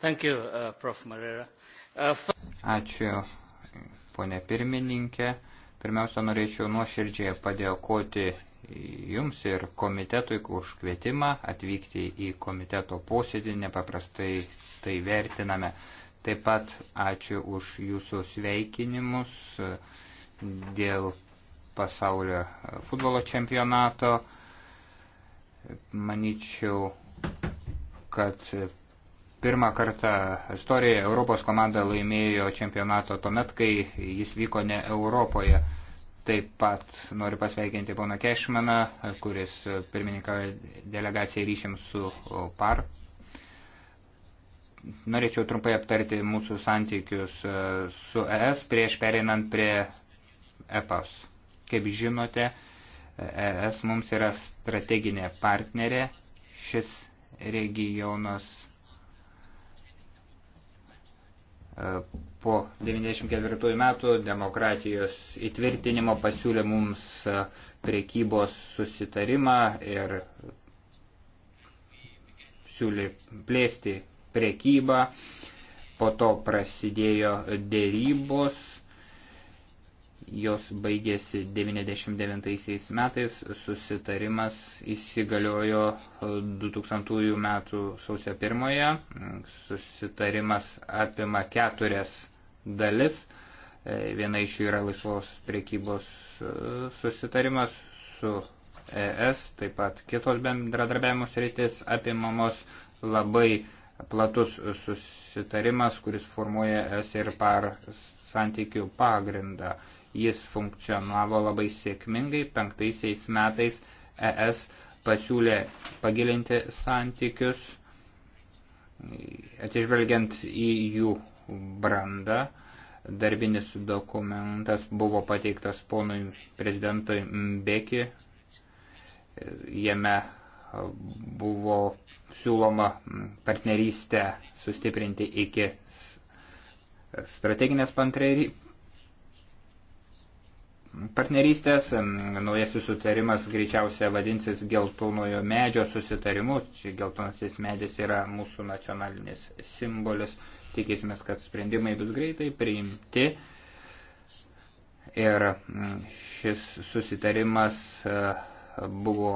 Thank you, uh, Prof. Marera. Uh, Ačiū, ponė pirmininkė. Pirmiausia, norėčiau nuoširdžiai padėkoti Jums ir komitetui už kvietimą atvykti į komiteto posėdį, nepaprastai tai vertiname. Taip pat ačiū už Jūsų sveikinimus dėl pasaulio futbolo čempionato. Manyčiau, kad Pirmą kartą istorijoje Europos komanda laimėjo čempionato tuomet, kai jis vyko ne Europoje. Taip pat noriu pasveikinti pono Kešmaną, kuris pirmininkavo delegaciją ryšiams su PAR. Norėčiau trumpai aptarti mūsų santykius e, su ES prieš pereinant prie EPAS. Kaip žinote, ES mums yra strateginė partnerė. Šis regionas E, po 94 metų demokratijos įtvirtinimo pasiūlė mums e, priekybos susitarimą ir siūlė plėsti priekybą. Po to prasidėjo dėrybos, jos baigėsi 99 metais, susitarimas įsigaliojo 2000 metų sausio 1 susitarimas apima keturias dalis. Viena iš jų yra laisvos priekybos susitarimas su ES, taip pat kitos bendradarbiavimo sritis apimamos labai platus susitarimas, kuris formuoja ES ir par santykių pagrindą. Jis funkcionavo labai sėkmingai penktaisiais metais ES pasiūlė pagilinti santykius, atsižvelgiant į jų brandą. Darbinis dokumentas buvo pateiktas ponui prezidentui Mbeki. Jame buvo siūloma partnerystę sustiprinti iki strateginės partnerystės. Naujasis sutarimas greičiausia vadinsis geltonojo medžio susitarimu. Čia geltonasis medis yra mūsų nacionalinis simbolis. Tikėsime, kad sprendimai bus greitai priimti. Ir šis susitarimas e, buvo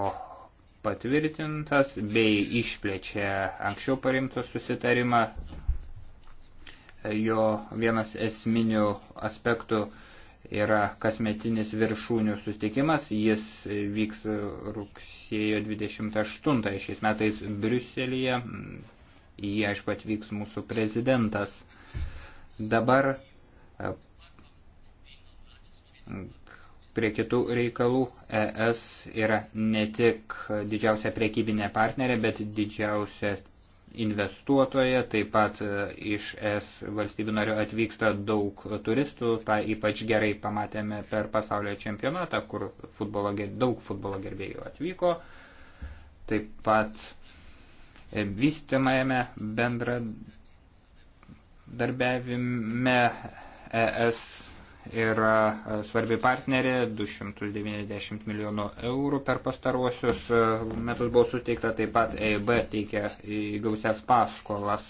patvirtintas bei išplečia anksčiau parimtą susitarimą. Jo vienas esminių aspektų uh, yra kasmetinis viršūnių sustikimas, jis vyks rugsėjo 28 šiais metais Briuselėje, jie aišku atvyks mūsų prezidentas. Dabar e, prie kitų reikalų ES yra ne tik didžiausia prekybinė partnerė, bet didžiausia investuotoje, taip pat e, iš es valstybių narių atvyksta daug turistų, tą ypač gerai pamatėme per pasaulio čempionatą, kur futbolo, daug futbolo gerbėjų atvyko, taip pat e, vystimajame bendradarbiavime ES yra e, svarbi partnerė, 290 milijonų eurų per pastaruosius e, metus buvo suteikta, taip pat EIB teikia įgausias paskolas.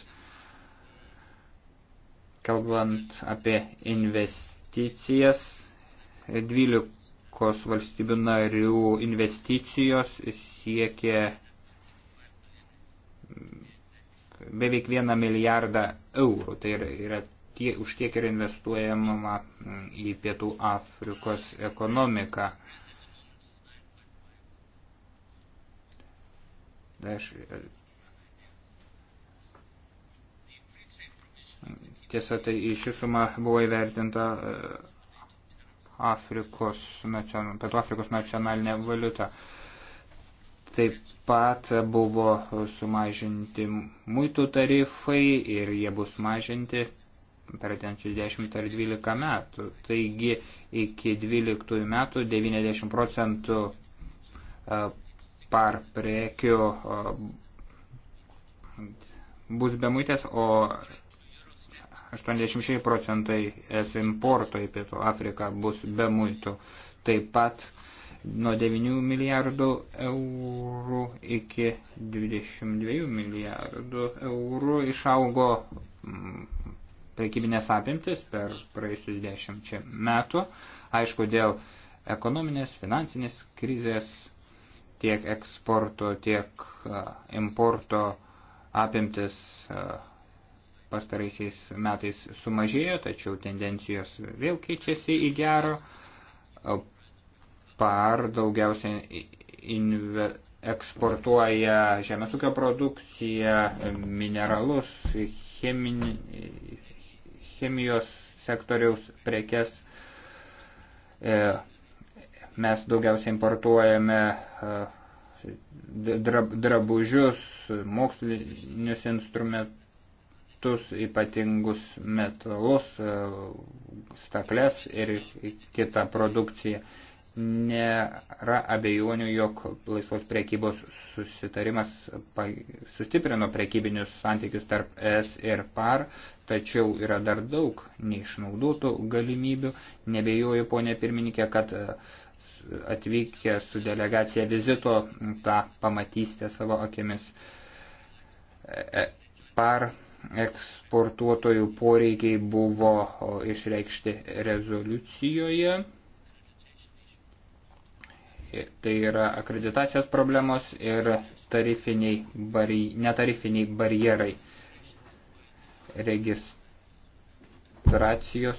Kalbant apie investicijas, 12 valstybių narių investicijos siekia beveik 1 milijardą eurų. Tai yra, yra tie, už tiek yra investuojama į Pietų Afrikos ekonomiką. Aš, tiesa, tai ši suma buvo įvertinta e, Afrikos, Pietų Afrikos nacionalinė valiuta. Taip pat buvo sumažinti muitų tarifai ir jie bus mažinti per atenčius 10 ar 12 metų. Taigi iki 12 metų 90 procentų e, par prekių bus be muitės, o 86 procentai es importo į Pietų Afriką bus be muitų. Taip pat nuo 9 milijardų eurų iki 22 milijardų eurų išaugo prekybinės apimtis per praėjusius dešimčia metų. Aišku, dėl ekonominės, finansinės krizės tiek eksporto, tiek e, importo apimtis e, pastaraisiais metais sumažėjo, tačiau tendencijos vėl keičiasi į gero. E, par daugiausiai inve, eksportuoja žemės ūkio produkciją, mineralus, cheminį, chemijos sektoriaus prekes. E, mes daugiausiai importuojame e, drabužius, mokslinius instrumentus, ypatingus metalus, e, stakles ir kitą produkciją nėra abejonių, jog laisvos priekybos susitarimas sustiprino priekybinius santykius tarp ES ir PAR, tačiau yra dar daug neišnaudotų galimybių. Nebejoju, ponė pirmininkė, kad e, atvykę su delegacija vizito tą pamatysite savo akimis. E, PAR eksportuotojų poreikiai buvo išreikšti rezoliucijoje Tai yra akreditacijos problemos ir tarifiniai bari, netarifiniai barjerai registracijos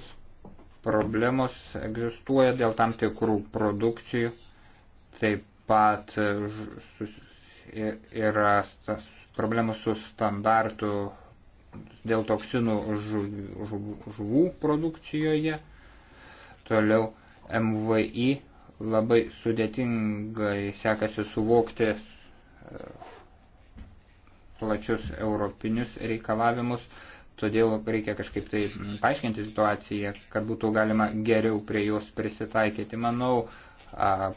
problemos egzistuoja dėl tam tikrų produkcijų, taip pat yra problemų su standartu dėl toksinų žuvų produkcijoje. Toliau MVI labai sudėtingai sekasi suvokti e, plačius europinius reikalavimus, todėl reikia kažkaip tai paaiškinti situaciją, kad būtų galima geriau prie jos prisitaikyti. Manau,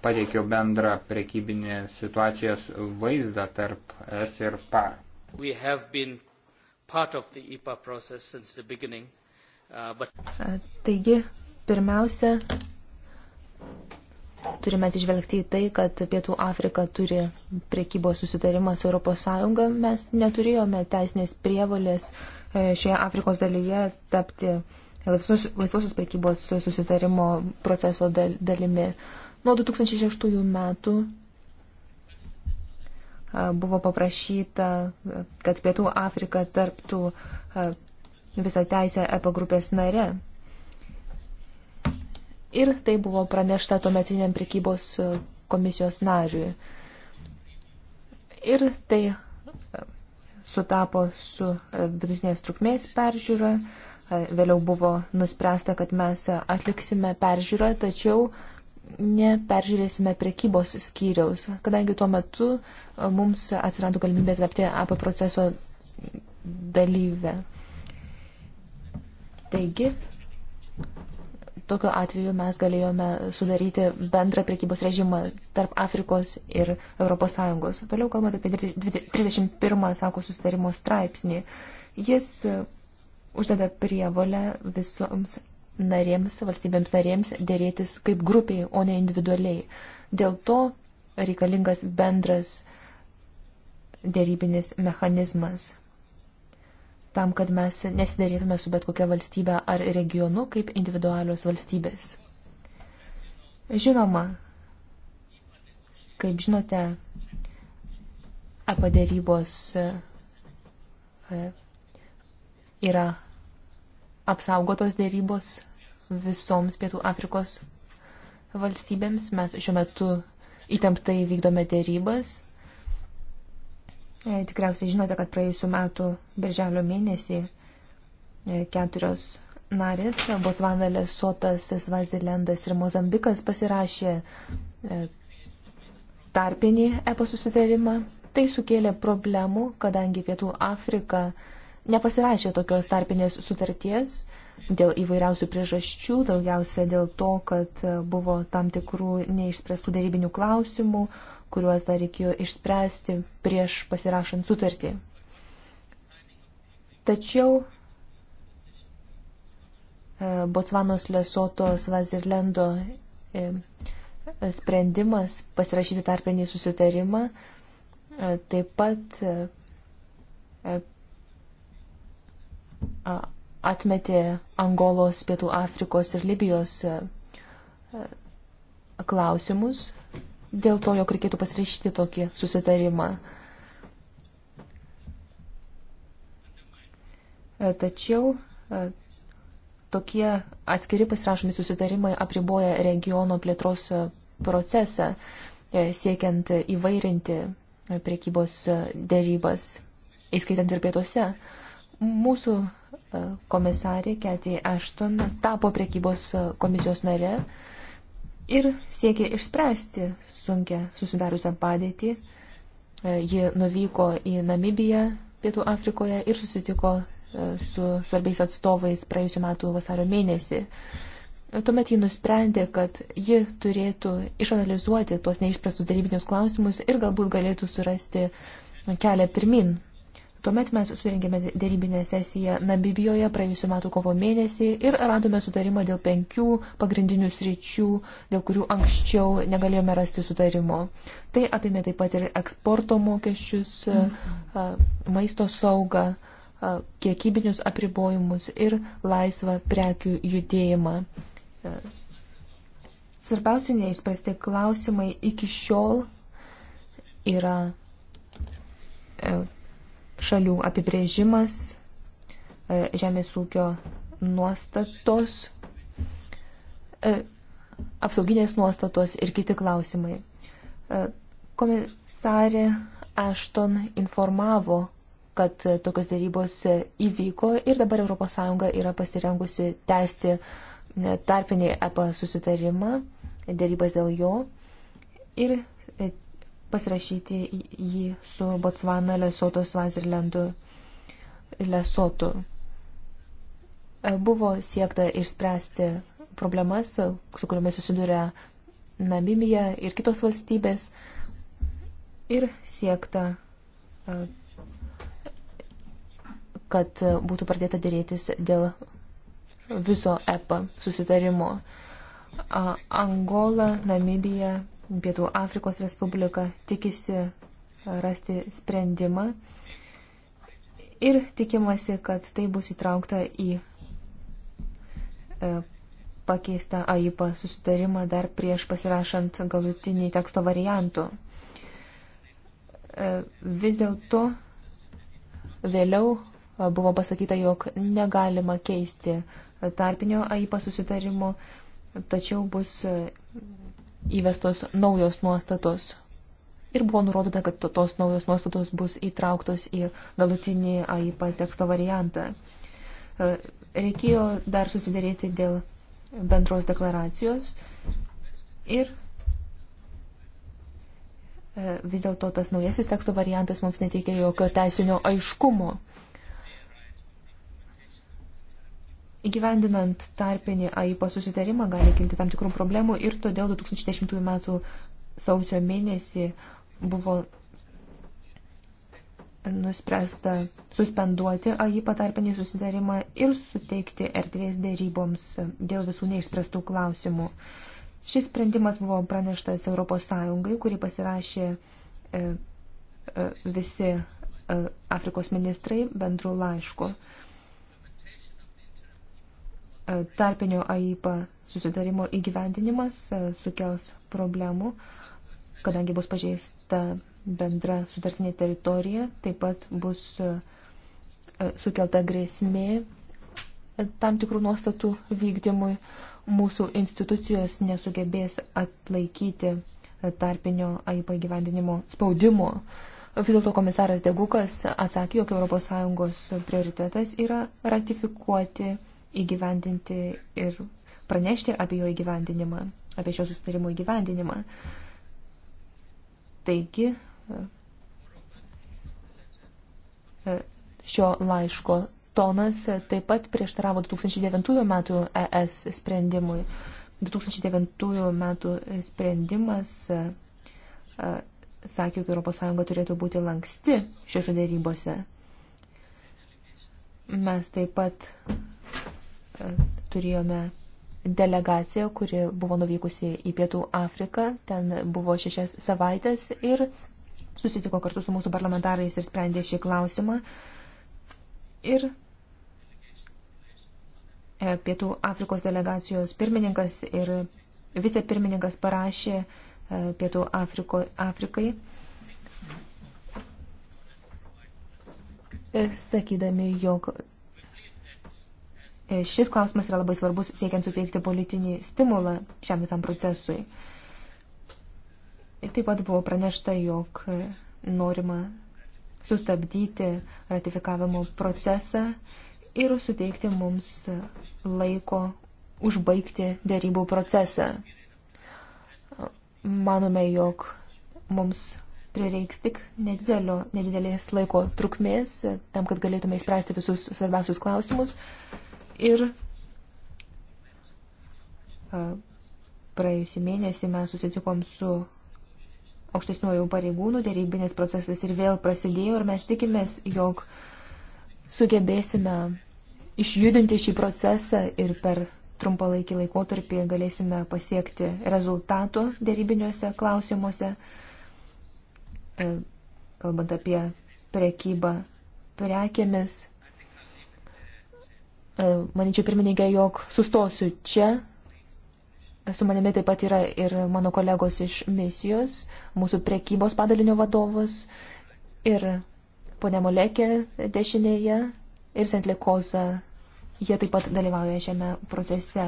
pateikiau bendrą prekybinį situacijos vaizdą tarp S ir PAR. E uh, but... Taigi, pirmiausia, turime atsižvelgti į tai, kad Pietų Afrika turi priekybos susitarimą su ES, mes neturėjome teisinės prievalės e, šioje Afrikos dalyje tapti laisvosios priekybos susitarimo proceso dalimi. Nuo 2006 metų e, buvo paprašyta, e, kad Pietų Afrika tarptų visą teisę EPA grupės nare ir tai buvo pranešta tuometiniam prekybos e, komisijos nariui. Ir tai e, sutapo su e, vidutinės trukmės peržiūra. Vėliau buvo nuspręsta, kad mes atliksime peržiūrą, tačiau neperžiūrėsime prekybos skyriaus, kadangi tuo metu mums atsirado galimybė tapti apie proceso dalyvę. Taigi, tokiu atveju mes galėjome sudaryti bendrą prekybos režimą tarp Afrikos ir ES. Toliau kalbant apie 31 sako susitarimo straipsnį, jis e, uždeda prievolę visoms narėms, valstybėms narėms dėrėtis kaip grupiai, o ne individualiai. Dėl to reikalingas bendras dėrybinis mechanizmas tam, kad mes nesidarytume su bet kokia valstybe ar regionu kaip individualios valstybės. Žinoma, kaip žinote, apie dėrybos e, yra apsaugotos dėrybos visoms Pietų Afrikos valstybėms. Mes šiuo metu įtemptai vykdome dėrybas E, tikriausiai žinote, kad praėjusiu metu birželio mėnesį e, keturios narės - Botsvana, Lesotas, Svazilendas ir Mozambikas - pasirašė e, tarpinį EPA susitarimą. Tai sukėlė problemų, kadangi Pietų Afrika nepasirašė tokios tarpinės sutarties dėl įvairiausių priežasčių, daugiausia dėl to, kad buvo tam tikrų neišspręstų darybinių klausimų, kuriuos dar reikėjo išspręsti prieš pasirašant sutartį. Tačiau e, Botsvanos, Lesoto, Svazirlendo e, sprendimas pasirašyti tarpinį susitarimą e, taip pat atmetė Angolos, Pietų Afrikos ir Libijos klausimus dėl to, jog reikėtų pasirašyti tokį susitarimą. E, tačiau e, tokie atskiri pasirašomi susitarimai apriboja regiono plėtros e, procesą, siekiant įvairinti priekybos dėrybas, įskaitant ir pietuose. Mūsų komisarė Keti Ashton tapo priekybos komisijos nare ir siekė išspręsti sunkę susidariusią padėtį. E, ji nuvyko į Namibiją, Pietų Afrikoje ir susitiko e, su svarbiais atstovais praėjusiu metu vasario mėnesį. E, tuomet ji nusprendė, kad ji turėtų išanalizuoti tuos neišspręstus darybinius klausimus ir galbūt galėtų surasti kelią pirmin Tuomet mes surinkėme dėrybinę sesiją Namibijoje praėjusiu metu kovo mėnesį ir radome sutarimą dėl penkių pagrindinių sričių, dėl kurių anksčiau negalėjome rasti sutarimo. Tai apimė taip pat ir eksporto mokesčius, mhm. maisto saugą, kiekybinius apribojimus ir laisvą prekių judėjimą. Svarbiausia neišspręsti klausimai iki šiol yra e, šalių apibrėžimas, e, žemės ūkio nuostatos, e, apsauginės nuostatos ir kiti klausimai. E, komisarė Ashton informavo, kad tokios dėrybos įvyko ir dabar ES yra pasirengusi tęsti tarpinį EPA susitarimą, dėrybas dėl jo ir pasirašyti jį su Botsvana, Lesoto, Svazirlendu ir Lesotu. Buvo siekta išspręsti problemas, su kuriomis susiduria Namibija ir kitos valstybės ir siekta, kad būtų pradėta dėrėtis dėl viso EPA susitarimo. Angola, Namibija, Pietų Afrikos Respublika tikisi rasti sprendimą ir tikimasi, kad tai bus įtraukta į e, pakeistą AIPA susitarimą dar prieš pasirašant galutinį teksto variantų. E, vis dėlto vėliau e, buvo pasakyta, jog negalima keisti tarpinio AIPA susitarimo, tačiau bus įvestos naujos nuostatos. Ir buvo nurodyta, kad tos naujos nuostatos bus įtrauktos į galutinį AIP teksto variantą. E, reikėjo dar susidėrėti dėl bendros deklaracijos ir e, vis dėlto tas naujasis teksto variantas mums neteikė jokio teisinio aiškumo. Įgyvendinant tarpinį AIPA susitarimą gali kilti tam tikrų problemų ir todėl 2010 m. sausio mėnesį buvo nuspręsta suspenduoti AIPA tarpinį susitarimą ir suteikti erdvės dėryboms dėl visų neišspręstų klausimų. Šis sprendimas buvo praneštas ES, kurį pasirašė e, e, visi e, Afrikos ministrai bendrų laiškų tarpinio AIPA susitarimo įgyvendinimas e, sukels problemų, kadangi bus pažeista bendra sutartinė teritorija, taip pat bus e, e, sukelta grėsmė tam tikrų nuostatų vykdymui. Mūsų institucijos nesugebės atlaikyti tarpinio AIPA įgyvendinimo spaudimo. Vis dėlto komisaras Degukas atsakė, jog ES prioritetas yra ratifikuoti uh, įgyvendinti ir pranešti apie jo įgyvendinimą, apie šio sustarimo įgyvendinimą. Taigi, e, e, šio laiško tonas taip pat prieštaravo 2009 metų ES sprendimui. 2009 metų sprendimas e, sakė, jog ES turėtų būti lanksti šiuose dėrybose. Mes taip pat turėjome delegaciją, kuri buvo nuvykusi į Pietų Afriką, ten buvo šešias savaitės ir susitiko kartu su mūsų parlamentarais ir sprendė šį klausimą. Ir e, Pietų Afrikos delegacijos pirmininkas ir vicepirmininkas parašė e, Pietų Afriko, Afrikai, e, sakydami, jog E, šis klausimas yra labai svarbus siekiant suteikti politinį stimulą šiam visam procesui. Taip pat buvo pranešta, jog norima sustabdyti ratifikavimo procesą ir suteikti mums laiko užbaigti dėrybų procesą. Manome, jog mums prireiks tik nedidelio, nedidelės laiko trukmės tam, kad galėtume įspręsti visus svarbiausius klausimus Ir praėjusį mėnesį mes susitikom su aukštesniuoju pareigūnų, dėrybinis procesas ir vėl prasidėjo ir mes tikimės, jog sugebėsime išjudinti šį procesą ir per trumpalaikį laikotarpį galėsime pasiekti rezultatų dėrybiniuose klausimuose, e, kalbant apie prekybą prekėmis E, manyčiau pirmininkė, jog sustosiu čia. Su manimi taip pat yra ir mano kolegos iš misijos, mūsų prekybos padalinio vadovas ir ponė Molekė dešinėje ir Sentlikoza. Jie taip pat dalyvauja šiame procese.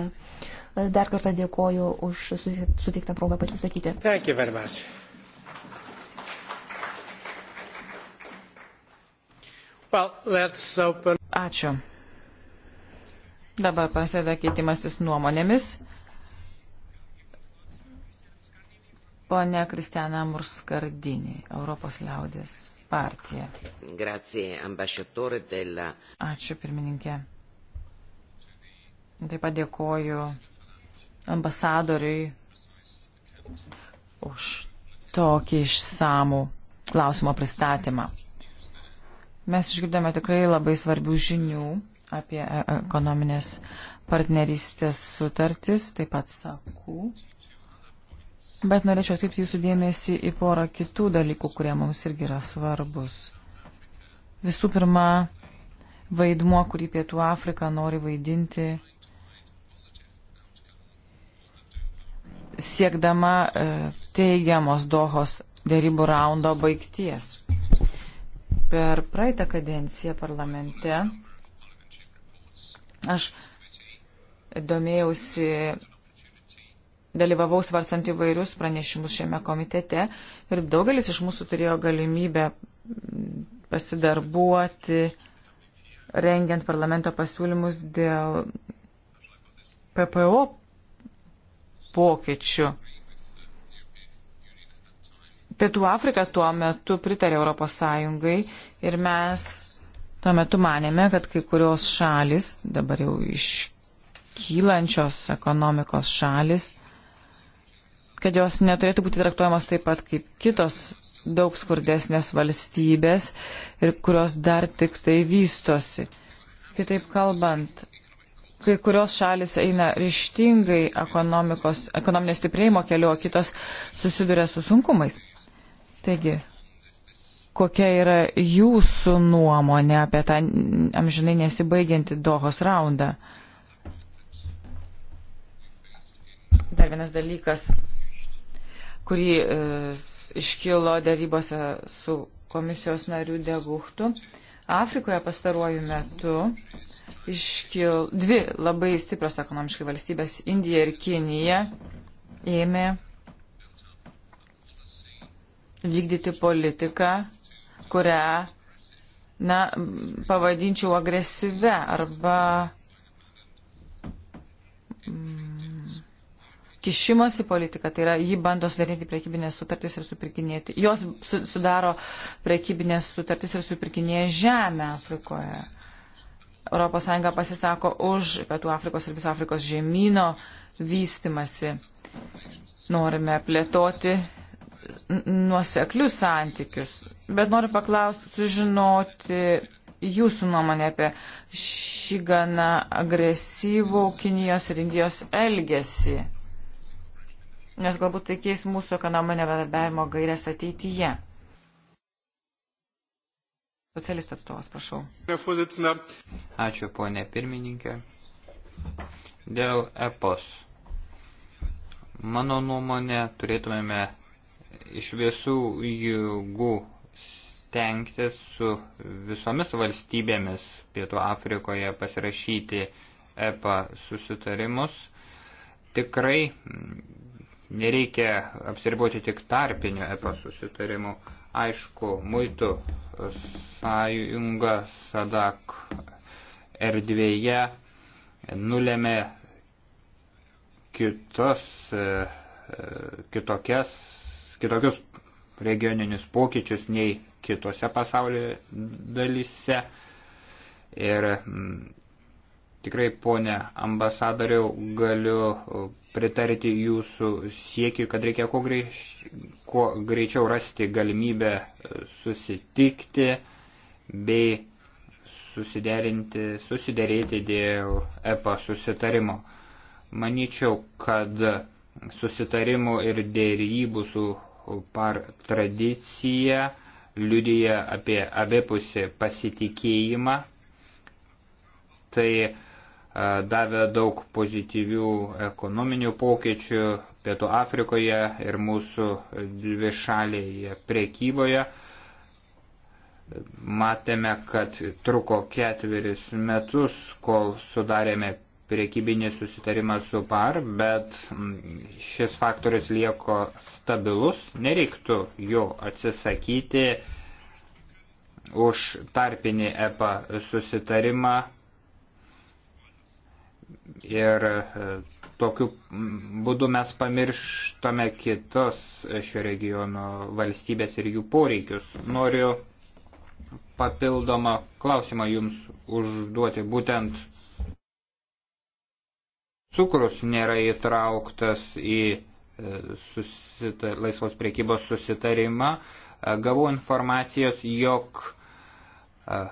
E, dar kartą dėkoju už suteiktą progą pasisakyti. Thank you very much. Well, let's open... Ačiū. Dabar prasideda keitimasis nuomonėmis. Pone Kristiana Murskardinį, Europos liaudės partija. Grazie, ambasadorė della. Ačiū, pirmininkė. Taip pat dėkoju ambasadoriui už tokį išsamų klausimo pristatymą. Mes išgirdome tikrai labai svarbių žinių apie e, ekonominės partnerystės sutartis, taip pat sakau. Bet norėčiau atkreipti jūsų dėmesį į porą kitų dalykų, kurie mums irgi yra svarbus. Visų pirma, vaidmuo, kurį Pietų Afrika nori vaidinti siekdama e, teigiamos Dohos dėrybų raundo baigties. Per praeitą kadenciją parlamente Aš domėjausi, dalyvavau svarstant įvairius pranešimus šiame komitete ir daugelis iš mūsų turėjo galimybę pasidarbuoti, rengiant parlamento pasiūlymus dėl PPO pokyčių. Pietų Afrika tuo metu pritarė Europos Sąjungai ir mes Tuo metu manėme, kad kai kurios šalis, dabar jau iškylančios ekonomikos šalis, kad jos neturėtų būti traktuojamos taip pat kaip kitos daug skurdesnės valstybės ir kurios dar tik tai vystosi. Kitaip kalbant, kai kurios šalis eina ryštingai ekonominio stiprėjimo keliu, o kitos susiduria su sunkumais. Taigi, kokia yra jūsų nuomonė apie tą amžinai nesibaigiantį Dohos raundą. Dar vienas dalykas, kurį e, iškilo darybose su komisijos narių deguhtu. Afrikoje pastaruoju metu iškil dvi labai stipros ekonomiškai valstybės - Indija ir Kinija - ėmė vykdyti politiką kurią, na, pavadinčiau agresyvę arba mm, kišimosi politika. Tai yra, ji bando sudaryti prekybinės sutartys ir supirkinėti. Jos sudaro prekybinės sutartys ir supirkinėja žemę Afrikoje. ES pasisako už Pietų Afrikos ir viso Afrikos žemynų vystimasi. Norime plėtoti nuoseklius santykius bet noriu paklausti, sužinoti jūsų nuomonę apie šį gana agresyvų Kinijos ir Indijos elgesį. Nes galbūt tai keis mūsų ekonominio bendradarbiavimo gairias ateityje. Socialistų atstovas, prašau. Ačiū, ponė pirmininkė. Dėl EPOS. Mano nuomonė, turėtumėme iš visų jėgų stengtis su visomis valstybėmis Pietų Afrikoje pasirašyti EPA susitarimus. Tikrai nereikia apsiriboti tik tarpiniu EPA susitarimu. Aišku, muitų sąjunga SADAK erdvėje nulėmė kitos, e, e, kitokias, kitokius regioninius pokyčius nei kitose pasaulio dalyse. Ir mm, tikrai, ponė ambasadoriau, galiu pritarti jūsų siekiui, kad reikia kuo, greič, kuo greičiau rasti galimybę e, susitikti bei susiderinti, susiderėti dėl EPA susitarimo. Maničiau, kad susitarimų ir dėrybų su par tradicija liudyja apie abipusį pasitikėjimą. Tai e, davė daug pozityvių ekonominių pokyčių Pietų Afrikoje ir mūsų dvišalėje prekyboje. Matėme, kad truko ketveris metus, kol sudarėme priekybinį susitarimą su par, bet mm, šis faktorius lieko stabilus, nereiktų jo atsisakyti už tarpinį EPA susitarimą ir e, tokiu mm, būdu mes pamirštame kitos šio regiono valstybės ir jų poreikius. Noriu papildomą klausimą jums užduoti būtent cukrus nėra įtrauktas į e, susita, laisvos priekybos susitarimą. E, gavau informacijos, jog e,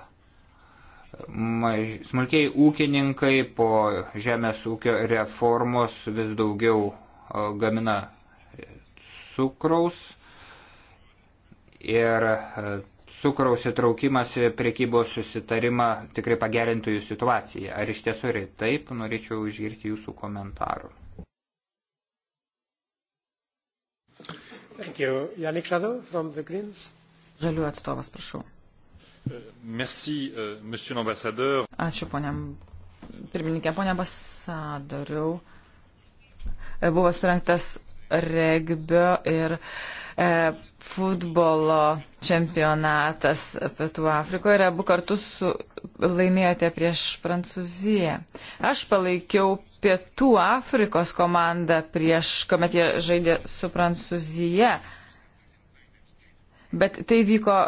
maž, smulkiai ūkininkai po žemės ūkio reformos vis daugiau gamina cukraus ir cukraus įtraukimas į priekybos susitarimą tikrai pagerintų jų situaciją. Ar iš tiesų yra taip, norėčiau išgirti jūsų komentarų. Žalių atstovas, prašau. Euh, merci, euh, monsieur l'ambassadeur. Ačiū, poniam pirmininkė, ponia ambasadoriau. Buvo surinktas regbio ir uh, E, futbolo čempionatas Pietų Afrikoje ir abu kartus su, laimėjote prieš Prancūziją. Aš palaikiau Pietų Afrikos komandą prieš, kuomet jie žaidė su Prancūzija. Bet tai vyko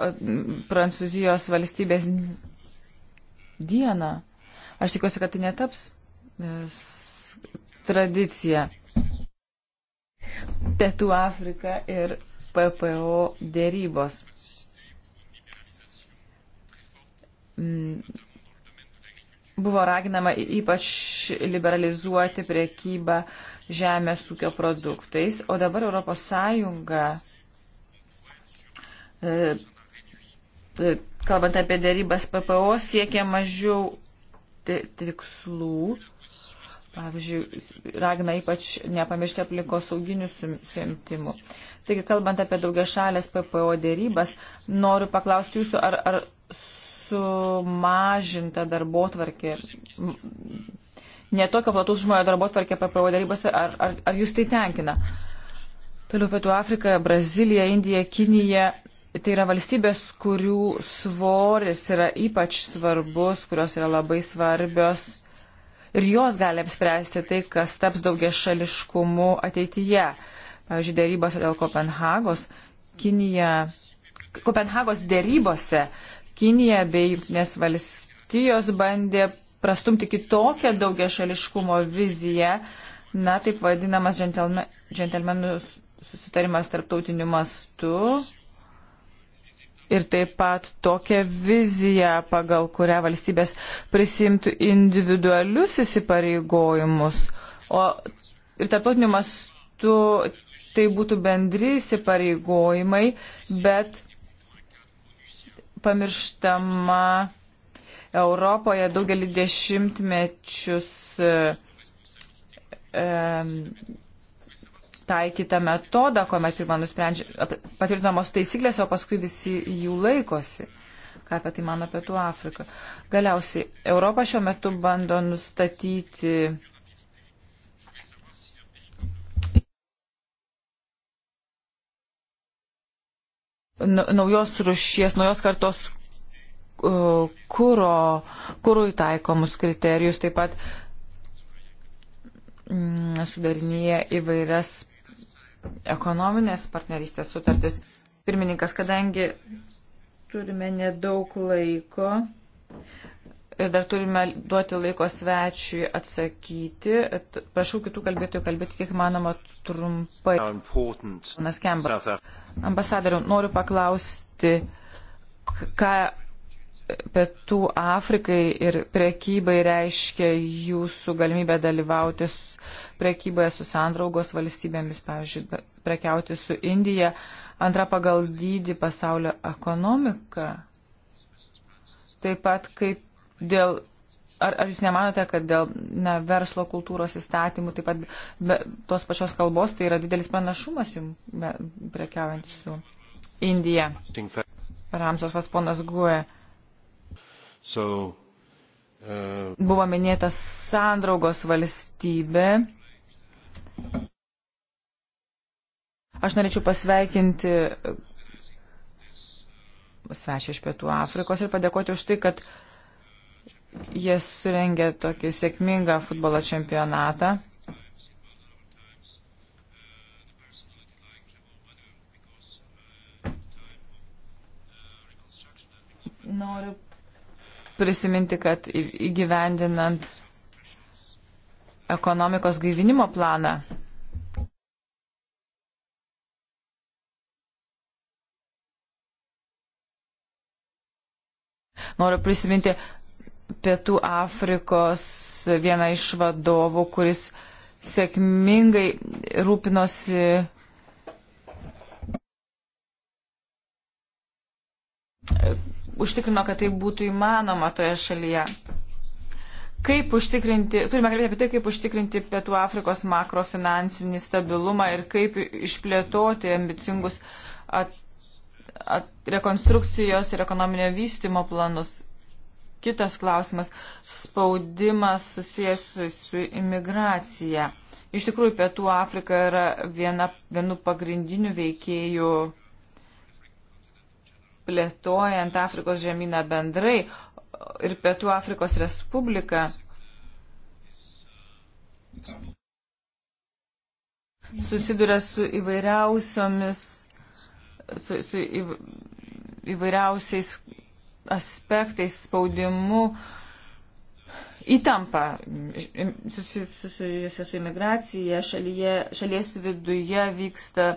Prancūzijos valstybės dieną. Aš tikiuosi, kad tai netaps e, tradicija. Pietų Afrika ir PPO dėrybos. Mm. Buvo raginama ypač liberalizuoti priekybą žemės ūkio produktais, o dabar Europos Sąjunga, e, e, kalbant apie dėrybas PPO, siekia mažiau tikslų Pavyzdžiui, ragina ypač nepamiršti aplinkos sauginių suimtimų. Taigi, kalbant apie daugia šalės PPO dėrybas, noriu paklausti jūsų, ar, ar sumažinta darbo tvarkė, netokio platus žmojo darbo tvarkė PPO dėrybose, ar, ar, ar jūs tai tenkina? Toliau Pietų Afrika, Brazilija, Indija, Kinija. Tai yra valstybės, kurių svoris yra ypač svarbus, kurios yra labai svarbios ir jos gali apspręsti tai, kas taps daugia šališkumu ateityje. Pavyzdžiui, dėrybose dėl Kopenhagos, Kinija, Kopenhagos dėrybose Kinija bei Junktinės valstijos bandė prastumti kitokią daugia šališkumo viziją, na, taip vadinamas džentelmenų susitarimas tarptautiniu mastu, ir taip pat tokią viziją, pagal kurią valstybės prisimtų individualius įsipareigojimus. O ir tarptautiniu mastu tai būtų bendri įsipareigojimai, bet pamirštama Europoje daugelį dešimtmečius. E, e, taikytą metodą, kuomet pirmą nusprendžia patvirtinamos taisyklės, o paskui visi jų laikosi. Ką apie tai mano Pietų Afrika. Galiausiai Europa šiuo metu bando nustatyti naujos rušies, naujos kartos kūro, kūrui taikomus kriterijus, taip pat mm, sudarinėje įvairias ekonominės partnerystės sutartis. Pirmininkas, kadangi turime nedaug laiko ir dar turime duoti laiko svečiui atsakyti, prašau kitų kalbėtojų kalbėti kiek manoma trumpai. Ambasadoriu, noriu paklausti, ką Pietų Afrikai ir prekybai reiškia jūsų galimybę dalyvauti prekyboje su sandraugos valstybėmis, pavyzdžiui, prekiauti su Indija, antra pagal dydį pasaulio ekonomika. Taip pat kaip dėl, ar, ar jūs nemanote, kad dėl na, verslo kultūros įstatymų, taip pat be, tos pačios kalbos, tai yra didelis pranašumas jums prekiaujant su Indija. Ramsos Vasponas Guoja. So, uh... Buvo minėta sandraugos valstybė. Aš norėčiau pasveikinti uh, svečią iš Pietų Afrikos ir padėkoti už tai, kad jie surengė tokį sėkmingą futbolo čempionatą. Noriu prisiminti, kad įgyvendinant ekonomikos gaivinimo planą Noriu prisiminti Pietų Afrikos vieną iš vadovų, kuris sėkmingai rūpinosi užtikrino, kad tai būtų įmanoma toje šalyje. Kaip užtikrinti, turime kalbėti apie tai, kaip užtikrinti Pietų Afrikos makrofinansinį stabilumą ir kaip išplėtoti ambicingus at, at, rekonstrukcijos ir ekonominio vystimo planus. Kitas klausimas - spaudimas susijęs su, su imigracija. Iš tikrųjų, Pietų Afrika yra viena, vienu pagrindiniu veikėju plėtojant Afrikos žemyną bendrai ir Pietų Afrikos Respubliką. Susiduria su įvairiausiomis, su, su įv, įvairiausiais aspektais, spaudimu, uh, įtampa susijusi su imigracija, šalyje, šalies viduje vyksta e,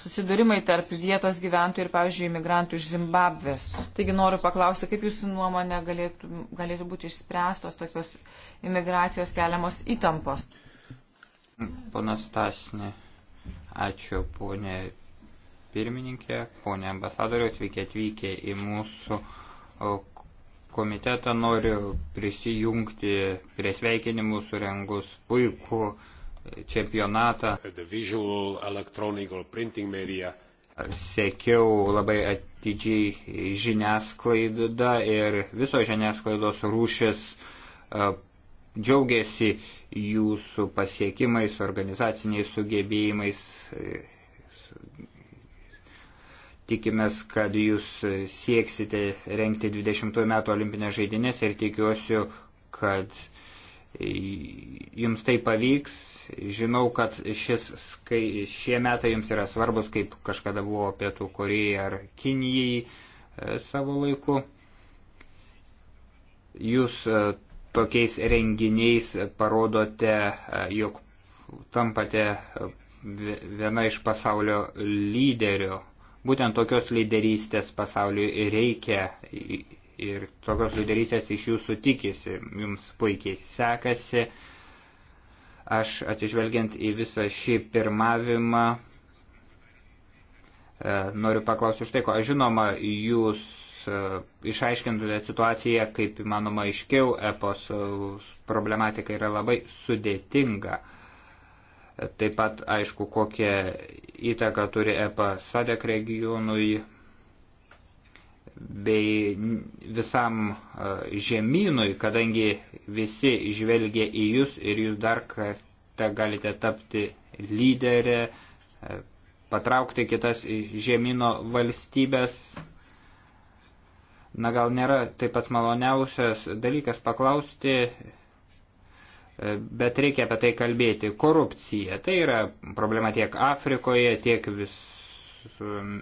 susidūrimai tarp vietos gyventojų ir, pavyzdžiui, imigrantų iš Zimbabvės. Taigi noriu paklausti, kaip jūsų nuomonė galėtų, galėtų būti išspręstos tokios imigracijos keliamos įtampos. Ponas Tasne, ačiū ponė pirmininkė, ponė ambasadoriaus, sveiki atvykę į mūsų komitetą noriu prisijungti prie sveikinimų surengus puikų čempionatą. Sekiau labai atidžiai žiniasklaidą ir visos žiniasklaidos rūšis e, džiaugiasi jūsų pasiekimais, organizaciniais sugebėjimais, e, Tikimės, kad jūs sieksite renkti 20 metų olimpinės žaidynės ir tikiuosi, kad jums tai pavyks. Žinau, kad šis, kai, šie metai jums yra svarbus, kaip kažkada buvo Pietų Korejai ar Kinijai e, savo laiku. Jūs e, tokiais renginiais parodote, e, jog tampate e, viena iš pasaulio lyderio Būtent tokios lyderystės pasauliui reikia ir tokios lyderystės iš jūsų tikisi. Jums puikiai sekasi. Aš atsižvelgiant į visą šį pirmavimą e, noriu paklausti už tai, ko aš žinoma, jūs e, išaiškintumėte situaciją, kaip įmanoma aiškiau, epos e, problematika yra labai sudėtinga. Uh, Taip pat aišku, kokią įtaką turi EPA Sadek regionui bei visam e, žemynui, kadangi visi žvelgia į jūs ir jūs dar kartą galite tapti lyderę, e, patraukti kitas žemynų valstybės. Na gal nėra taip pat maloniausias dalykas paklausti bet reikia apie tai kalbėti. Korupcija. Tai yra problema tiek Afrikoje, tiek vis, um,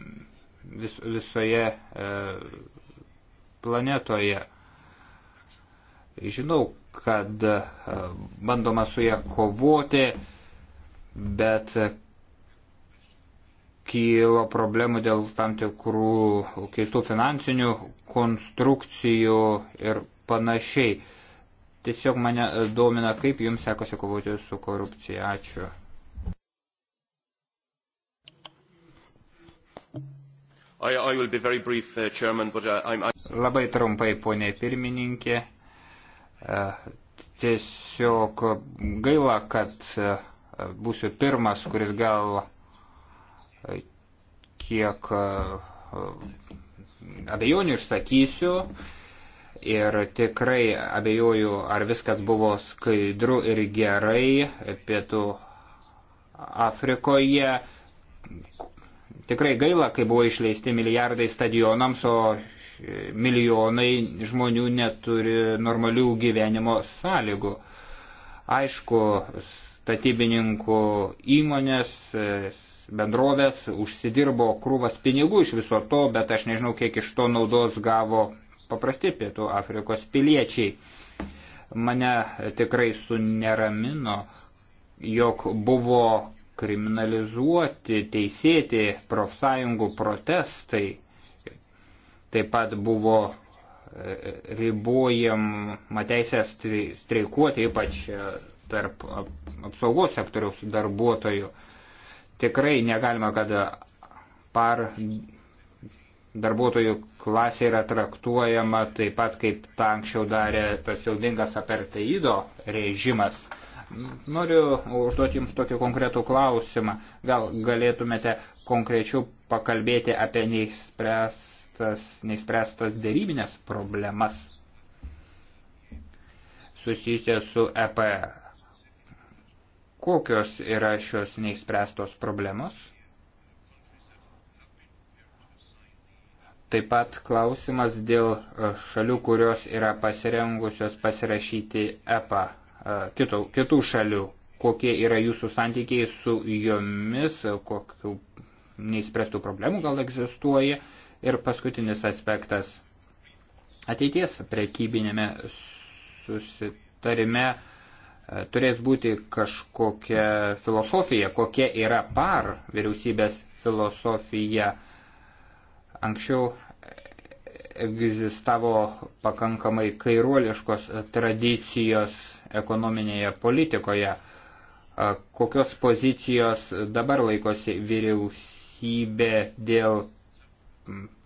vis, visoje e, planetoje. Žinau, kad e, bandoma su ją kovoti, bet kylo problemų dėl tam tikrų keistų finansinių konstrukcijų ir panašiai. E, Tiesiog mane e, domina, kaip jums sekosi kovoti su korupcija. Ačiū. I, I brief, uh, chairman, but, uh, I'm... Labai trumpai, ponė pirmininkė. Uh, tiesiog gaila, kad uh, būsiu pirmas, kuris gal uh, kiek uh, abejonių išsakysiu. Uh, ir tikrai abejoju, ar viskas buvo skaidru ir gerai pietų Afrikoje. Tikrai gaila, kai buvo išleisti milijardai stadionams, o milijonai žmonių neturi normalių gyvenimo sąlygų. Aišku, statybininkų įmonės, bendrovės užsidirbo krūvas pinigų iš viso to, bet aš nežinau, kiek iš to naudos gavo paprasti pietų Afrikos piliečiai. Mane tikrai suneramino, jog buvo kriminalizuoti, teisėti profsąjungų protestai. Taip pat buvo e, ribojama teisė streikuoti, ypač e, tarp apsaugos sektoriaus darbuotojų. Tikrai negalima, kad par darbuotojų klasė yra traktuojama taip pat, kaip tą anksčiau darė tas jaudingas aparteido režimas. Noriu užduoti Jums tokį konkretų klausimą. Gal galėtumėte konkrečiau pakalbėti apie neįspręstas, neįspręstas dėrybinės problemas susijusias su EP. Kokios yra šios neįspręstos problemos? Taip pat klausimas dėl e, šalių, kurios yra pasirengusios pasirašyti EPA e, kitų, kitų šalių. Kokie yra jūsų santykiai su jomis, kokių neįspręstų problemų gal egzistuoja. Ir paskutinis aspektas. Ateities prekybinėme susitarime e, turės būti kažkokia filosofija, kokia yra par vyriausybės filosofija. Uh, Anksčiau egzistavo pakankamai kairuoliškos tradicijos ekonominėje politikoje. Kokios pozicijos dabar laikosi vyriausybė dėl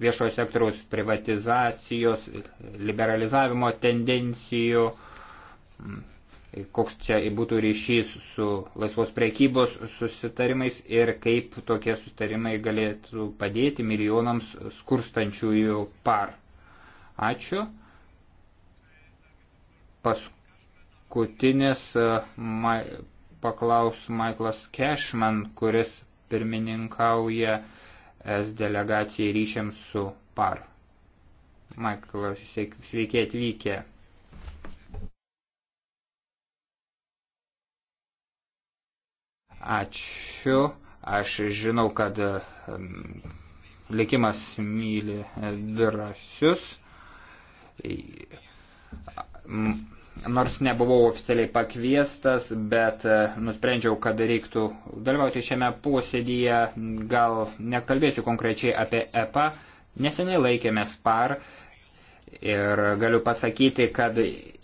viešojo sektoriaus privatizacijos, liberalizavimo tendencijų, koks čia būtų ryšys su laisvos prekybos susitarimais ir kaip tokie susitarimai galėtų padėti milijonams skurstančiųjų par. Ačiū. Paskutinis e, ma, paklaus Michaelas Cashman, kuris pirmininkauja S delegacijai ryšiams su par. Michaelas, sveiki atvykę. Ačiū. Aš žinau, kad likimas myli e, drąsius. Nors nebuvau oficialiai pakviestas, bet e, nusprendžiau, kad reiktų dalyvauti šiame posėdyje. Gal nekalbėsiu konkrečiai apie EPA. Neseniai laikėmės par Ir galiu pasakyti, kad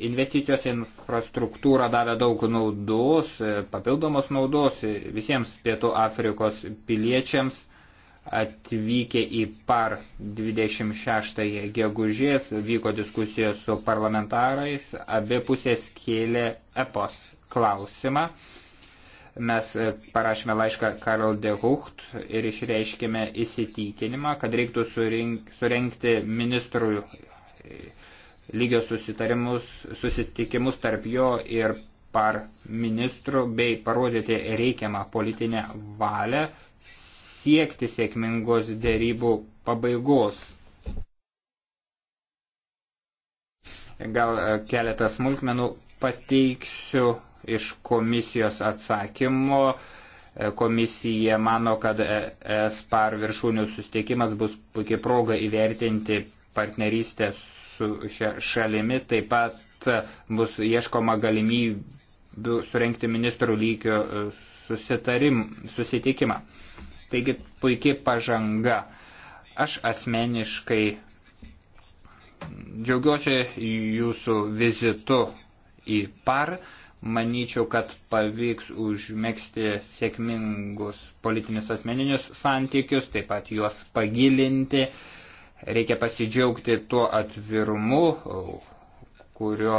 investicijos infrastruktūra davė daug naudos, papildomos naudos visiems Pietų Afrikos piliečiams atvykę į par 26 gegužės, vyko diskusijos su parlamentarais, abi pusės kėlė epos klausimą. Mes parašėme laišką Karl de Hucht ir išreiškėme įsitikinimą, kad reiktų surink, surenkti ministrų lygio susitarimus, susitikimus tarp jo ir par ministrų bei parodyti reikiamą politinę valią siekti sėkmingos dėrybų pabaigos. Gal e, keletą smulkmenų pateiksiu iš komisijos atsakymo. E, komisija mano, kad e SPAR viršūnių susitikimas bus puikiai proga įvertinti partnerystę su šia šalimi. Taip pat bus ieškoma galimybių surenkti ministrų lygio e, susitarim, susitikimą. Taigi puikiai pažanga. Aš asmeniškai džiaugiuosi jūsų vizitu į par. Manyčiau, kad pavyks užmėgsti sėkmingus politinius asmeninius santykius, taip pat juos pagilinti. Uh, Reikia pasidžiaugti tuo atvirumu, kurio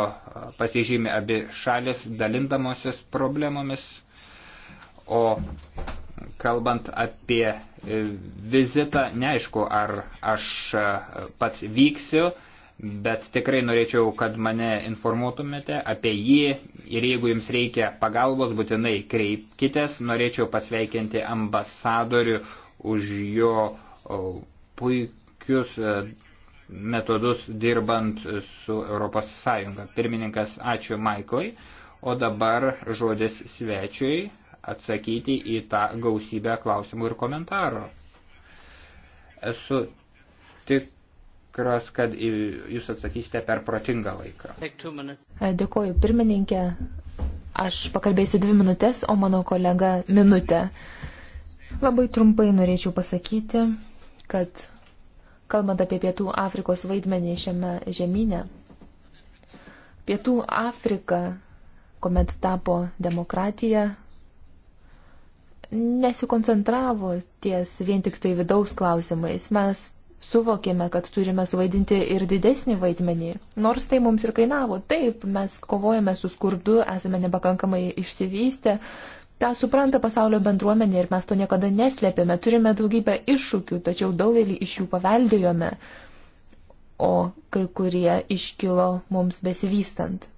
pasižymė abi šalis dalindamosios problemomis. O kalbant apie vizitą, neaišku, ar aš pats vyksiu, bet tikrai norėčiau, kad mane informuotumėte apie jį ir jeigu jums reikia pagalbos, būtinai kreipkitės. Norėčiau pasveikinti ambasadorių už jo puikų kokius e, metodus dirbant su Europos Sąjunga. Pirmininkas, ačiū Maiklai, o dabar žodis svečiui atsakyti į tą gausybę klausimų ir komentarų. Esu tikras, kad jūs atsakysite per protingą laiką. Dėkuoju, pirmininkė. Aš pakalbėsiu dvi minutės, o mano kolega minutę. Labai trumpai norėčiau pasakyti, kad kalbant apie Pietų Afrikos vaidmenį šiame žemynė. Pietų Afrika, kuomet tapo demokratija, nesikoncentravo ties vien tik tai vidaus klausimais. Mes suvokėme, kad turime suvaidinti ir didesnį vaidmenį. Nors tai mums ir kainavo. Taip, mes kovojame su skurdu, esame nepakankamai išsivystę, Ta supranta pasaulio bendruomenė ir mes to niekada neslėpėme. Turime daugybę iššūkių, tačiau daugelį iš jų paveldėjome, o kai kurie iškilo mums besivystant.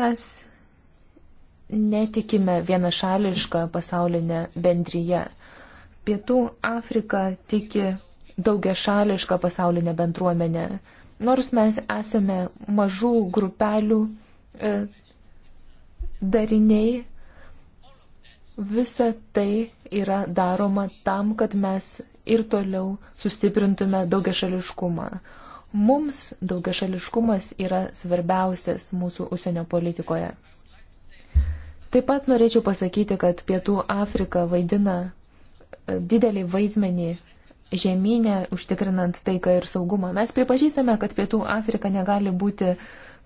Mes netikime vienašališką pasaulinę bendryje. Pietų Afrika tiki daugia šališką pasaulinę bendruomenę. Nors mes esame mažų grupelių e, dariniai. Visa tai yra daroma tam, kad mes ir toliau sustiprintume daugiašališkumą. Mums daugiašališkumas yra svarbiausias mūsų užsienio politikoje. Taip pat norėčiau pasakyti, kad Pietų Afrika vaidina e, didelį vaidmenį žemynę, užtikrinant taiką ir saugumą. Mes pripažįstame, kad Pietų Afrika negali būti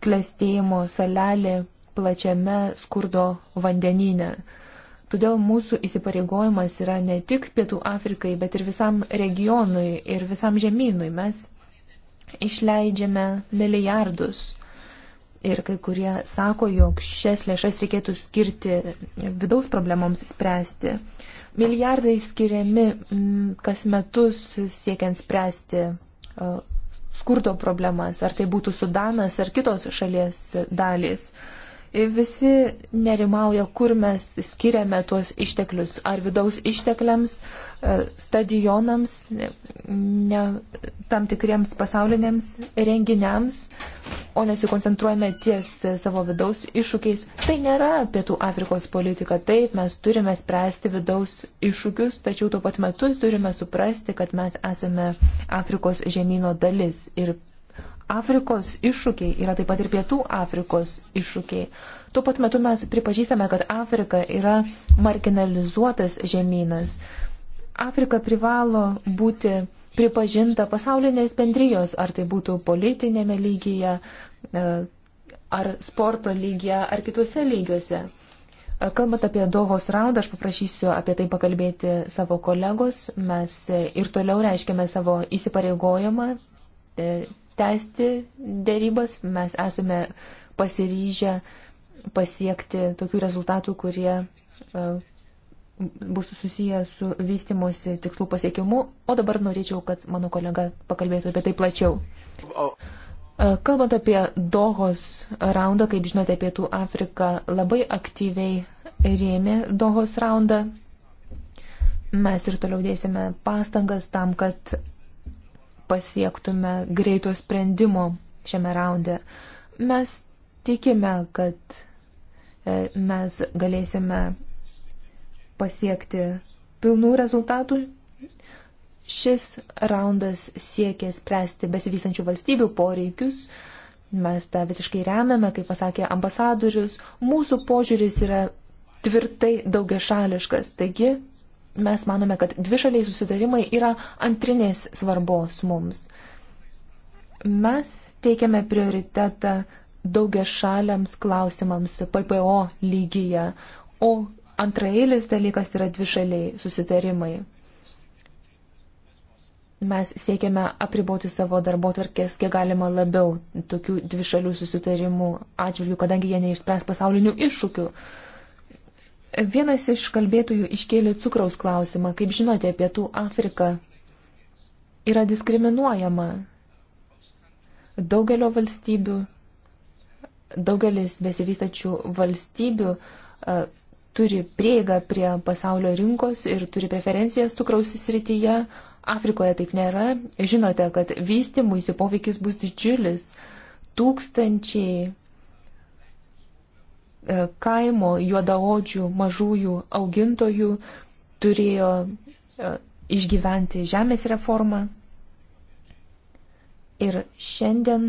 klestėjimo salelė plačiame skurdo vandenyne. Todėl mūsų įsipareigojimas yra ne tik Pietų Afrikai, bet ir visam regionui ir visam žemynui. Mes išleidžiame milijardus. Ir kai kurie sako, jog šias lėšas reikėtų skirti vidaus problemoms spręsti. Milijardai skiriami mm, kas metus siekiant spręsti e, skurdo problemas, ar tai būtų Sudanas ar kitos šalies dalys. Uh, Visi nerimauja, kur mes skiriame tuos išteklius. Ar vidaus ištekliams, e, stadionams, ne, tam tikriems pasauliniams renginiams, o nesikoncentruojame ties savo vidaus iššūkiais. Tai nėra Pietų Afrikos politika. Taip, mes turime spręsti vidaus iššūkius, tačiau tuo pat metu turime suprasti, kad mes esame Afrikos žemynų dalis ir Afrikos iššūkiai yra taip pat ir Pietų Afrikos iššūkiai. Tuo pat metu mes pripažįstame, kad Afrika yra marginalizuotas žemynas. Afrika privalo būti pripažinta pasaulinės bendrijos, ar tai būtų politinėme lygyje, e, ar sporto lygyje, ar kituose lygiuose. E, kalbant apie Dohos raundą, aš paprašysiu apie tai pakalbėti savo kolegos. Mes e, ir toliau reiškiame savo įsipareigojimą tęsti dėrybas, mes esame pasiryžę pasiekti tokių rezultatų, kurie e, bus susiję su vystimosi tikslų pasiekimu, o dabar norėčiau, kad mano kolega pakalbėtų apie tai plačiau. E, kalbant apie Dohos raundą, kaip žinote, Pietų Afrika labai aktyviai rėmė Dohos raundą. Mes ir toliau dėsime pastangas tam, kad pasiektume greito sprendimo šiame raunde. Mes tikime, kad e, mes galėsime pasiekti pilnų rezultatų. Šis raundas siekia spręsti besivystančių valstybių poreikius. Mes tą visiškai remiame, kaip pasakė ambasadorius. Mūsų požiūris yra tvirtai daugiašališkas. Taigi mes manome, kad dvišaliai susidarimai yra antrinės svarbos mums. Mes teikiame prioritetą daugia šaliams klausimams PPO lygyje, o antraeilis dalykas yra dvišaliai susitarimai. Mes siekiame apriboti savo darbo tvarkės, kiek galima labiau tokių dvišalių susitarimų atžvilgių, kadangi jie neišspręs pasaulinių iššūkių. Uh, Vienas iš kalbėtojų iškėlė cukraus klausimą. Kaip žinote, Pietų Afrika yra diskriminuojama daugelio valstybių, daugelis besivystačių valstybių e, turi prieigą prie pasaulio rinkos ir turi preferencijas cukraus srityje. Afrikoje taip nėra. Žinote, kad vystimuisi poveikis bus didžiulis. Tūkstančiai E, kaimo juodaodžių mažųjų augintojų turėjo e, išgyventi žemės reformą. Ir šiandien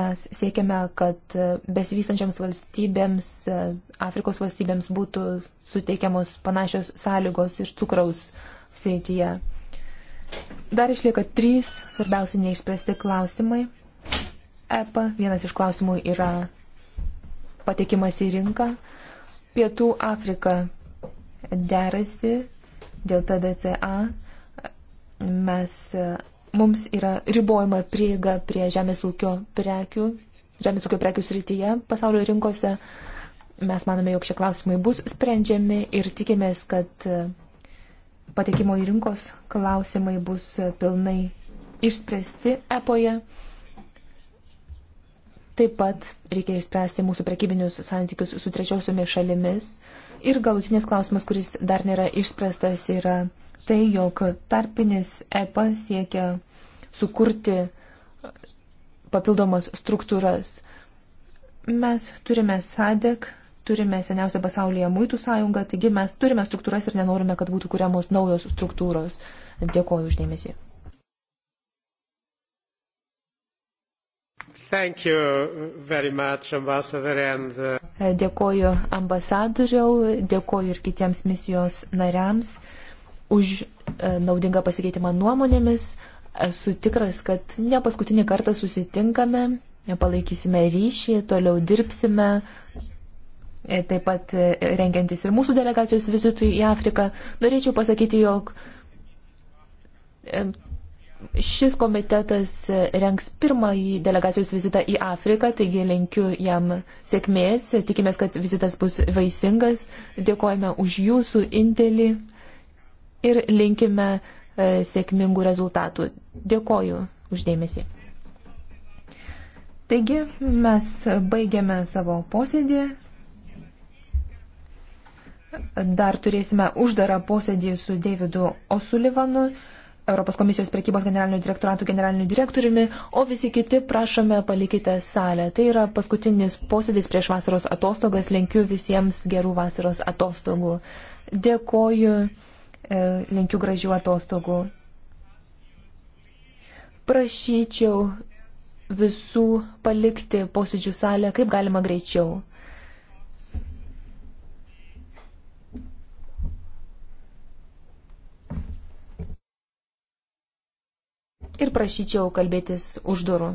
mes siekiame, kad besivystančiams valstybėms, e, Afrikos valstybėms būtų suteikiamos panašios sąlygos ir cukraus srityje. Dar išlieka trys svarbiausi neišspręsti klausimai. EPA. Vienas iš klausimų yra patekimas į rinką. Pietų Afrika derasi dėl TDCA. Mes, mums yra ribojama prieiga prie žemės ūkio prekių, žemės ūkio prekių srityje pasaulio rinkose. Mes manome, jog šie klausimai bus sprendžiami ir tikimės, kad patekimo į rinkos klausimai bus pilnai išspręsti EPOje. Taip pat reikia išspręsti mūsų prekybinius santykius su trečiosiomis šalimis. Ir galutinis klausimas, kuris dar nėra išspręstas, yra tai, jog tarpinis EPA siekia sukurti papildomas struktūras. Mes turime SADEK, turime seniausią pasaulyje muitų sąjungą, taigi mes turime struktūras ir nenorime, kad būtų kuriamos naujos struktūros. Dėkoju uždėmesi. Much, and... Uh, dėkoju ambasadoriau, dėkoju ir kitiems misijos nariams už e, naudingą pasikeitimą nuomonėmis. Esu tikras, kad ne paskutinį kartą susitinkame, palaikysime ryšį, toliau dirbsime, e, taip pat e, rengiantis ir mūsų delegacijos vizitui į Afriką. Norėčiau pasakyti, jog Šis komitetas renks pirmąjį delegacijos vizitą į Afriką, taigi linkiu jam sėkmės, tikimės, kad vizitas bus vaisingas, dėkojame už jūsų indėlį ir linkime e, sėkmingų rezultatų. Dėkoju uždėmesi. Taigi mes baigiame savo posėdį. Dar turėsime uždarą posėdį su Davidu Osulivanu. Europos komisijos prekybos generaliniu direktoratu generaliniu direktoriumi, o visi kiti prašome palikite salę. Tai yra paskutinis posėdis prieš vasaros atostogas. Linkiu visiems gerų vasaros atostogų. Dėkoju, e, linkiu gražių atostogų. Prašyčiau visų palikti posėdžių salę kaip galima greičiau. ir prašyčiau kalbėtis už durų.